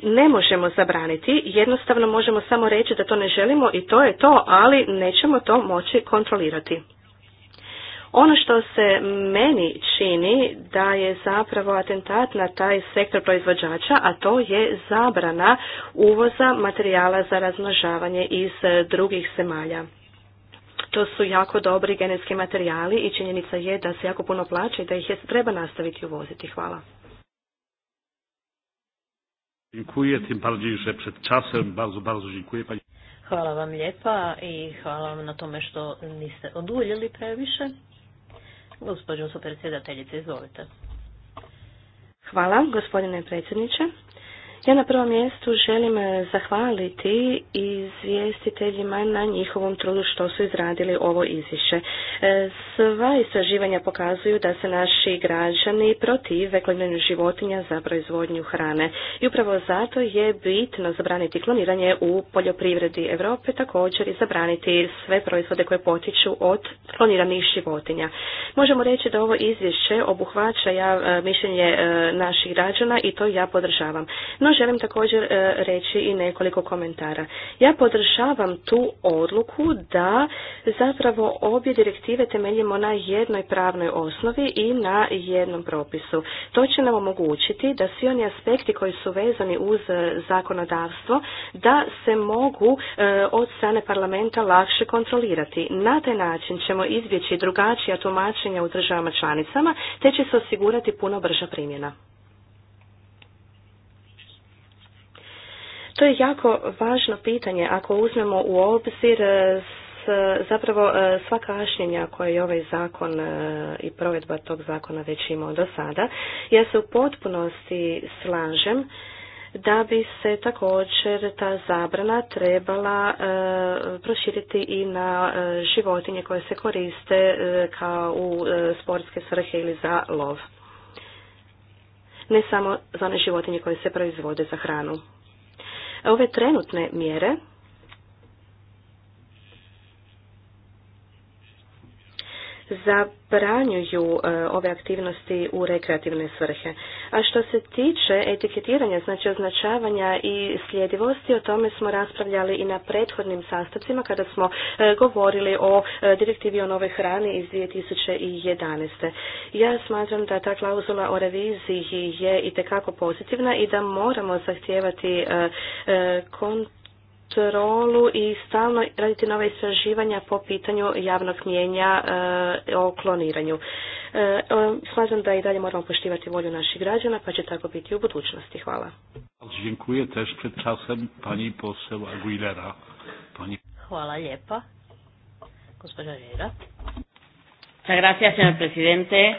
ne možemo zabraniti, jednostavno možemo samo reći da to ne želimo i to je to, ali nećemo to moći kontrolirati. Ono što se meni čini da je zapravo atentat na taj sektor proizvođača, a to je zabrana uvoza materijala za razmnožavanje iz e, drugih zemalja. To su jako dobri genetski materijali i činjenica je da se jako puno plaća i da ih je, treba nastaviti uvoziti. Hvala. Hvala vam lijepa i hvala vam na tome što niste oduljili previše. Gospođo su predsjedateljice, izvolite. Hvala, gospodine predsjedniče. Ja na prvom mjestu želim e, zahvaliti izvjestiteljima na njihovom trudu što su izradili ovo izvješće. E, sva istraživanja pokazuju da se naši građani protive kloniranju životinja za proizvodnju hrane. I upravo zato je bitno zabraniti kloniranje u poljoprivredi Europe, također i zabraniti sve proizvode koje potiču od kloniranih životinja. Možemo reći da ovo izvješće obuhvaća ja, e, mišljenje naših građana i to ja podržavam. No želim također e, reći i nekoliko komentara. Ja podržavam tu odluku da zapravo obje direktive temeljimo na jednoj pravnoj osnovi i na jednom propisu. To će nam omogućiti da svi oni aspekti koji su vezani uz e, zakonodavstvo da se mogu e, od strane parlamenta lakše kontrolirati. Na taj način ćemo izbjeći drugačija tumačenja u državama članicama te će se osigurati puno brža primjena. To je jako važno pitanje ako uzmemo u obzir e, zapravo e, sva kašnjenja koje je ovaj zakon e, i provedba tog zakona već imao do sada. Ja se u potpunosti slažem da bi se također ta zabrana trebala proširiti i na životinje koje se koriste kao u sportske svrhe ili za lov. Ne samo za one životinje koje se proizvode za hranu. Ove trenutne mjere zabranjuju e, ove aktivnosti u rekreativne svrhe. A što se tiče etiketiranja, znači označavanja i sljedivosti, o tome smo raspravljali i na prethodnim sastavcima kada smo e, govorili o e, direktivi o nove hrani iz 2011. Ja smatram da ta klauzula o reviziji je i pozitivna i da moramo zahtijevati kont rolu i stalno raditi nove istraživanja po pitanju javnog mijenja e, o kloniranju. E, smatram da i dalje moramo poštivati volju naših građana, pa će tako biti u budućnosti. Hvala. Dziękuję też przed czasem pani poseł Aguilera. Pani... Hvala lijepa. Gospodin Gracias, señor presidente.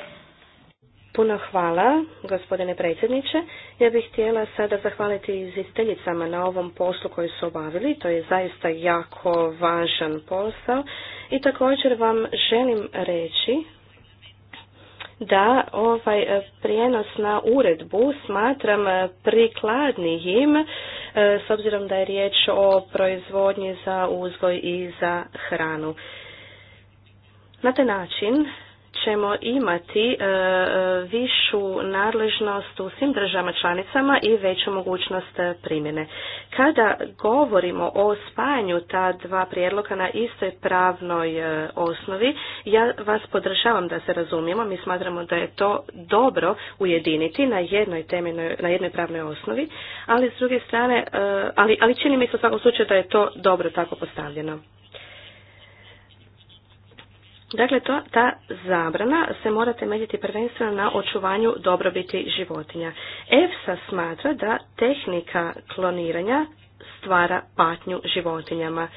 Puno hvala, gospodine predsjedniče. Ja bih htjela sada zahvaliti izvjestiteljicama na ovom poslu koji su obavili. To je zaista jako važan posao. I također vam želim reći da ovaj prijenos na uredbu smatram prikladnijim e, s obzirom da je riječ o proizvodnji za uzgoj i za hranu. Na taj način ćemo imati e, e, višu nadležnost u svim državama članicama i veću mogućnost e, primjene. Kada govorimo o spajanju ta dva prijedloga na istoj pravnoj osnovi, ja vas podržavam da se razumijemo, mi smatramo da je to dobro ujediniti na jednoj na jednoj pravnoj osnovi, ali s druge strane, ali, ali čini mi se u svakom slučaju da je to dobro tako postavljeno. Dakle, to, ta zabrana se mora temeljiti prvenstveno na očuvanju dobrobiti životinja. EFSA smatra da tehnika kloniranja stvara patnju životinjama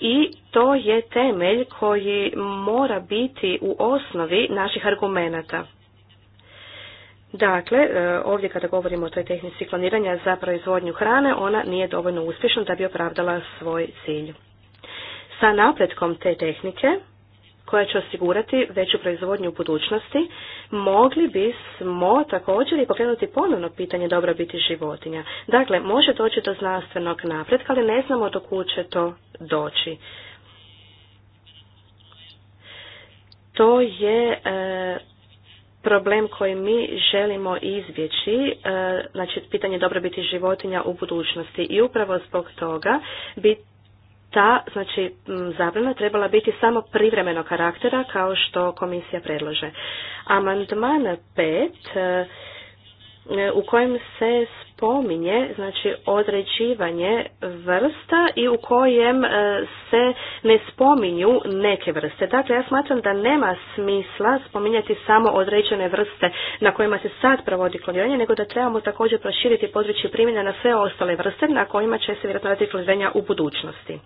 i to je temelj koji mora biti u osnovi naših argumenata. Dakle, e, ovdje kada govorimo o toj tehnici kloniranja za proizvodnju hrane, ona nije dovoljno uspješna da bi opravdala svoj cilj. Sa napretkom te tehnike koja će osigurati veću proizvodnju u budućnosti, mogli bismo također i pokrenuti ponovno pitanje dobrobiti životinja. Dakle, može doći do znanstvenog napretka, ali ne znamo do kuće će to doći. To je e, problem koji mi želimo izbjeći, e, znači pitanje dobrobiti životinja u budućnosti i upravo zbog toga biti ta znači, zabrana trebala biti samo privremeno karaktera kao što komisija predlaže. Amandman 5 e, u kojem se spominje znači određivanje vrsta i u kojem e, se ne spominju neke vrste. Dakle, ja smatram da nema smisla spominjati samo određene vrste na kojima se sad provodi kloniranje, nego da trebamo također proširiti područje primjenja na sve ostale vrste na kojima će se vjerojatno raditi u budućnosti.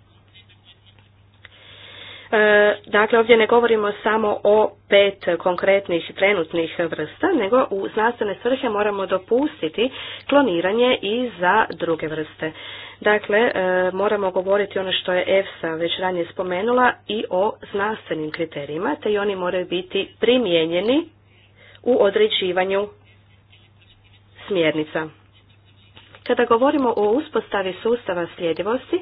E, dakle, ovdje ne govorimo samo o pet konkretnih trenutnih vrsta, nego u znanstvene svrhe moramo dopustiti kloniranje i za druge vrste. Dakle, e, moramo govoriti ono što je EFSA već ranije spomenula i o znanstvenim kriterijima, te i oni moraju biti primijenjeni u određivanju smjernica. Kada govorimo o uspostavi sustava sljedivosti,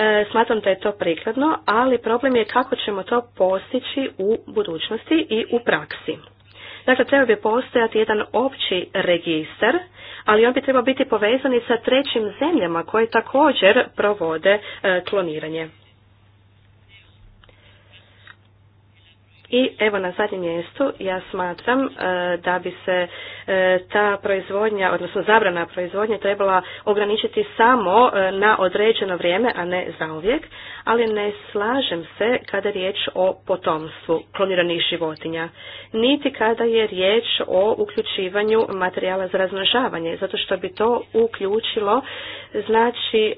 E, smatram da je to prikladno, ali problem je kako ćemo to postići u budućnosti i u praksi. Dakle, treba bi postojati jedan opći registar, ali on bi trebao biti povezan i sa trećim zemljama koje također provode e, kloniranje. I evo na zadnjem mjestu ja smatram e, da bi se e, ta proizvodnja, odnosno zabrana proizvodnje trebala ograničiti samo e, na određeno vrijeme, a ne zauvijek, ali ne slažem se kada je riječ o potomstvu kloniranih životinja, niti kada je riječ o uključivanju materijala za razmnožavanje, zato što bi to uključilo znači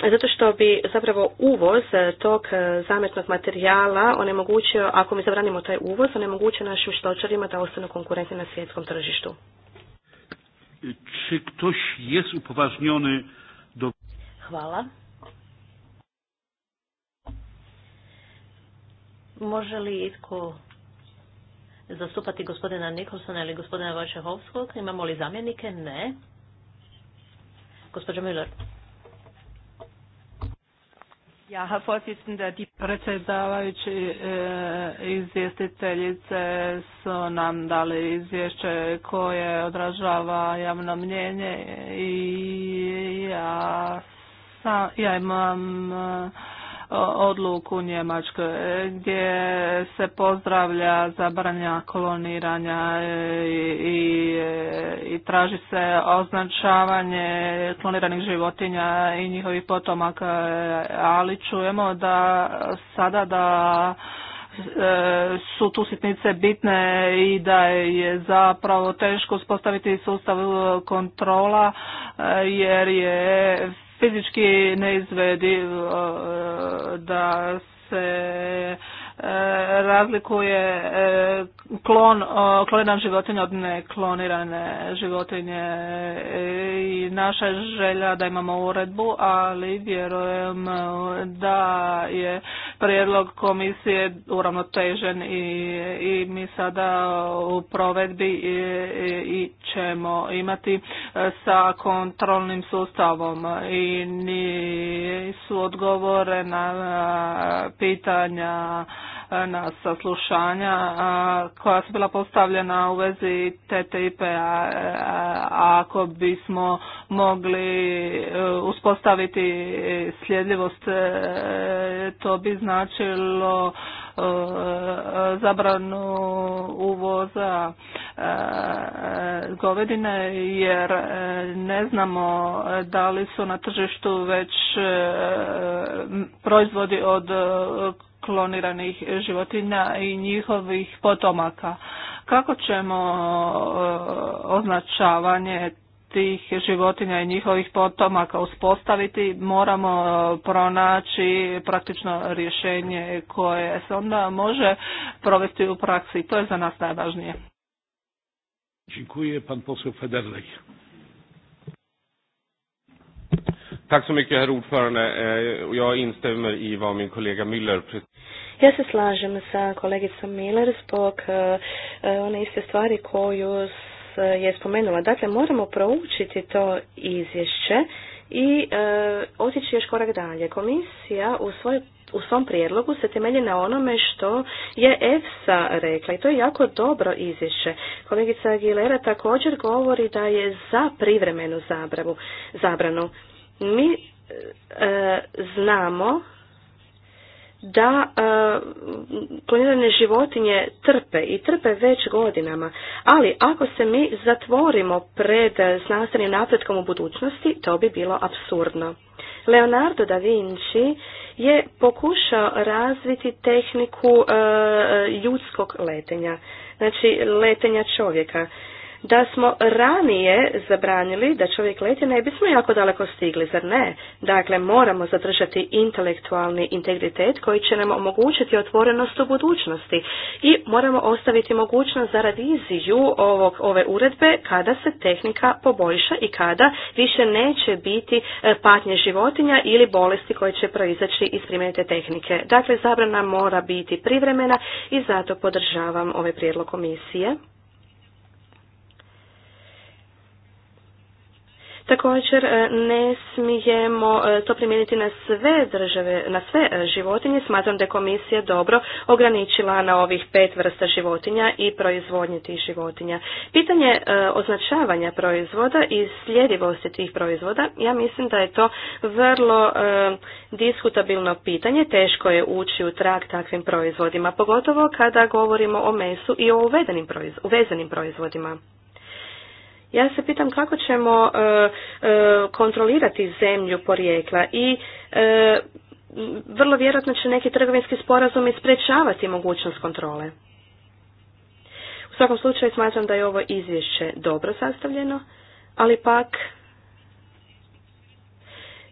zato što bi zapravo uvoz e, tog e, zametnog materijala onemogućio, ako mi zabranimo taj uvoz, onemogućio našim štočarima da ostanu konkurentni na svjetskom tržištu. či jest do... Hvala. Može li itko zastupati gospodina Nikolsona ili gospodina Vačehovskog? Imamo li zamjenike? Ne. Gospodin Miller. Ja, Herr da die predsjedavajući e, izvjestiteljice su nam dali izvješće koje odražava javno mnjenje i ja, ja imam e, odluku Njemačke e, gdje se pozdravlja zabranja koloniranja e, i, i, e, i traži se označavanje kloniranih životinja i njihovih potomaka, ali čujemo da sada da su tu sitnice bitne i da je zapravo teško uspostaviti sustav kontrola jer je fizički neizvedivo e, da se E, razlikuje e, klon, kloniran životinje od neklonirane životinje e, i naša želja da imamo uredbu, ali vjerujem da je prijedlog komisije uravnotežen i, i mi sada u provedbi i, i ćemo imati sa kontrolnim sustavom i nisu odgovore na pitanja E, na saslušanja e, koja su bila postavljena u vezi TTIP-a. E, ako bismo mogli uspostaviti sljedljivost, to bi značilo zabranu uvoza govedine jer ne znamo da li su na tržištu već proizvodi od kloniranih životinja i njihovih potomaka. Kako ćemo e, označavanje tih životinja i njihovih potomaka uspostaviti, moramo e, pronaći praktično rješenje koje se onda može provesti u praksi. To je za nas najvažnije. Dziękuję pan poseł Federlej. Tack så mycket herr ordförande. Eh, jag instämmer i vad min Müller ja se slažem sa kolegicom Miller zbog e, e, one iste stvari koju je spomenula. Dakle, moramo proučiti to izvješće i e, otići još korak dalje. Komisija u svojoj u svom prijedlogu se temelji na onome što je EFSA rekla i to je jako dobro izvješće. Kolegica Aguilera također govori da je za privremenu zabranu. Mi znamo da klonirane e, životinje trpe i trpe već godinama, ali ako se mi zatvorimo pred znanstvenim napretkom u budućnosti, to bi bilo apsurdno. Leonardo da Vinci je pokušao razviti tehniku e, ljudskog letenja, znači letenja čovjeka da smo ranije zabranili da čovjek leti, ne bismo jako daleko stigli, zar ne? Dakle, moramo zadržati intelektualni integritet koji će nam omogućiti otvorenost u budućnosti i moramo ostaviti mogućnost za reviziju ovog, ove uredbe kada se tehnika poboljša i kada više neće biti e, patnje životinja ili bolesti koje će proizaći iz primjenite tehnike. Dakle, zabrana mora biti privremena i zato podržavam ovaj prijedlog komisije. Također e, ne smijemo e, to primijeniti na sve države, na sve e, životinje. Smatram da je komisija dobro ograničila na ovih pet vrsta životinja i proizvodnje tih životinja. Pitanje označavanja proizvoda i sljedivosti tih proizvoda, ja mislim da je to vrlo diskutabilno pitanje. Teško je ući u trag takvim proizvodima, pogotovo kada govorimo o mesu i o uvezenim proizvodima. Ja se pitam kako ćemo e, e, kontrolirati zemlju porijekla i e, vrlo vjerojatno će neki trgovinski sporazum isprečavati mogućnost kontrole. U svakom slučaju smatram da je ovo izvješće dobro sastavljeno, ali pak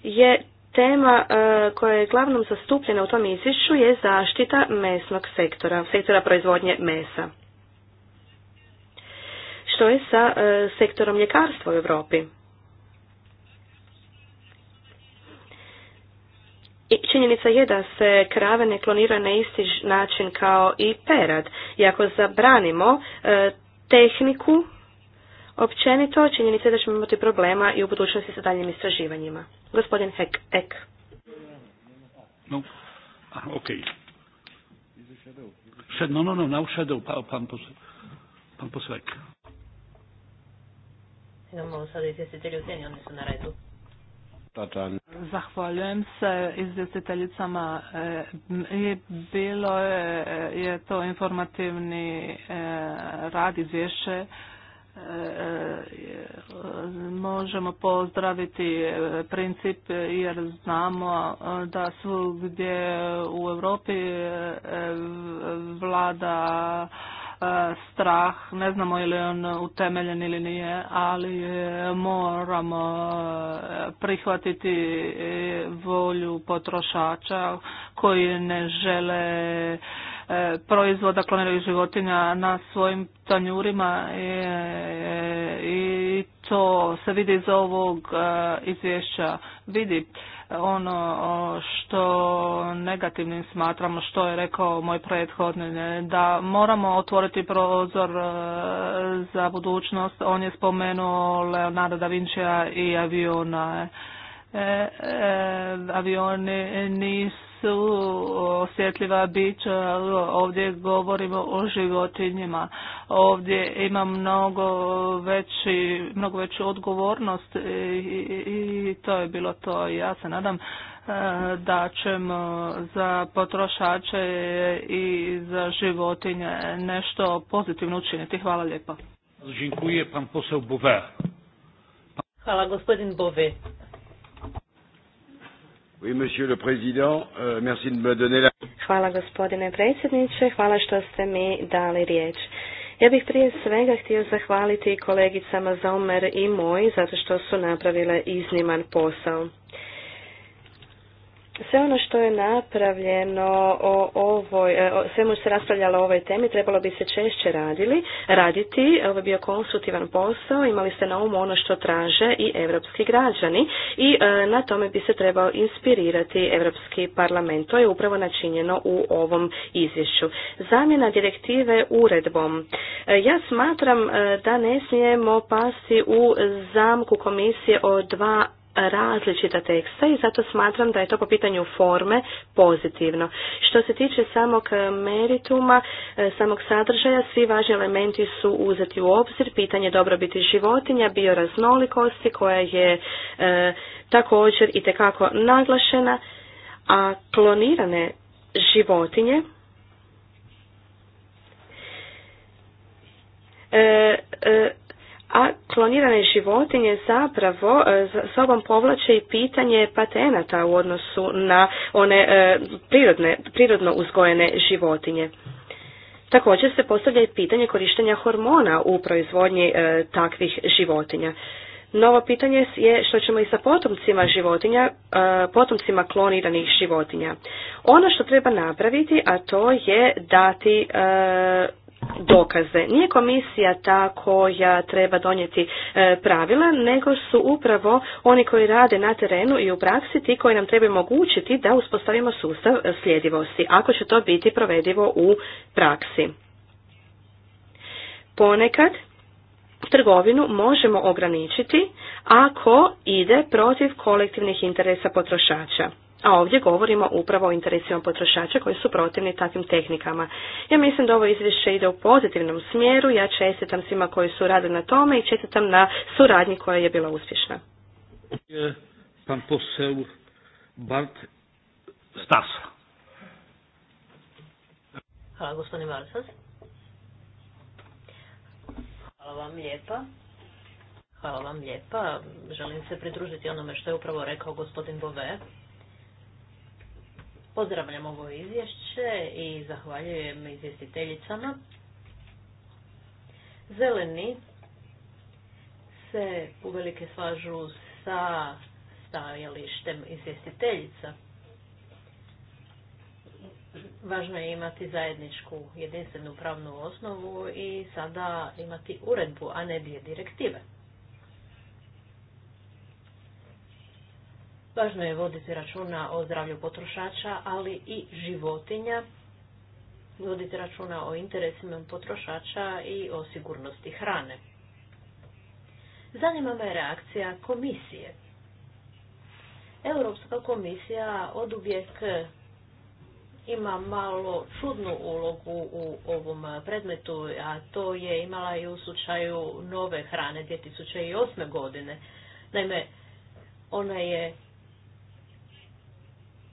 je tema koja je glavnom zastupljena u tom izvješću je zaštita mesnog sektora, sektora proizvodnje mesa. Što je sa sektorom mljekarstva u Europi? I činjenica je da se krave ne kloniraju na isti način kao i perad. I ako zabranimo tehniku općenito, činjenica je da ćemo imati problema i u budućnosti sa daljnjim istraživanjima. Gospodin Hek, Ek. No, ok. No, no, no, Imamo na redu. Tačan. Zahvaljujem se izvjestiteljicama. E, bilo je, je to informativni e, rad izvješće. E, možemo pozdraviti princip jer znamo da svugdje u Europi vlada E, strah, ne znamo ili on utemeljen ili nije, ali moramo e, prihvatiti volju potrošača koji ne žele e, proizvoda kloniranih životinja na svojim tanjurima i to se vidi iz ovog izvješća. Vidi ono što negativnim smatramo, što je rekao moj prethodni da moramo otvoriti prozor e, za budućnost. On je spomenuo Leonardo da Vincija i aviona E, e, avioni nisu osjetljiva bića, ovdje govorimo o životinjima. Ovdje ima mnogo veći, mnogo veću odgovornost i, to je bilo to. Ja se nadam e, da ćemo za potrošače i za životinje nešto pozitivno učiniti. Hvala lijepa. Hvala gospodin Bove. Euh, hvala gospodine predsjedniče, hvala što ste mi dali riječ. Ja bih prije svega htio zahvaliti kolegicama Zomer i moj zato što su napravile izniman posao sve ono što je napravljeno o ovoj, e, o svemu ono se raspravljalo o ovoj temi, trebalo bi se češće radili, raditi, ovo je bio konsultivan posao, imali ste na umu ono što traže i evropski građani i e, na tome bi se trebao inspirirati Europski parlament. To je upravo načinjeno u ovom izvješću. Zamjena direktive uredbom. E, ja smatram da ne smijemo pasti u zamku komisije o dva različita teksta i zato smatram da je to po pitanju forme pozitivno. Što se tiče samog e, merituma, e, samog sadržaja, svi važni elementi su uzeti u obzir, pitanje dobrobiti životinja, bioraznolikosti koja je e, također i tekako naglašena, a klonirane životinje e, e, a klonirane životinje zapravo sa e, sobom povlače i pitanje patenata u odnosu na one e, prirodne, prirodno uzgojene životinje. Također se postavlja i pitanje korištenja hormona u proizvodnji e, takvih životinja. Novo pitanje je što ćemo i sa potomcima životinja, potomcima kloniranih životinja. Ono što treba napraviti, a to je dati dokaze. Nije komisija ta koja treba donijeti e, pravila, nego su upravo oni koji rade na terenu i u praksi ti koji nam trebaju mogućiti da uspostavimo sustav e, sljedivosti, ako će to biti provedivo u praksi. Ponekad trgovinu možemo ograničiti ako ide protiv kolektivnih interesa potrošača. A ovdje govorimo upravo o interesima potrošača koji su protivni takvim tehnikama. Ja mislim da ovo izvješće ide u pozitivnom smjeru, ja čestitam svima koji su radili na tome i čestitam na suradnji koja je bila uspješna. Pan posel Bart Stas. Hvala gospodine Marsas. Hvala vam lijepa. Hvala vam lijepa. Želim se pridružiti onome što je upravo rekao gospodin Bove Pozdravljam ovo izvješće i zahvaljujem izvjestiteljicama. Zeleni se uvelike slažu sa stajalištem izvjestiteljica. Važno je imati zajedničku jedinstvenu pravnu osnovu i sada imati uredbu, a ne dvije direktive. Važno je voditi računa o zdravlju potrošača, ali i životinja, voditi računa o interesima potrošača i o sigurnosti hrane. Zanima me reakcija komisije. Europska komisija od uvijek ima malo čudnu ulogu u ovom predmetu, a to je imala i u slučaju nove hrane 2008. godine. Naime, ona je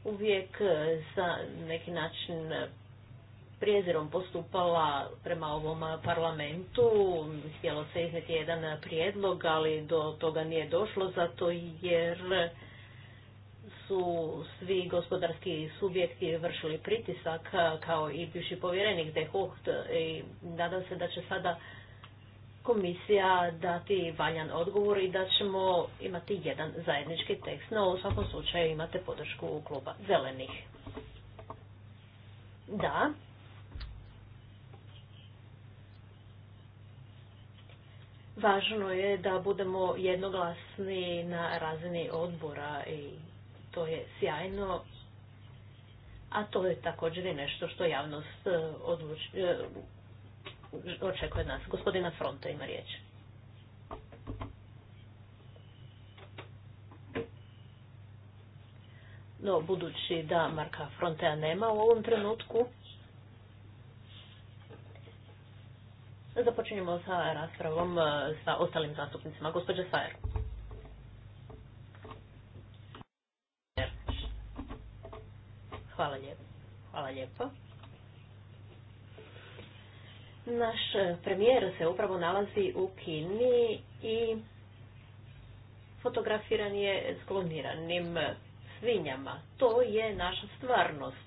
uvijek e, sa neki način prijezirom postupala prema ovom parlamentu. Htjelo se izneti jedan prijedlog, ali do toga nije došlo zato jer su svi gospodarski subjekti vršili pritisak kao i bivši povjerenik De Hoht i nadam se da će sada komisija dati valjan odgovor i da ćemo imati jedan zajednički tekst. No, u svakom slučaju imate podršku u kluba zelenih. Da. Važno je da budemo jednoglasni na razini odbora i to je sjajno, a to je također nešto što javnost eh, odluči, eh, očekuje nas. Gospodina Fronte ima riječ. No, budući da Marka Frontea nema u ovom trenutku, započinjemo sa raspravom eh, sa ostalim zastupnicima. Gospođe Sajer. Hvala lijepo. Hvala lijepo. Naš premijer se upravo nalazi u Kini i fotografiran je skloniranim svinjama. To je naša stvarnost.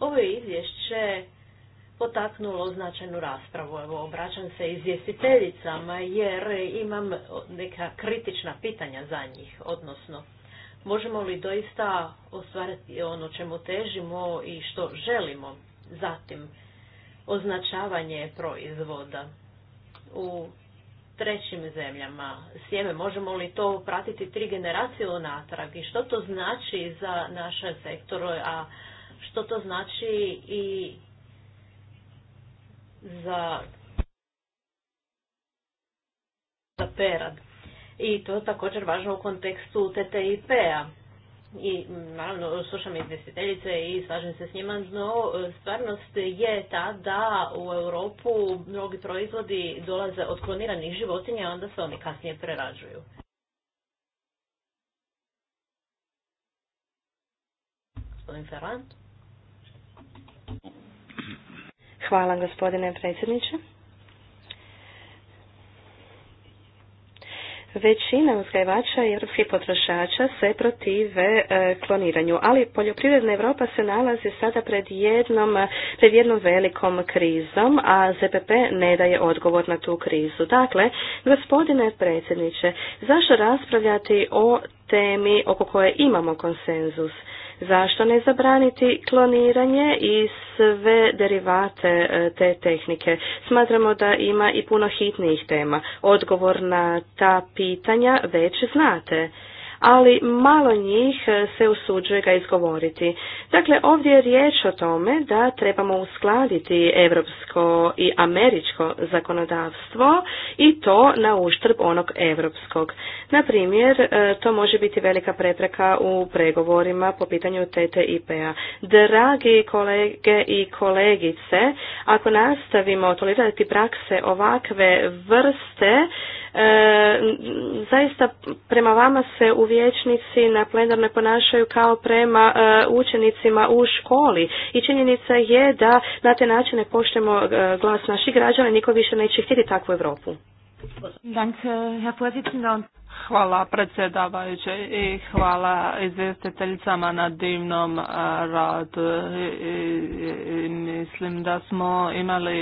Ovo je izvješće potaknulo značajnu raspravu. Evo, obraćam se izvjestiteljicama jer imam neka kritična pitanja za njih, odnosno možemo li doista ostvariti ono čemu težimo i što želimo. Zatim, označavanje proizvoda u trećim zemljama. Sjeme, možemo li to pratiti tri generacije unatrag i što to znači za naše sektore a što to znači i za, za perad. I to je također važno u kontekstu TTIP-a i naravno slušam izvjestiteljice i slažem se s njima, no stvarnost je ta da u Europu mnogi proizvodi dolaze od kloniranih životinja, onda se oni kasnije prerađuju. Gospodin Ferrand. Hvala gospodine predsjedniče. Većina uzgajivača i europskih potrošača se protive e, kloniranju, ali poljoprivredna Europa se nalazi sada pred jednom, pred jednom velikom krizom, a ZPP ne daje odgovor na tu krizu. Dakle, gospodine predsjedniče, zašto raspravljati o temi oko koje imamo konsenzus? Zašto ne zabraniti kloniranje i sve derivate e, te tehnike? Smatramo da ima i puno hitnijih tema. Odgovor na ta pitanja već znate ali malo njih e, se usuđuje ga izgovoriti. Dakle, ovdje je riječ o tome da trebamo uskladiti europsko i američko zakonodavstvo i to na uštrb onog europskog. Na primjer, e, to može biti velika prepreka u pregovorima po pitanju TTIP-a. Dragi kolege i kolegice, ako nastavimo tolerirati prakse ovakve vrste, E, zaista prema vama se u vječnici na plenarne ponašaju kao prema e, učenicima u školi i činjenica je da na te načine poštemo e, glas naših građana i niko više neće htjeti takvu Europu. E, Hvala predsjedavajući i hvala izvjestiteljicama na divnom radu. mislim da smo imali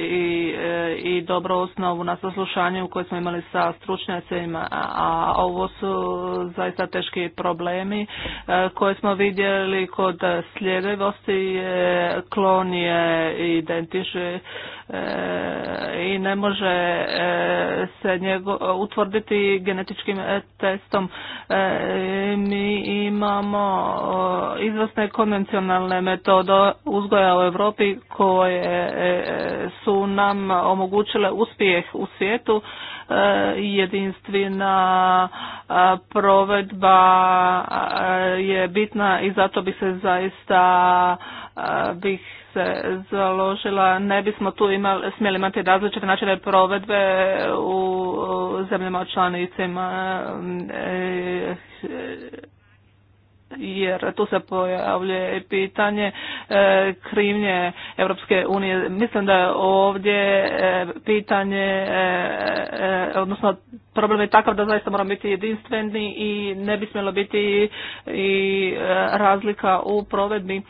e, i, dobru osnovu na saslušanju koje smo imali sa stručnjacima, a ovo su zaista teški problemi e, koje smo vidjeli kod sljedivosti e, klon je identični i ne može se njego utvrditi genetičkim testom e, mi imamo izvrsne konvencionalne metode uzgoja u Europi koje e, su nam omogućile uspjeh u svijetu e, jedinstvena provedba je bitna i zato bi se zaista bih se založila, ne bismo tu imali, smjeli imati različite načine provedbe u zemljama članicima, eh, jer tu se pojavljuje pitanje eh, krivnje Europske unije. Mislim da je ovdje eh, pitanje, odnosno problem je takav da zaista moramo biti jedinstveni i ne bi smjelo biti i e, razlika u provedbi e,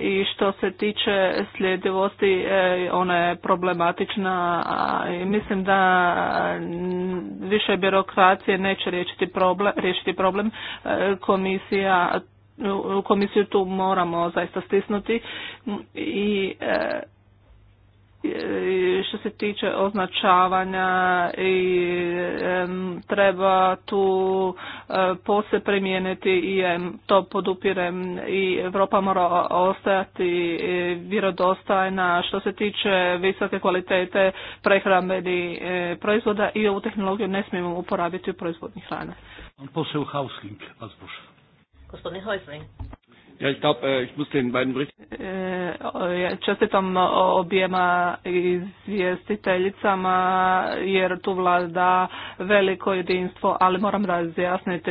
i što se tiče sljedivosti e, ona je problematična i mislim da više birokracije neće riješiti problem, riješiti problem. Komisija u komisiju tu moramo zaista stisnuti i što se tiče označavanja i treba tu e, pose primijeniti i to podupirem i Europa mora ostajati e, vjerodostajna što se tiče visoke kvalitete prehrambenih e, proizvoda i ovu tehnologiju ne smijemo uporabiti u proizvodnih hrane. Gospodin ja, ich äh, ich muss den beiden e, e, Čestitam e, objema izvjestiteljicama jer tu vlada veliko jedinstvo, ali moram razjasniti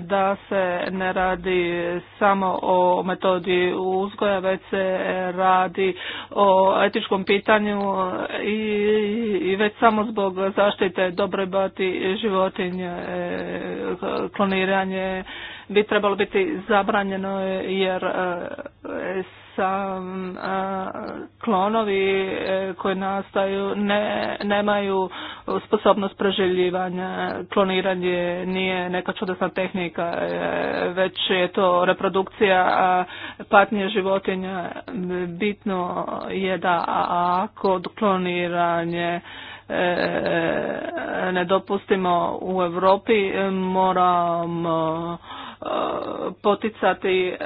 da se ne radi samo o metodi uzgoja, već se radi o etičkom pitanju i, i već samo zbog zaštite dobrobati životinje, kloniranje, bi trebalo biti zabranjeno jer e, sam e, klonovi e, koji nastaju ne, nemaju sposobnost preživljivanja. Kloniranje nije neka čudesna tehnika, već je to reprodukcija patnje životinja. Bitno je da ako kloniranje ne dopustimo u Europi moramo poticati e,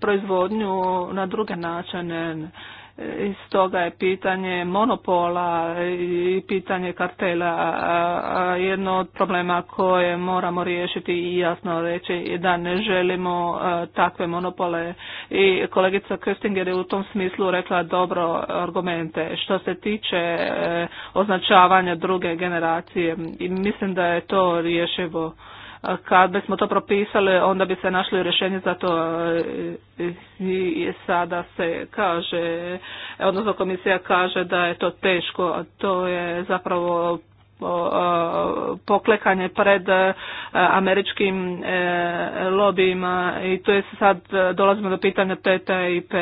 proizvodnju na druge načine. E, iz toga je pitanje monopola i pitanje kartela jedno od problema koje moramo riješiti i jasno reći da ne želimo e, takve monopole. I kolegica Köstinger je u tom smislu rekla dobro argumente. Što se tiče označavanja druge generacije, mislim da je to rješivo kad bismo to propisali, onda bi se našli rješenje za to e, i sada se kaže, odnosno komisija kaže da je to teško, to je zapravo poklekanje pred e, američkim e, lobijima i to je sad dolazimo do pitanja TTIP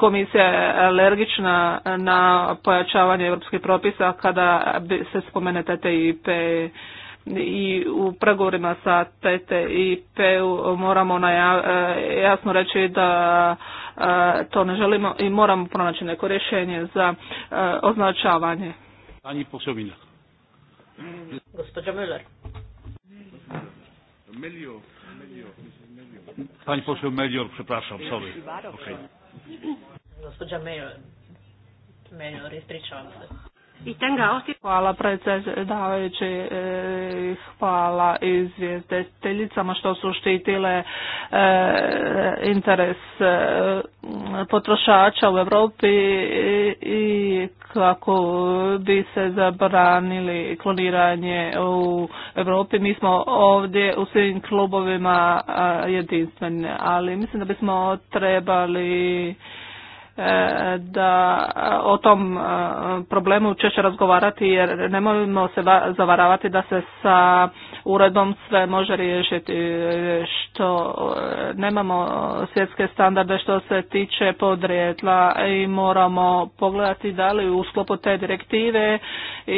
komisija je alergična na pojačavanje europskih propisa kada se spomene TTIP i u pregovorima sa TTIP moramo jasno reći da e, to ne želimo i moramo pronaći neko rješenje za e, označavanje. Ani posobina. Gospodin Pani poseł Melior, przepraszam, sorry. Okay. Gospođa Mejor, ispričavam se. Hvala predsjedavajući, e, hvala izvjestiteljicama što su štitile e, interes e, potrošača u Europi i kako bi se zabranili kloniranje u Europi. Mi smo ovdje u svim klubovima jedinstveni, ali mislim da bismo trebali E, da o tom e, problemu češće razgovarati jer nemojmo se zavaravati da se sa uredom sve može riješiti što e, nemamo svjetske standarde što se tiče podrijetla i moramo pogledati da li u sklopu te direktive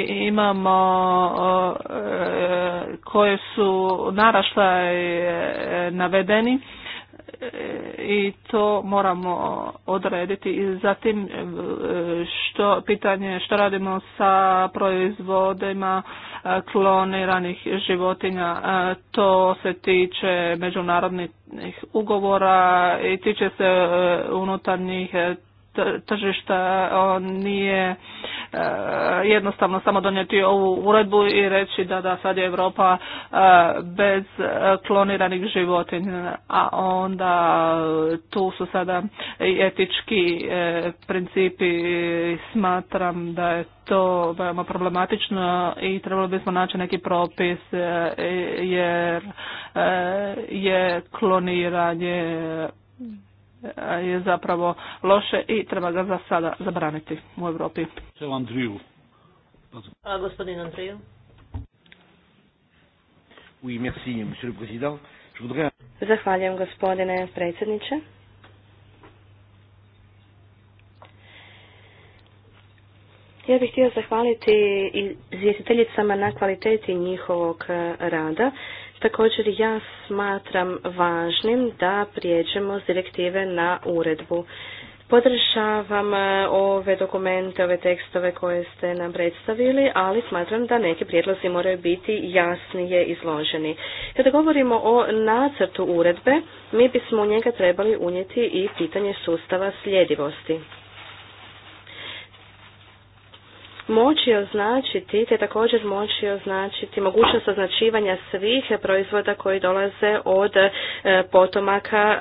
imamo koje su naraštaj navedeni i to moramo odrediti. I zatim e, što, pitanje što radimo sa proizvodima e, kloniranih životinja, e, to se tiče međunarodnih ugovora i tiče se unutarnjih tržišta nije e, jednostavno samo donijeti ovu uredbu i reći da da sad je Europa e, bez e, kloniranih životinja, a onda tu su sada i etički principi smatram da je to veoma problematično i trebalo bismo naći neki propis jer je kloniranje je zapravo loše i treba ga za sada zabraniti u Europi. Andriju. Hvala gospodin Andriju. Oui, merci, monsieur le président. Zahvaljujem gospodine predsjedniče. Ja bih htio zahvaliti izvjestiteljicama na kvaliteti njihovog rada. Također ja smatram važnim da prijeđemo s direktive na uredbu. Podržavam e, ove dokumente, ove tekstove koje ste nam predstavili, ali smatram da neki prijedlozi moraju biti jasnije izloženi. Kada govorimo o nacrtu uredbe, mi bismo u njega trebali unijeti i pitanje sustava sljedivosti moći označiti, te također moći označiti mogućnost označivanja svih proizvoda koji dolaze od e, potomaka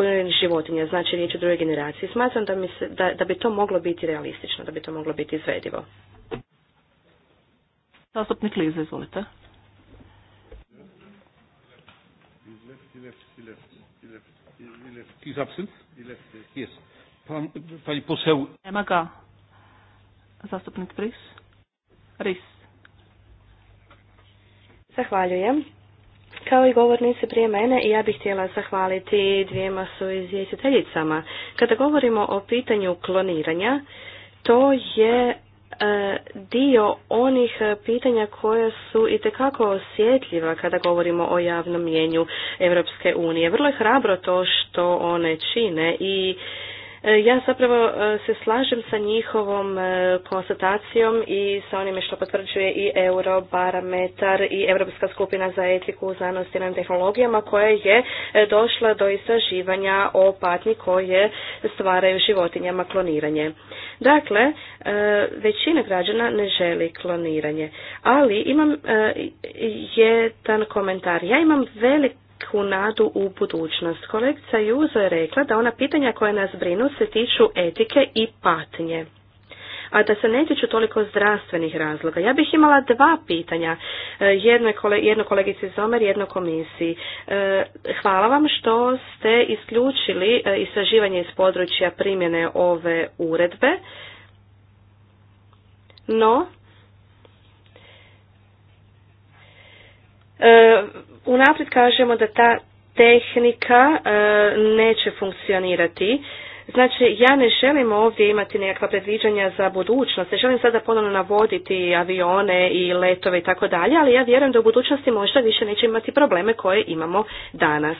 e, e, životinja, znači riječ o drugoj generaciji. Smatram da, se, da, da bi to moglo biti realistično, da bi to moglo biti izvedivo. Zastupnik Liza, izvolite. Nema ga. Zastupnik Pris. Ris. Zahvaljujem. Kao i govornice prije mene i ja bih htjela zahvaliti dvijema su izvjestiteljicama. Kada govorimo o pitanju kloniranja, to je e, dio onih pitanja koja su i tekako osjetljiva kada govorimo o javnom mjenju Europske unije. Vrlo je hrabro to što one čine i E, ja zapravo e, se slažem sa njihovom e, konstatacijom i sa onime što potvrđuje i Eurobarometar i Europska skupina za etiku u znanosti i tehnologijama koja je došla do istraživanja o patnji koje stvaraju životinjama kloniranje. Dakle, većina građana ne želi kloniranje, ali imam jedan komentar. Ja imam velik nadu u budućnost. Kolegica Juzo je rekla da ona pitanja koja nas brinu se tiču etike i patnje a da se ne tiču toliko zdravstvenih razloga. Ja bih imala dva pitanja, e, jedno, kole, jedno kolegici Zomer, jedno komisiji. E, hvala vam što ste isključili e, istraživanje iz područja primjene ove uredbe, no unaprijed kažemo da ta tehnika e, neće funkcionirati. Znači, ja ne želim ovdje imati nekakva predviđanja za budućnost, ne želim sada ponovno navoditi avione i letove i tako dalje, ali ja vjerujem da u budućnosti možda više neće imati probleme koje imamo danas.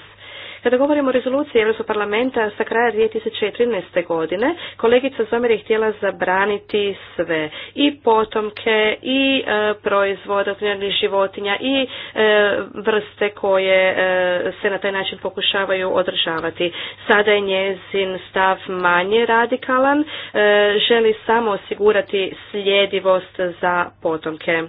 Kada govorimo o rezoluciji Europskog parlamenta sa kraja 2013. godine, kolegica Zomer je htjela zabraniti sve, i potomke, i e, proizvode od životinja, i e, vrste koje e, se na taj način pokušavaju održavati. Sada je njezin stav manje radikalan, e, želi samo osigurati sljedivost za potomke.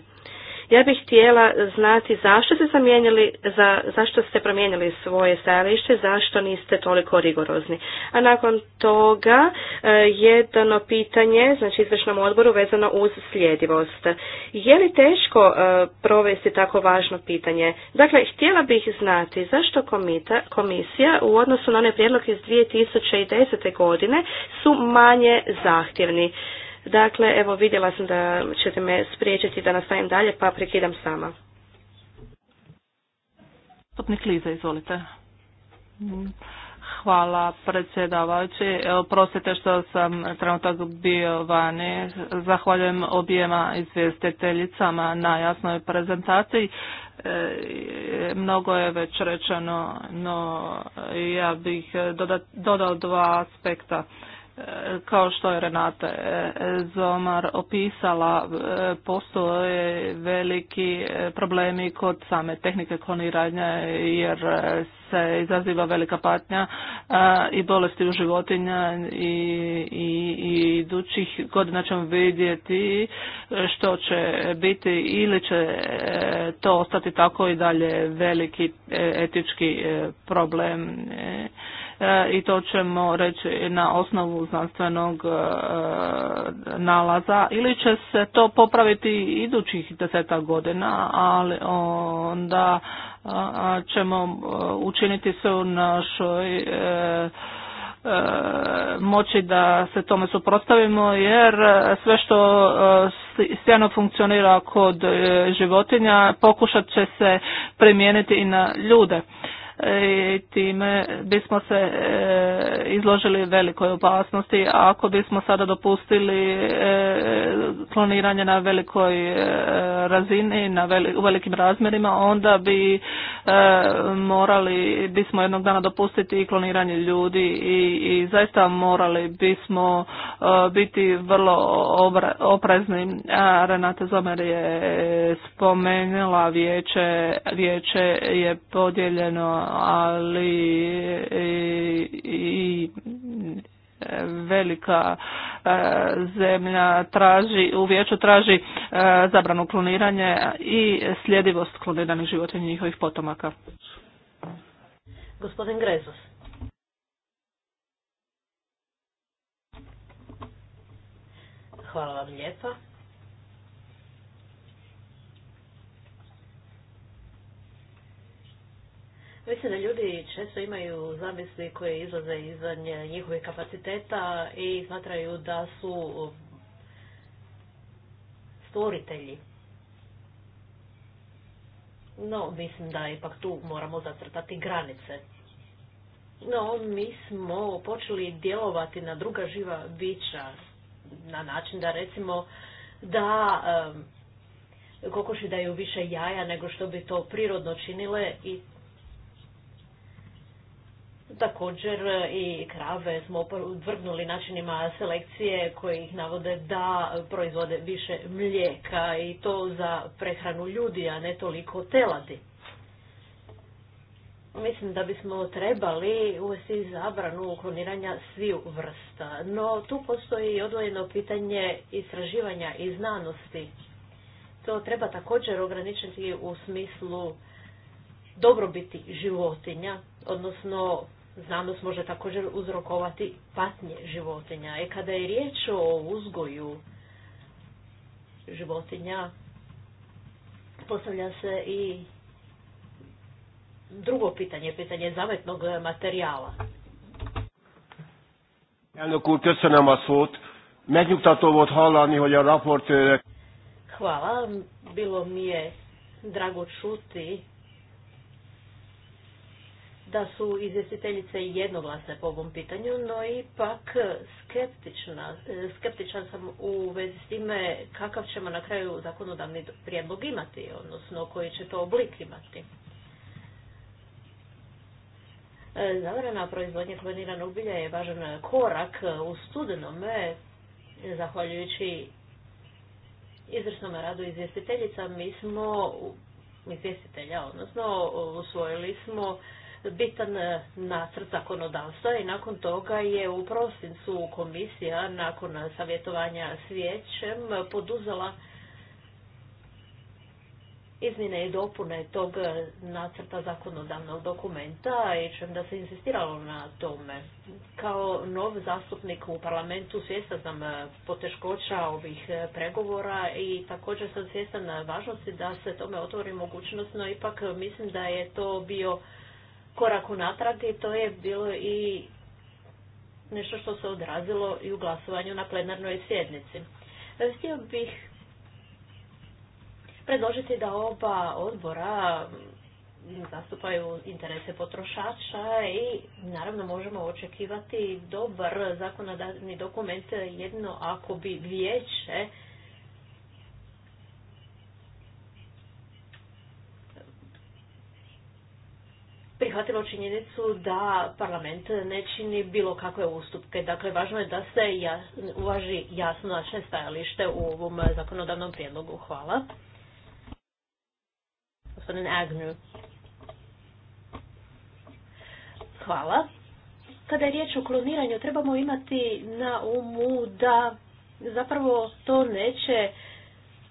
Ja bih htjela znati zašto ste zamijenili, za, zašto ste promijenili svoje stajalište, zašto niste toliko rigorozni. A nakon toga e, jedno pitanje, znači izvršnom odboru vezano uz sljedivost. Je li teško e, provesti tako važno pitanje? Dakle, htjela bih znati zašto komita, komisija u odnosu na one prijedlog iz 2010. godine su manje zahtjevni. Dakle, evo vidjela sam da ćete me spriječiti da nastavim dalje, pa prekidam sama. Stupnik Liza, izvolite. Hvala predsjedavajući. Prostite što sam trenutak bio vani. Zahvaljujem objema izvjestiteljicama na jasnoj prezentaciji. E, mnogo je već rečeno, no ja bih dodao dva aspekta kao što je Renate e, Zomar opisala, e, postoje veliki e, problemi kod same tehnike kloniranja jer se izaziva velika patnja i bolesti u životinja i, i, i idućih godina ćemo vidjeti što će biti ili će to ostati tako i dalje veliki etički problem E, i to ćemo reći na osnovu znanstvenog e, nalaza ili će se to popraviti idućih deseta godina, ali onda ćemo e, učiniti sve u našoj moći da se tome suprotstavimo jer sve što sjajno funkcionira kod životinja pokušat će se primijeniti i na ljude i e, time bismo se e, izložili velikoj opasnosti ako bismo sada dopustili e, kloniranje na velikoj razini, na veli, u velikim razmjerima, onda bi morali bismo jednog dana dopustiti i kloniranje ljudi i, i zaista morali bismo biti vrlo oprezni. Renate Zomer je spomenula vijeće, vijeće je podijeljeno ali i velika e, zemlja traži, u vijeću traži e, zabranu kloniranje i sljedivost kloniranih životinja i njihovih potomaka. Gospodin Grezos. Hvala vam lijepa. Mislim da ljudi često imaju zamisli koje izlaze izvan njihovih kapaciteta i smatraju da su um, stvoritelji. No, mislim da ipak tu moramo zacrtati granice. No, mi smo počeli djelovati na druga živa bića na način da recimo da um, kokoši daju više jaja nego što bi to prirodno činile i Također e, i krave smo vrgnuli načinima selekcije koji ih navode da proizvode više mlijeka i to za prehranu ljudi, a ne toliko teladi. Mislim da bismo trebali uvesti zabranu kloniranja sviju vrsta, no tu postoji i odvojeno pitanje istraživanja i znanosti. To treba također ograničiti u smislu dobrobiti životinja, odnosno znanost može također uzrokovati patnje životinja. I e, kada je riječ o uzgoju životinja, postavlja se i drugo pitanje, pitanje zavetnog materijala. Hvala, bilo mi je drago čuti da su izvjestiteljice jednoglasne po ovom pitanju, no ipak skeptična, skeptičan sam u vezi s time kakav ćemo na kraju zakonodavni prijedlog imati, odnosno koji će to oblik imati. E, Zavrana proizvodnja kloniranog bilja je važan korak u studenome, zahvaljujući izvrsnom radu izvjestiteljica, mi smo izvjestitelja, odnosno usvojili smo bitan e, nacrt zakonodavstva i nakon toga je u prosincu komisija nakon savjetovanja s vijećem poduzela izmjene i dopune tog e, nacrta zakonodavnog dokumenta i čem da se insistiralo na tome. Kao nov zastupnik u parlamentu svjesna sam e, poteškoća ovih pregovora i također sam svjestan važnosti da se tome otvori mogućnost, no ipak mislim da je to bio korak unatrag i to je bilo i nešto što se odrazilo i u glasovanju na plenarnoj sjednici. E, htio bih predložiti da oba odbora zastupaju interese potrošača i naravno možemo očekivati dobar zakonodavni dokument jedno ako bi vijeće prihvatilo činjenicu da parlament ne čini bilo kakve ustupke. Dakle, važno je da se uvaži jasno naše stajalište u ovom zakonodavnom prijedlogu. Hvala. Gospodin Hvala. Kada je riječ o kloniranju, trebamo imati na umu da zapravo to neće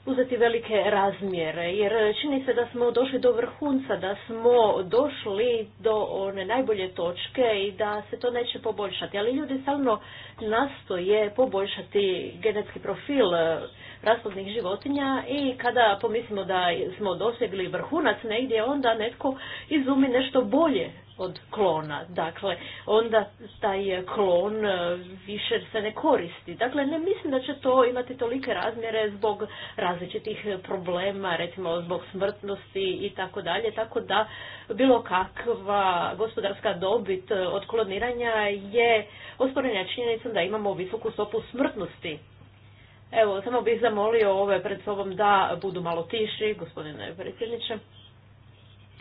uzeti velike razmjere, jer čini se da smo došli do vrhunca, da smo došli do one najbolje točke i da se to neće poboljšati. Ali ljudi stalno nastoje poboljšati genetski profil eh, rasplodnih životinja i kada pomislimo da smo dosegli vrhunac negdje, onda netko izumi nešto bolje od klona. Dakle, onda taj eh, klon eh, više se ne koristi. Dakle, ne mislim da će to imati tolike razmjere zbog različitih eh, problema, recimo zbog smrtnosti i tako dalje, tako da bilo kakva gospodarska dobit od kloniranja je osporenja činjenicom da imamo visoku stopu smrtnosti. Evo, samo bih zamolio ove pred sobom da budu malo tiši, gospodine predsjedniče.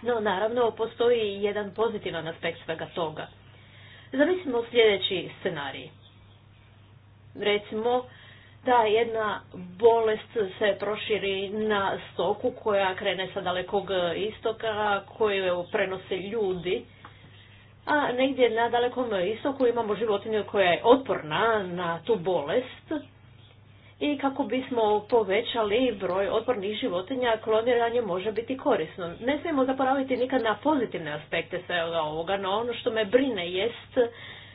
No, naravno, postoji jedan pozitivan aspekt svega toga. Zamislimo sljedeći scenarij. Recimo, da jedna bolest se proširi na stoku koja krene sa dalekog istoka, koju prenose ljudi, a negdje na dalekom istoku imamo životinju koja je otporna na tu bolest, i kako bismo povećali broj otpornih životinja, kloniranje može biti korisno. Ne smijemo zaboraviti nikad na pozitivne aspekte svega ovoga, no ono što me brine jest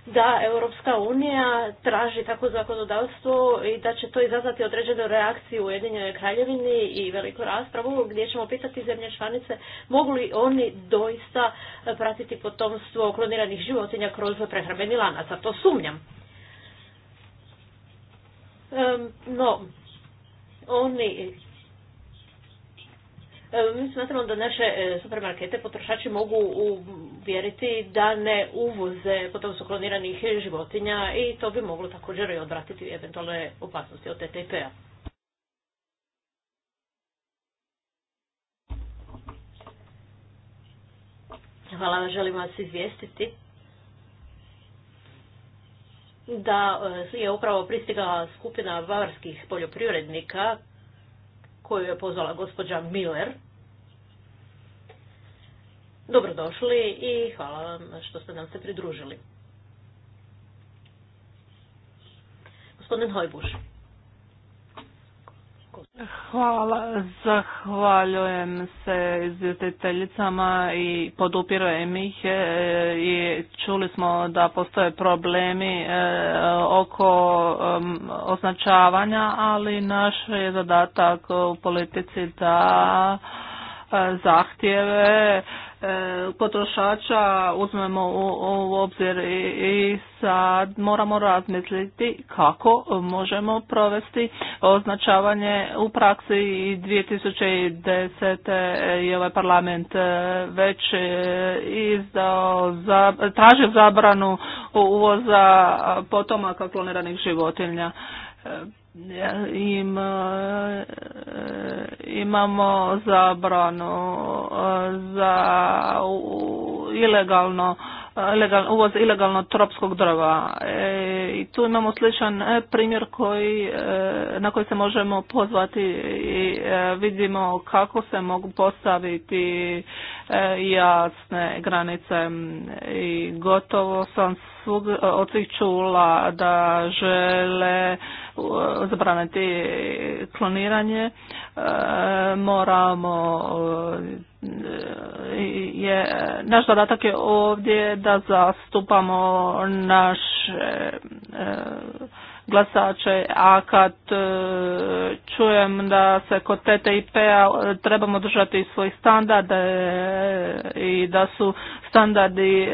da Europska unija traži takvo zakonodavstvo i da će to izazvati određenu reakciju u Ujedinjenoj kraljevini i veliku raspravu gdje ćemo pitati zemlje članice mogu li oni doista pratiti potomstvo kloniranih životinja kroz prehrambeni lanaca. to sumnjam. No, oni mi smatramo da naše e, supermarkete potrošači mogu uvjeriti da ne uvoze potom su kloniranih životinja i to bi moglo također i odvratiti eventualne opasnosti od TTIP-a. Hvala, želim vas izvijestiti da e, je upravo pristigala skupina bavarskih poljoprivrednika koju je pozvala gospođa Miller. Dobrodošli i hvala vam što ste nam se pridružili. Gospodin Hojbuš. Hvala, zahvaljujem se izvjetiteljicama i podupirujem ih e, i čuli smo da postoje problemi e, oko označavanja, ali naš je zadatak u politici da e, zahtjeve potrošača uzmemo u, obzir i, sad moramo razmisliti kako možemo provesti označavanje u praksi i 2010. je ovaj parlament e, već e, izdao za, tražio zabranu uvoza potomaka kloniranih životinja e, im, e, imamo zabranu e, za ilegalno e, uvoz ilegalno tropskog drva. I tu imamo sličan primjer koji, na koji se možemo pozvati i vidimo kako se mogu postaviti jasne granice. I gotovo sam svug, od svih čula da žele zabraniti kloniranje, e, moramo e, je, naš zadatak je ovdje da zastupamo naš e, glasače, a kad e, čujem da se kod TTIP-a e, trebamo držati svojih standarde e, i da su standardi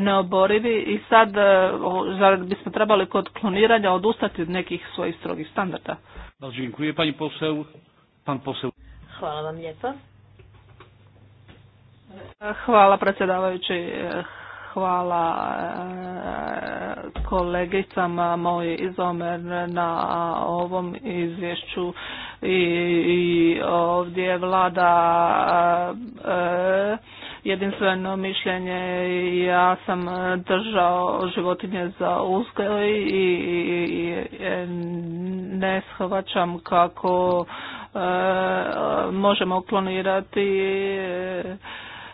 neoborivi i sad zar bismo trebali kod kloniranja odustati od nekih svojih strogih standarda? Hvala vam lijepa. Hvala predsjedavajući hvala e, kolegicama moj iz na ovom izvješću i ovdje je vlada e, jedinstveno mišljenje ja sam držao životinje za uzgoj i ne shvaćam kako e, možemo klonirati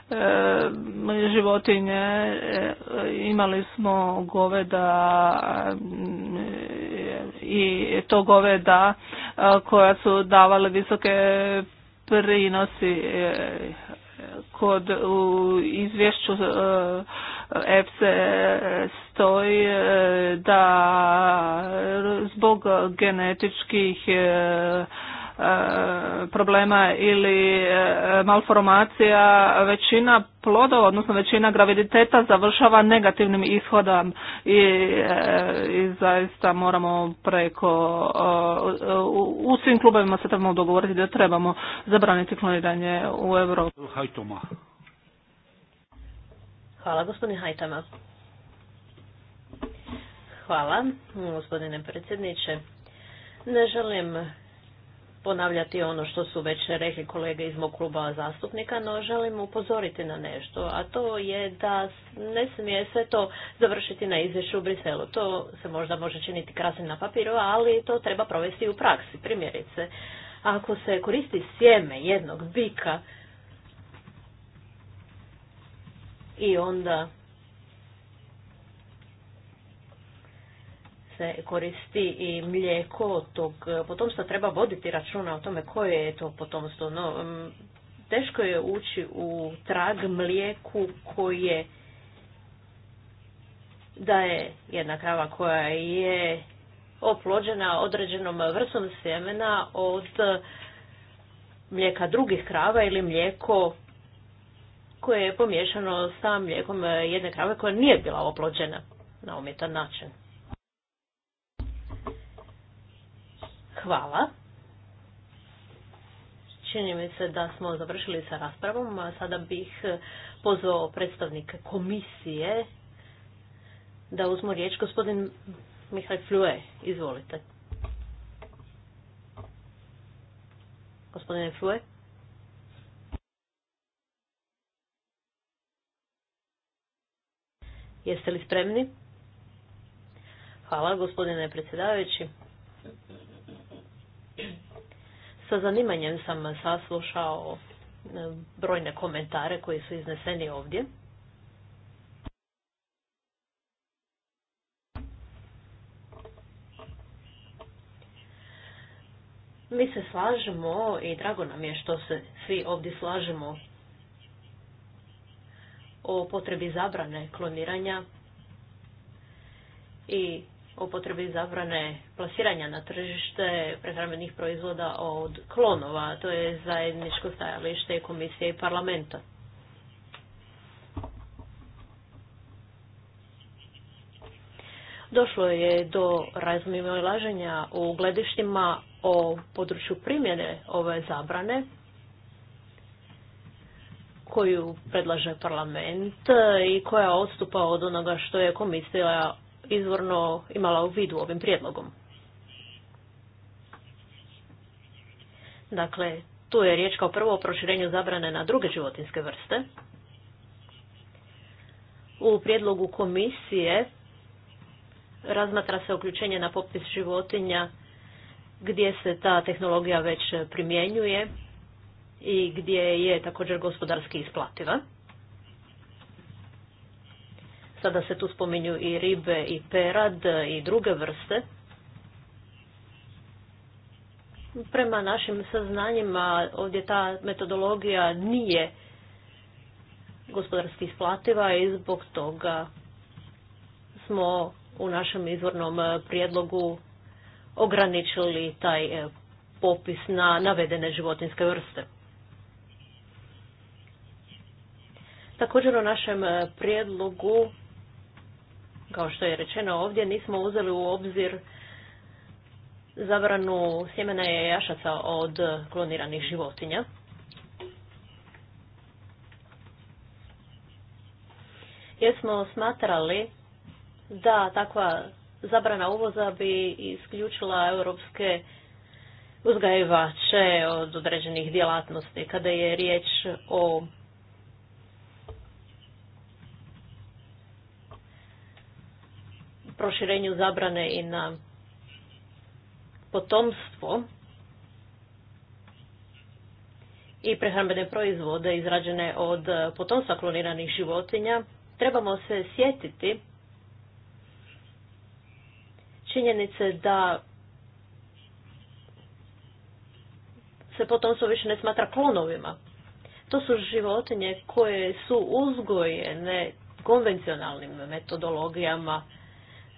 E, životinje, e, imali smo goveda e, i to goveda koja su davale visoke prinosi kod u izvješću EFSE stoji da zbog genetičkih problema ili e, malformacija, većina plodova, odnosno većina graviditeta završava negativnim ishodom i, e, i zaista moramo preko, e, u, u svim klubovima se trebamo dogovoriti da trebamo zabraniti kloniranje u Europi. Hvala gospodin Hajtama. Hvala gospodine predsjedniče. Ne želim ponavljati ono što su već rekli kolege iz mog kluba zastupnika, no želim upozoriti na nešto, a to je da ne smije sve to završiti na izvješću u Briselu. To se možda može činiti krasnim na papiru, ali to treba provesti u praksi. Primjerice, ako se koristi sjeme jednog bika i onda se koristi i mlijeko tog eh, potomstva, treba voditi računa o tome koje je to potomstvo. No, mm, teško je ući u trag mlijeku koje da je jedna krava koja je oplođena određenom vrstom sjemena od eh, mlijeka drugih krava ili mlijeko koje je pomiješano sa mlijekom eh, jedne krave koja nije bila oplođena na umjetan način. Hvala. Čini mi se da smo završili sa raspravom, a sada bih pozvao predstavnika komisije da uzmo riječ. Gospodin Mihaj Flue, izvolite. Gospodine Flue. Jeste li spremni? Hvala gospodine predsjedavajući. Sa zanimanjem sam saslušao e, brojne komentare koji su izneseni ovdje. Mi se slažemo i drago nam je što se svi ovdje slažemo o potrebi zabrane kloniranja i o potrebi zabrane plasiranja na tržište prehrambenih proizvoda od klonova. To je zajedničko stajalište komisije i parlamenta. Došlo je do laženja u gledištima o području primjene ove zabrane koju predlaže parlament i koja odstupa od onoga što je komisija izvorno imala u vidu ovim prijedlogom. Dakle, tu je riječ kao prvo o proširenju zabrane na druge životinske vrste. U prijedlogu komisije razmatra se uključenje na popis životinja gdje se ta tehnologija već primjenjuje i gdje je također gospodarski isplativa da se tu spominju i ribe i perad i druge vrste. Prema našim saznanjima ovdje ta metodologija nije gospodarski isplativa i zbog toga smo u našem izvornom prijedlogu ograničili taj e, popis na navedene životinske vrste. Također u našem e, prijedlogu kao što je rečeno ovdje, nismo uzeli u obzir zabranu sjemena je jašaca od kloniranih životinja. Jer smo smatrali da takva zabrana uvoza bi isključila europske uzgajivače od određenih djelatnosti. Kada je riječ o proširenju zabrane i na potomstvo i prehrambene proizvode izrađene od potomstva kloniranih životinja, trebamo se sjetiti činjenice da se potomstvo više ne smatra klonovima. To su životinje koje su uzgojene konvencionalnim metodologijama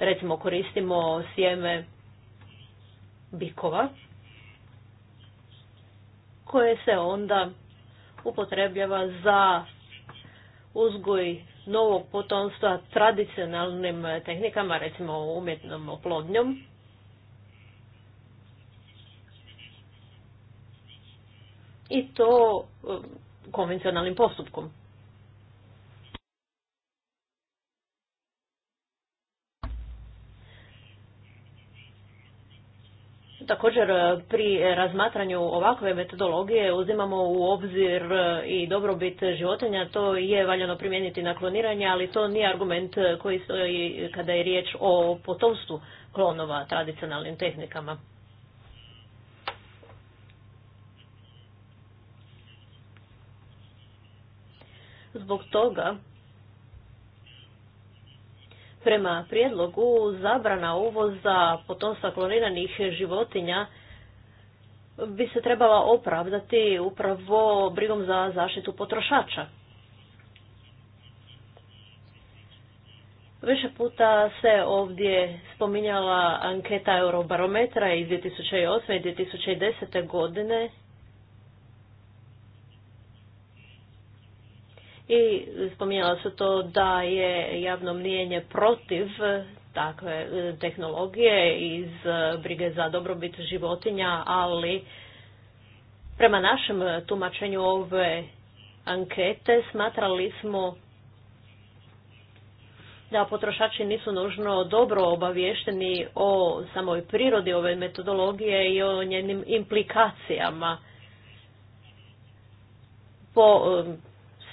Recimo koristimo sjeme bikova koje se onda upotrebljava za uzgoj novog potomstva tradicionalnim tehnikama, recimo umjetnom oplodnjom. I to um, konvencionalnim postupkom. Također e, pri razmatranju ovakve metodologije uzimamo u obzir e, i dobrobit životinja. To je valjano primijeniti na kloniranje, ali to nije argument koji stoji kada je riječ o potomstvu klonova tradicionalnim tehnikama. Zbog toga Prema prijedlogu zabrana uvoza potomstva kloniranih životinja bi se trebala opravdati upravo brigom za zaštitu potrošača. Više puta se ovdje spominjala anketa Eurobarometra iz 2008. i 2010. godine i spominjala se to da je javno mnijenje protiv takve e, tehnologije iz e, brige za dobrobit životinja, ali prema našem tumačenju ove ankete smatrali smo da potrošači nisu nužno dobro obaviješteni o samoj prirodi ove metodologije i o njenim implikacijama po e,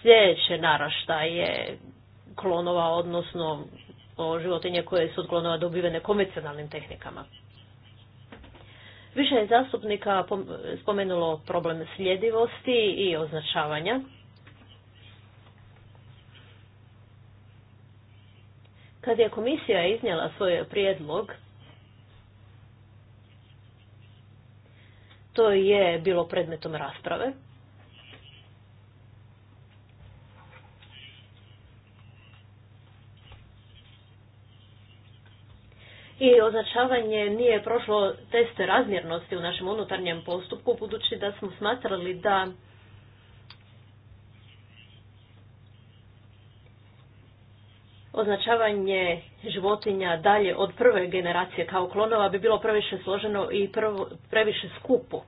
sljedeće naraštaje klonova, odnosno o životinje koje su od klonova dobivene konvencionalnim tehnikama. Više je zastupnika spomenulo problem sljedivosti i označavanja. Kad je komisija iznijela svoj prijedlog, to je bilo predmetom rasprave. i označavanje nije prošlo teste razmjernosti u našem unutarnjem postupku, budući da smo smatrali da označavanje životinja dalje od prve generacije kao klonova bi bilo previše složeno i previše skupo.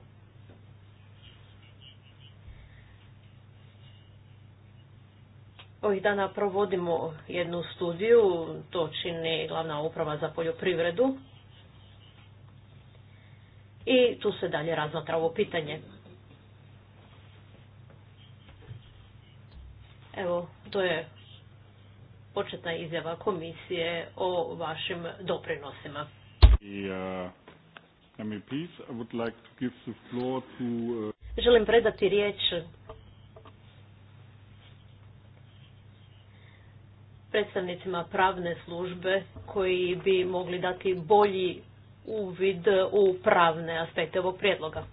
Ovih dana provodimo jednu studiju, to čini glavna uprava za poljoprivredu. I tu se dalje razmatra ovo pitanje. Evo, to je početna izjava komisije o vašim doprinosima. Želim predati riječ predstavnicima pravne službe koji bi mogli dati bolji uvid u pravne aspekte ovog prijedloga.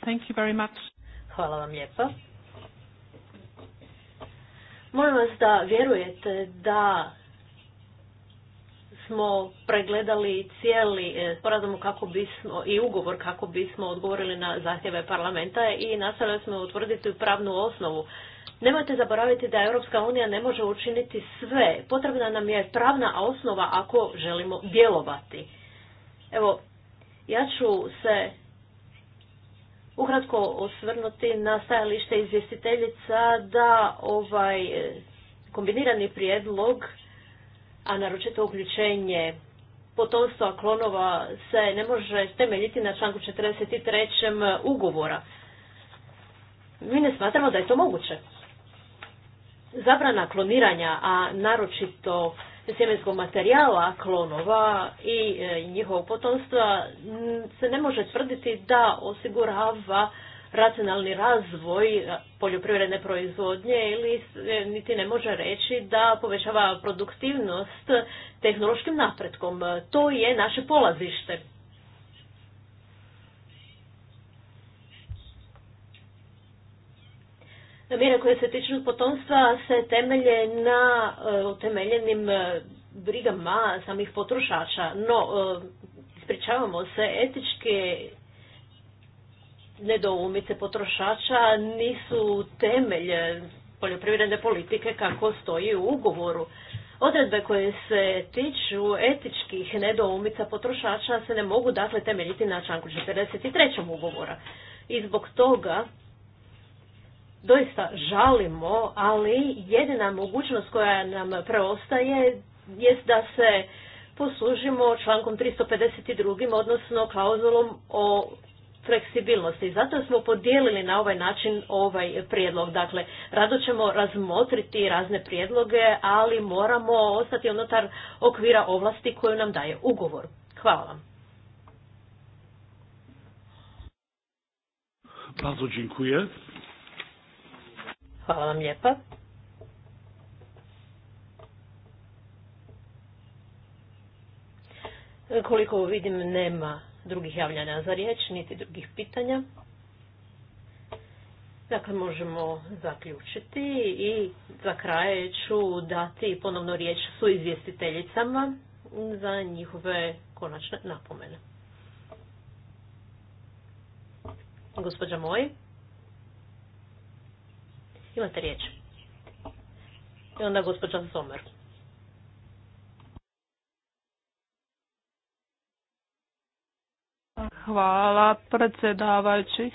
Thank you very much. Hvala vam lijepa. Molim vas da vjerujete da smo pregledali cijeli e, sporazum kako bismo i ugovor kako bismo odgovorili na zahtjeve parlamenta i nastavili smo utvrditi pravnu osnovu. Nemojte zaboraviti da Europska unija ne može učiniti sve. Potrebna nam je pravna osnova ako želimo djelovati. Evo, ja ću se ukratko osvrnuti na stajalište izvjestiteljica da ovaj e, kombinirani prijedlog, a naročito uključenje potomstva klonova se ne može temeljiti na članku 43. ugovora. Mi ne smatramo da je to moguće zabrana kloniranja, a naročito sjemenskog materijala klonova i e, njihovog potomstva se ne može tvrditi da osigurava racionalni razvoj poljoprivredne proizvodnje ili e, niti ne može reći da povećava produktivnost tehnološkim napretkom. To je naše polazište. mjere koje se tiču potomstva se temelje na e, utemeljenim e, brigama samih potrošača, no e, ispričavamo se etičke nedoumice potrošača nisu temelje poljoprivredne politike kako stoji u ugovoru. Odredbe koje se tiču etičkih nedoumica potrošača se ne mogu dakle temeljiti na članku 43. ugovora. I zbog toga doista žalimo, ali jedina mogućnost koja nam preostaje jest da se poslužimo člankom 352. odnosno klauzulom o fleksibilnosti. Zato smo podijelili na ovaj način ovaj prijedlog. Dakle, rado ćemo razmotriti razne prijedloge, ali moramo ostati unutar okvira ovlasti koju nam daje ugovor. Hvala vam. Bardzo dziękuję. Hvala vam lijepa. Koliko vidim nema drugih javljanja za riječ, niti drugih pitanja. Dakle, možemo zaključiti i za kraje ću dati ponovno riječ su izvjestiteljicama za njihove konačne napomene. Gospođa Moji. Imate riječ. I onda gospođa Somer. Hvala predsjedavajući.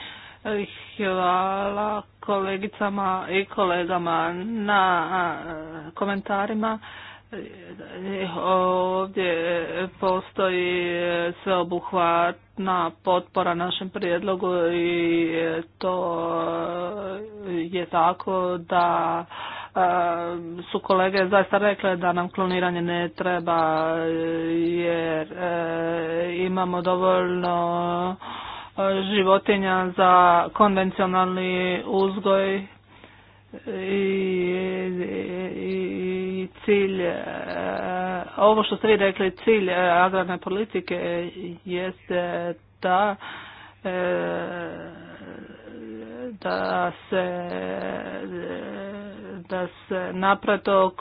Hvala kolegicama i kolegama na komentarima. Ovdje postoji sveobuhvatna potpora našem prijedlogu i to je tako da e, su kolege zaista rekle da nam kloniranje ne treba jer e, imamo dovoljno e, životinja za konvencionalni uzgoj i, i cilj, e, ovo što ste vi rekli, cilj e, agrarne politike jeste da e, da se da se napretok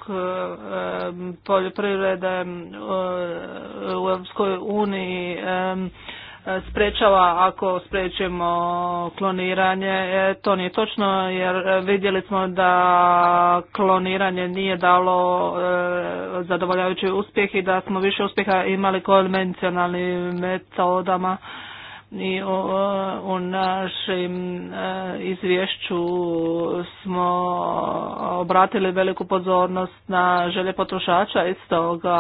poljoprivrede u Europskoj uniji sprečava ako sprečimo kloniranje. E, to nije točno jer vidjeli smo da kloniranje nije dalo e, zadovoljavajući uspjeh i da smo više uspjeha imali konvencionalnim metodama i e, u našem izvješću smo obratili veliku pozornost na želje potrošača iz toga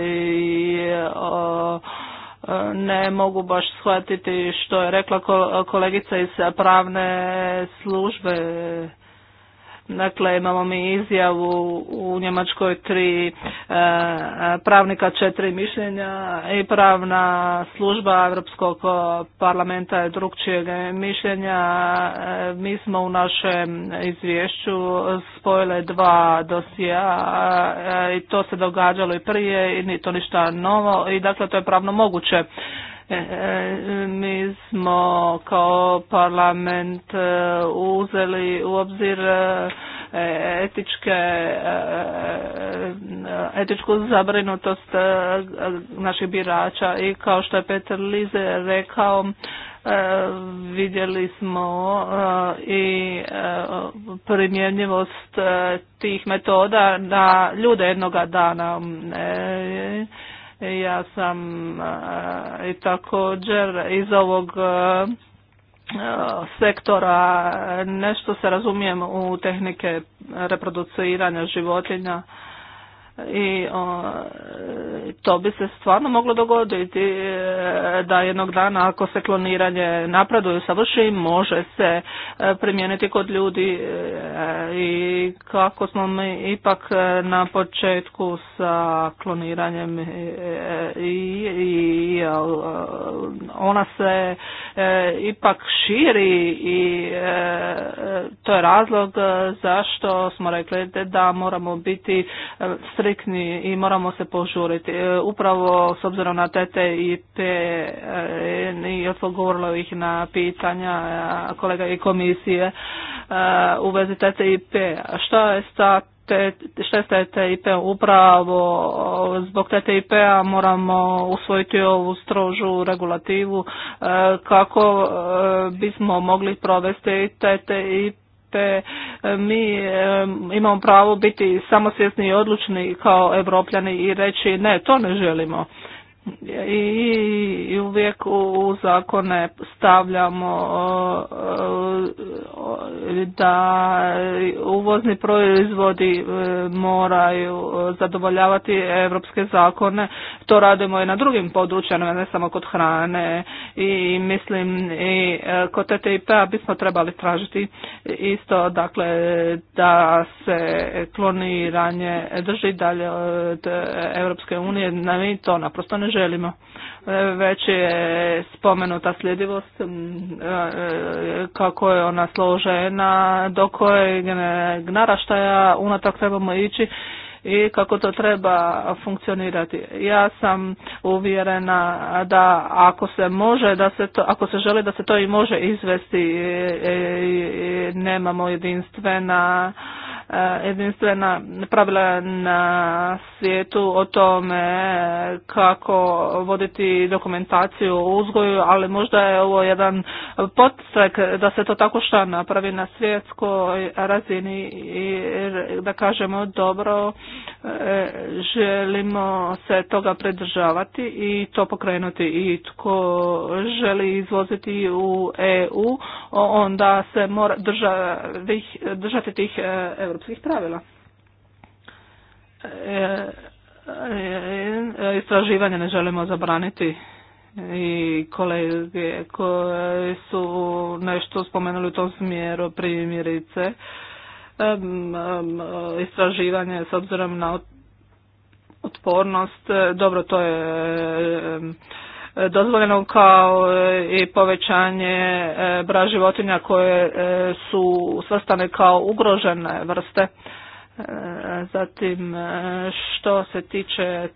i ne mogu baš shvatiti što je rekla kolegica iz pravne službe Dakle, imamo mi izjavu u Njemačkoj tri e, pravnika, četiri mišljenja i pravna služba Europskog parlamenta je drugčijeg mišljenja. E, mi smo u našem izvješću spojile dva dosija e, i to se događalo i prije i to ništa novo i dakle to je pravno moguće. E, mi smo kao parlament e, uzeli u obzir e, etičke, etičku zabrinutost naših birača i kao što je Peter Lize rekao, vidjeli smo i primjenjivost tih metoda na ljude jednoga dana ja sam e, i također iz ovog e, sektora e, nešto se razumijem u tehnike reproduciranja životinja i to bi se stvarno moglo dogoditi e, da jednog dana ako se kloniranje napreduje savrši može se e, primijeniti kod ljudi e, i kako smo mi ipak na početku sa kloniranjem i, ona se ipak širi i to je razlog zašto smo rekli da moramo biti i moramo se požuriti. E, upravo s obzirom na TTIP e, i odgovorilo ih na pitanja e, kolega i komisije u vezi TTIP. Što je sa je TTIP upravo zbog ttip moramo usvojiti ovu strožu regulativu kako bismo mogli provesti TTIP te e, mi e, imamo pravo biti samosvjesni i odlučni kao Europljani i reći ne, to ne želimo i uvijek u zakone stavljamo da uvozni proizvodi e, moraju zadovoljavati europske zakone. To radimo i na drugim područjima, ne samo kod hrane i mislim i e, kod TTIP-a bismo trebali tražiti isto dakle da se kloniranje drži dalje od Europske unije, mi to naprosto ne želimo. E, već je spomenuta sljedivost, e, e, kako je ona složena, do kojeg naraštaja unatak trebamo ići i kako to treba funkcionirati. Ja sam uvjerena da ako se može, da se to, ako se želi da se to i može izvesti, nemamo jedinstvena Eh, jedinstvena pravila na svijetu o tome kako voditi dokumentaciju o uzgoju, ali možda je ovo jedan podstrek da se to tako šta napravi na svjetskoj razini i da kažemo dobro E, želimo se toga predržavati i to pokrenuti i tko želi izvoziti u EU onda se mora držati, držati tih e, europskih pravila. E, istraživanje ne želimo zabraniti i kolege koje su nešto spomenuli u tom smjeru primjerice Um, um, istraživanje s obzirom na otpornost. Dobro, to je um, dozvoljeno kao i povećanje eh, broja životinja koje eh, su svrstane kao ugrožene vrste. Eh, zatim što se tiče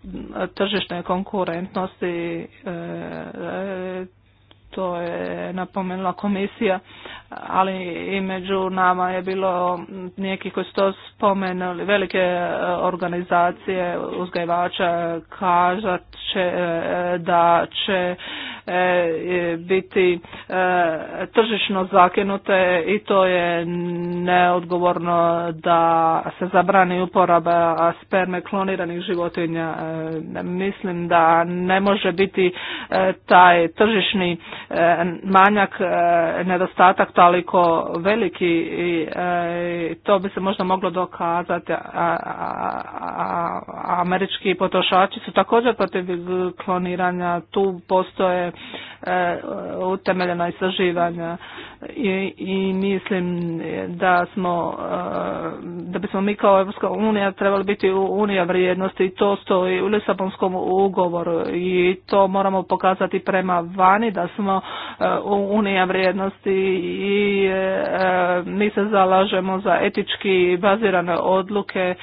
tržišne konkurentnosti, to je napomenula komisija, ali i među nama je bilo neki koji su to spomenuli, velike e, organizacije uzgajivača kažat će e, da će e, biti tržišno zakinute i to je neodgovorno da se zabrani uporaba sperme kloniranih životinja. Mislim da ne može biti taj tržišni manjak, nedostatak toliko veliki i e, to bi se možda moglo dokazati. A, američki potrošači su također protiv kloniranja, tu postoje e, utemeljena istraživanja i, i mislim da smo e, da bismo mi kao Europska unija trebali biti unija vrijednosti i to stoji u Lisabonskom ugovoru i to moramo pokazati prema vani da smo e, unija vrijednosti i e, mi se zalažemo za etički bazirane odluke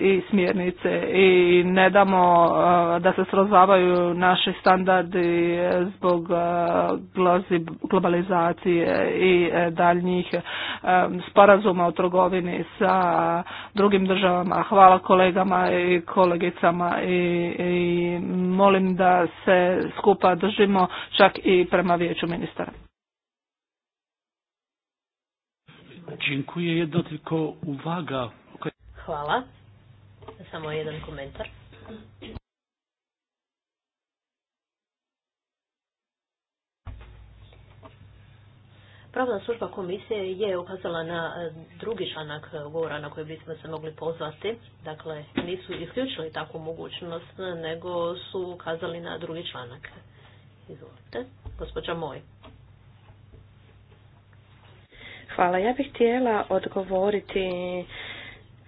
i smjernice i ne damo da se srozavaju naši standardi zbog globalizacije i e, daljnjih e, sporazuma o trgovini sa drugim državama. Hvala kolegama i kolegicama i, i molim da se skupa držimo čak i prema vijeću ministara. Dziękuję. jedno tylko uwaga. Hvala. Samo jedan komentar. Pravna služba komisije je ukazala na e, drugi članak e, govora na koji bismo se mogli pozvati. Dakle, nisu isključili takvu mogućnost, nego su ukazali na drugi članak. Izvolite, gospođa Moj. Hvala. Ja bih htjela odgovoriti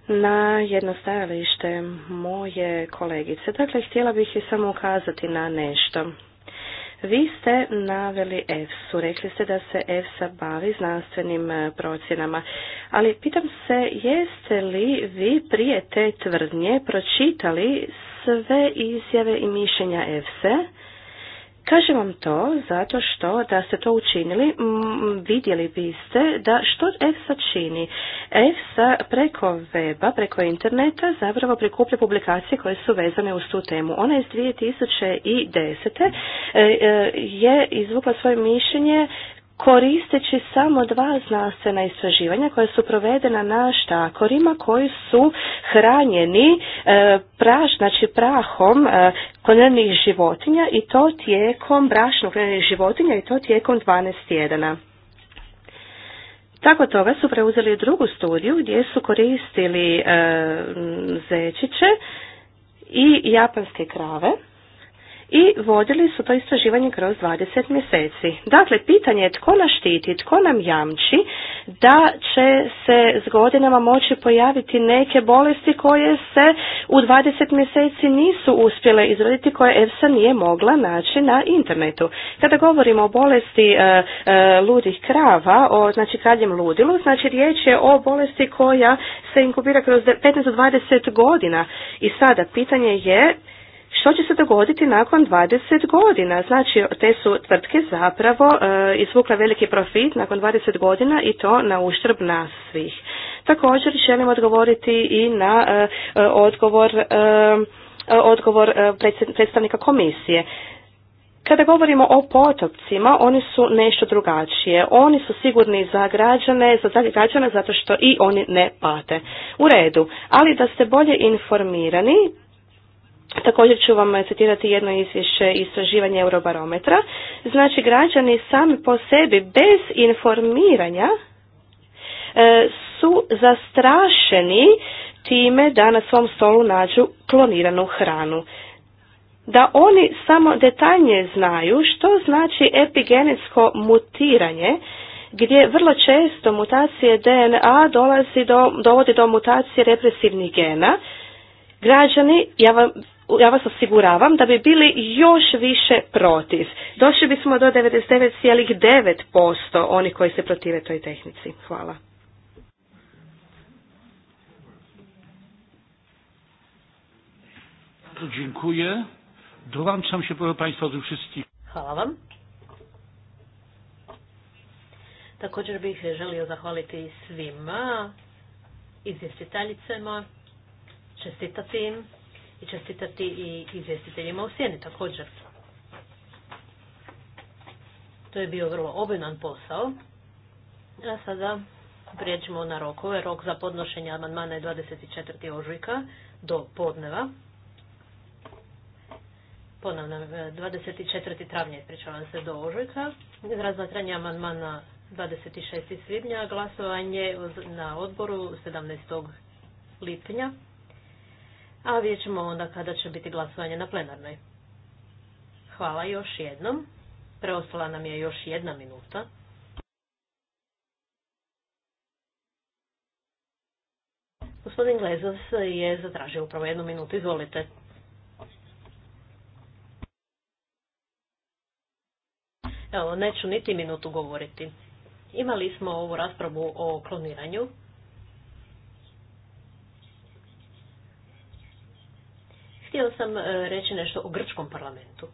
na jedno stajalište moje kolegice. Dakle, htjela bih je samo ukazati na nešto. Vi ste naveli EFSU, rekli ste da se EFSA bavi znanstvenim e, procjenama, ali pitam se jeste li vi prije te tvrdnje pročitali sve izjave i mišljenja EFSE Kažem vam to zato što da ste to učinili vidjeli biste da što EFSA čini. EFSA preko weba, preko interneta zapravo prikuplja publikacije koje su vezane uz tu temu. Ona iz 2010. E, e, je izvukla svoje mišljenje koristeći samo dva znanstvena istraživanja koja su provedena na štakorima koji su hranjeni e, praš, znači prahom e, konjenih životinja i to tijekom brašnog konjenih životinja i to tijekom 12 tjedana. Tako toga su preuzeli drugu studiju gdje su koristili e, zečiće i japanske krave i vodili su to istraživanje kroz 20 mjeseci. Dakle, pitanje je tko nas štiti, tko nam jamči da će se s godinama moći pojaviti neke bolesti koje se u 20 mjeseci nisu uspjele izroditi koje EFSA nije mogla naći na internetu. Kada govorimo o bolesti e, e, ludih krava, o znači kraljem ludilu, znači riječ je o bolesti koja se inkubira kroz 15 do 20 godina. I sada pitanje je što će se dogoditi nakon 20 godina. Znači, te su tvrtke zapravo e, izvukle veliki profit nakon 20 godina i to na uštrb nas svih. Također želim odgovoriti i na e, e, odgovor, e, odgovor predstavnika komisije. Kada govorimo o potopcima, oni su nešto drugačije. Oni su sigurni za građane, za građane zato što i oni ne pate. U redu, ali da ste bolje informirani, Također ću vam eh, citirati jedno izvješće istraživanja Eurobarometra. Znači građani sami po sebi bez informiranja eh, su zastrašeni time da na svom stolu nađu kloniranu hranu. Da oni samo detaljnije znaju što znači epigenetsko mutiranje, gdje vrlo često mutacije DNA dolazi do, dovodi do mutacije represivnih gena, Građani, ja vam ja vas osiguravam da bi bili još više protiv. Došli bismo do 99,9% onih koji se protive toj tehnici. Hvala. Dziękuję. Dołączam się, proszę Państwa, do wszystkich. Hvala vam. Također bih želio zahvaliti svima izvjestiteljicama, čestitati im i čestitati i izvjestiteljima u sjeni također. To je bio vrlo obiman posao. A sada prijeđemo na rokove. Rok za podnošenje amandmana je 24. ožujka do podneva. Ponavljam, 24. E, travnja ispričavam se do ožujka. Razmatranje amandmana 26. svibnja, glasovanje na odboru 17. lipnja a vidjet ćemo onda kada će biti glasovanje na plenarnoj. Hvala još jednom. Preostala nam je još jedna minuta. Gospodin Glezos je zatražio upravo jednu minutu. Izvolite. Evo, neću niti minutu govoriti. Imali smo ovu raspravu o kloniranju htjela sam e, reći nešto o grčkom parlamentu.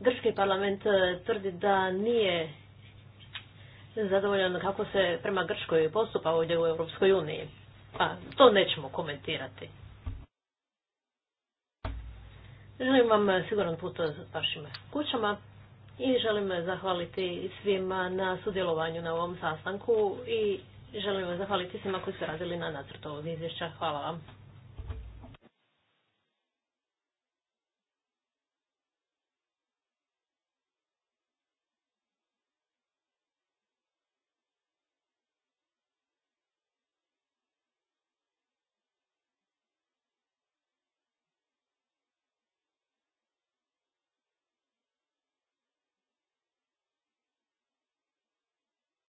Grčki parlament e, tvrdi da nije zadovoljan kako se prema Grčkoj postupa ovdje u Europskoj uniji. Pa to nećemo komentirati. Želim vam siguran put vašim kućama i želim zahvaliti svima na sudjelovanju na ovom sastanku i Želim vas zahvaliti svima koji su radili na nacrtu ovog izvješća. Hvala vam.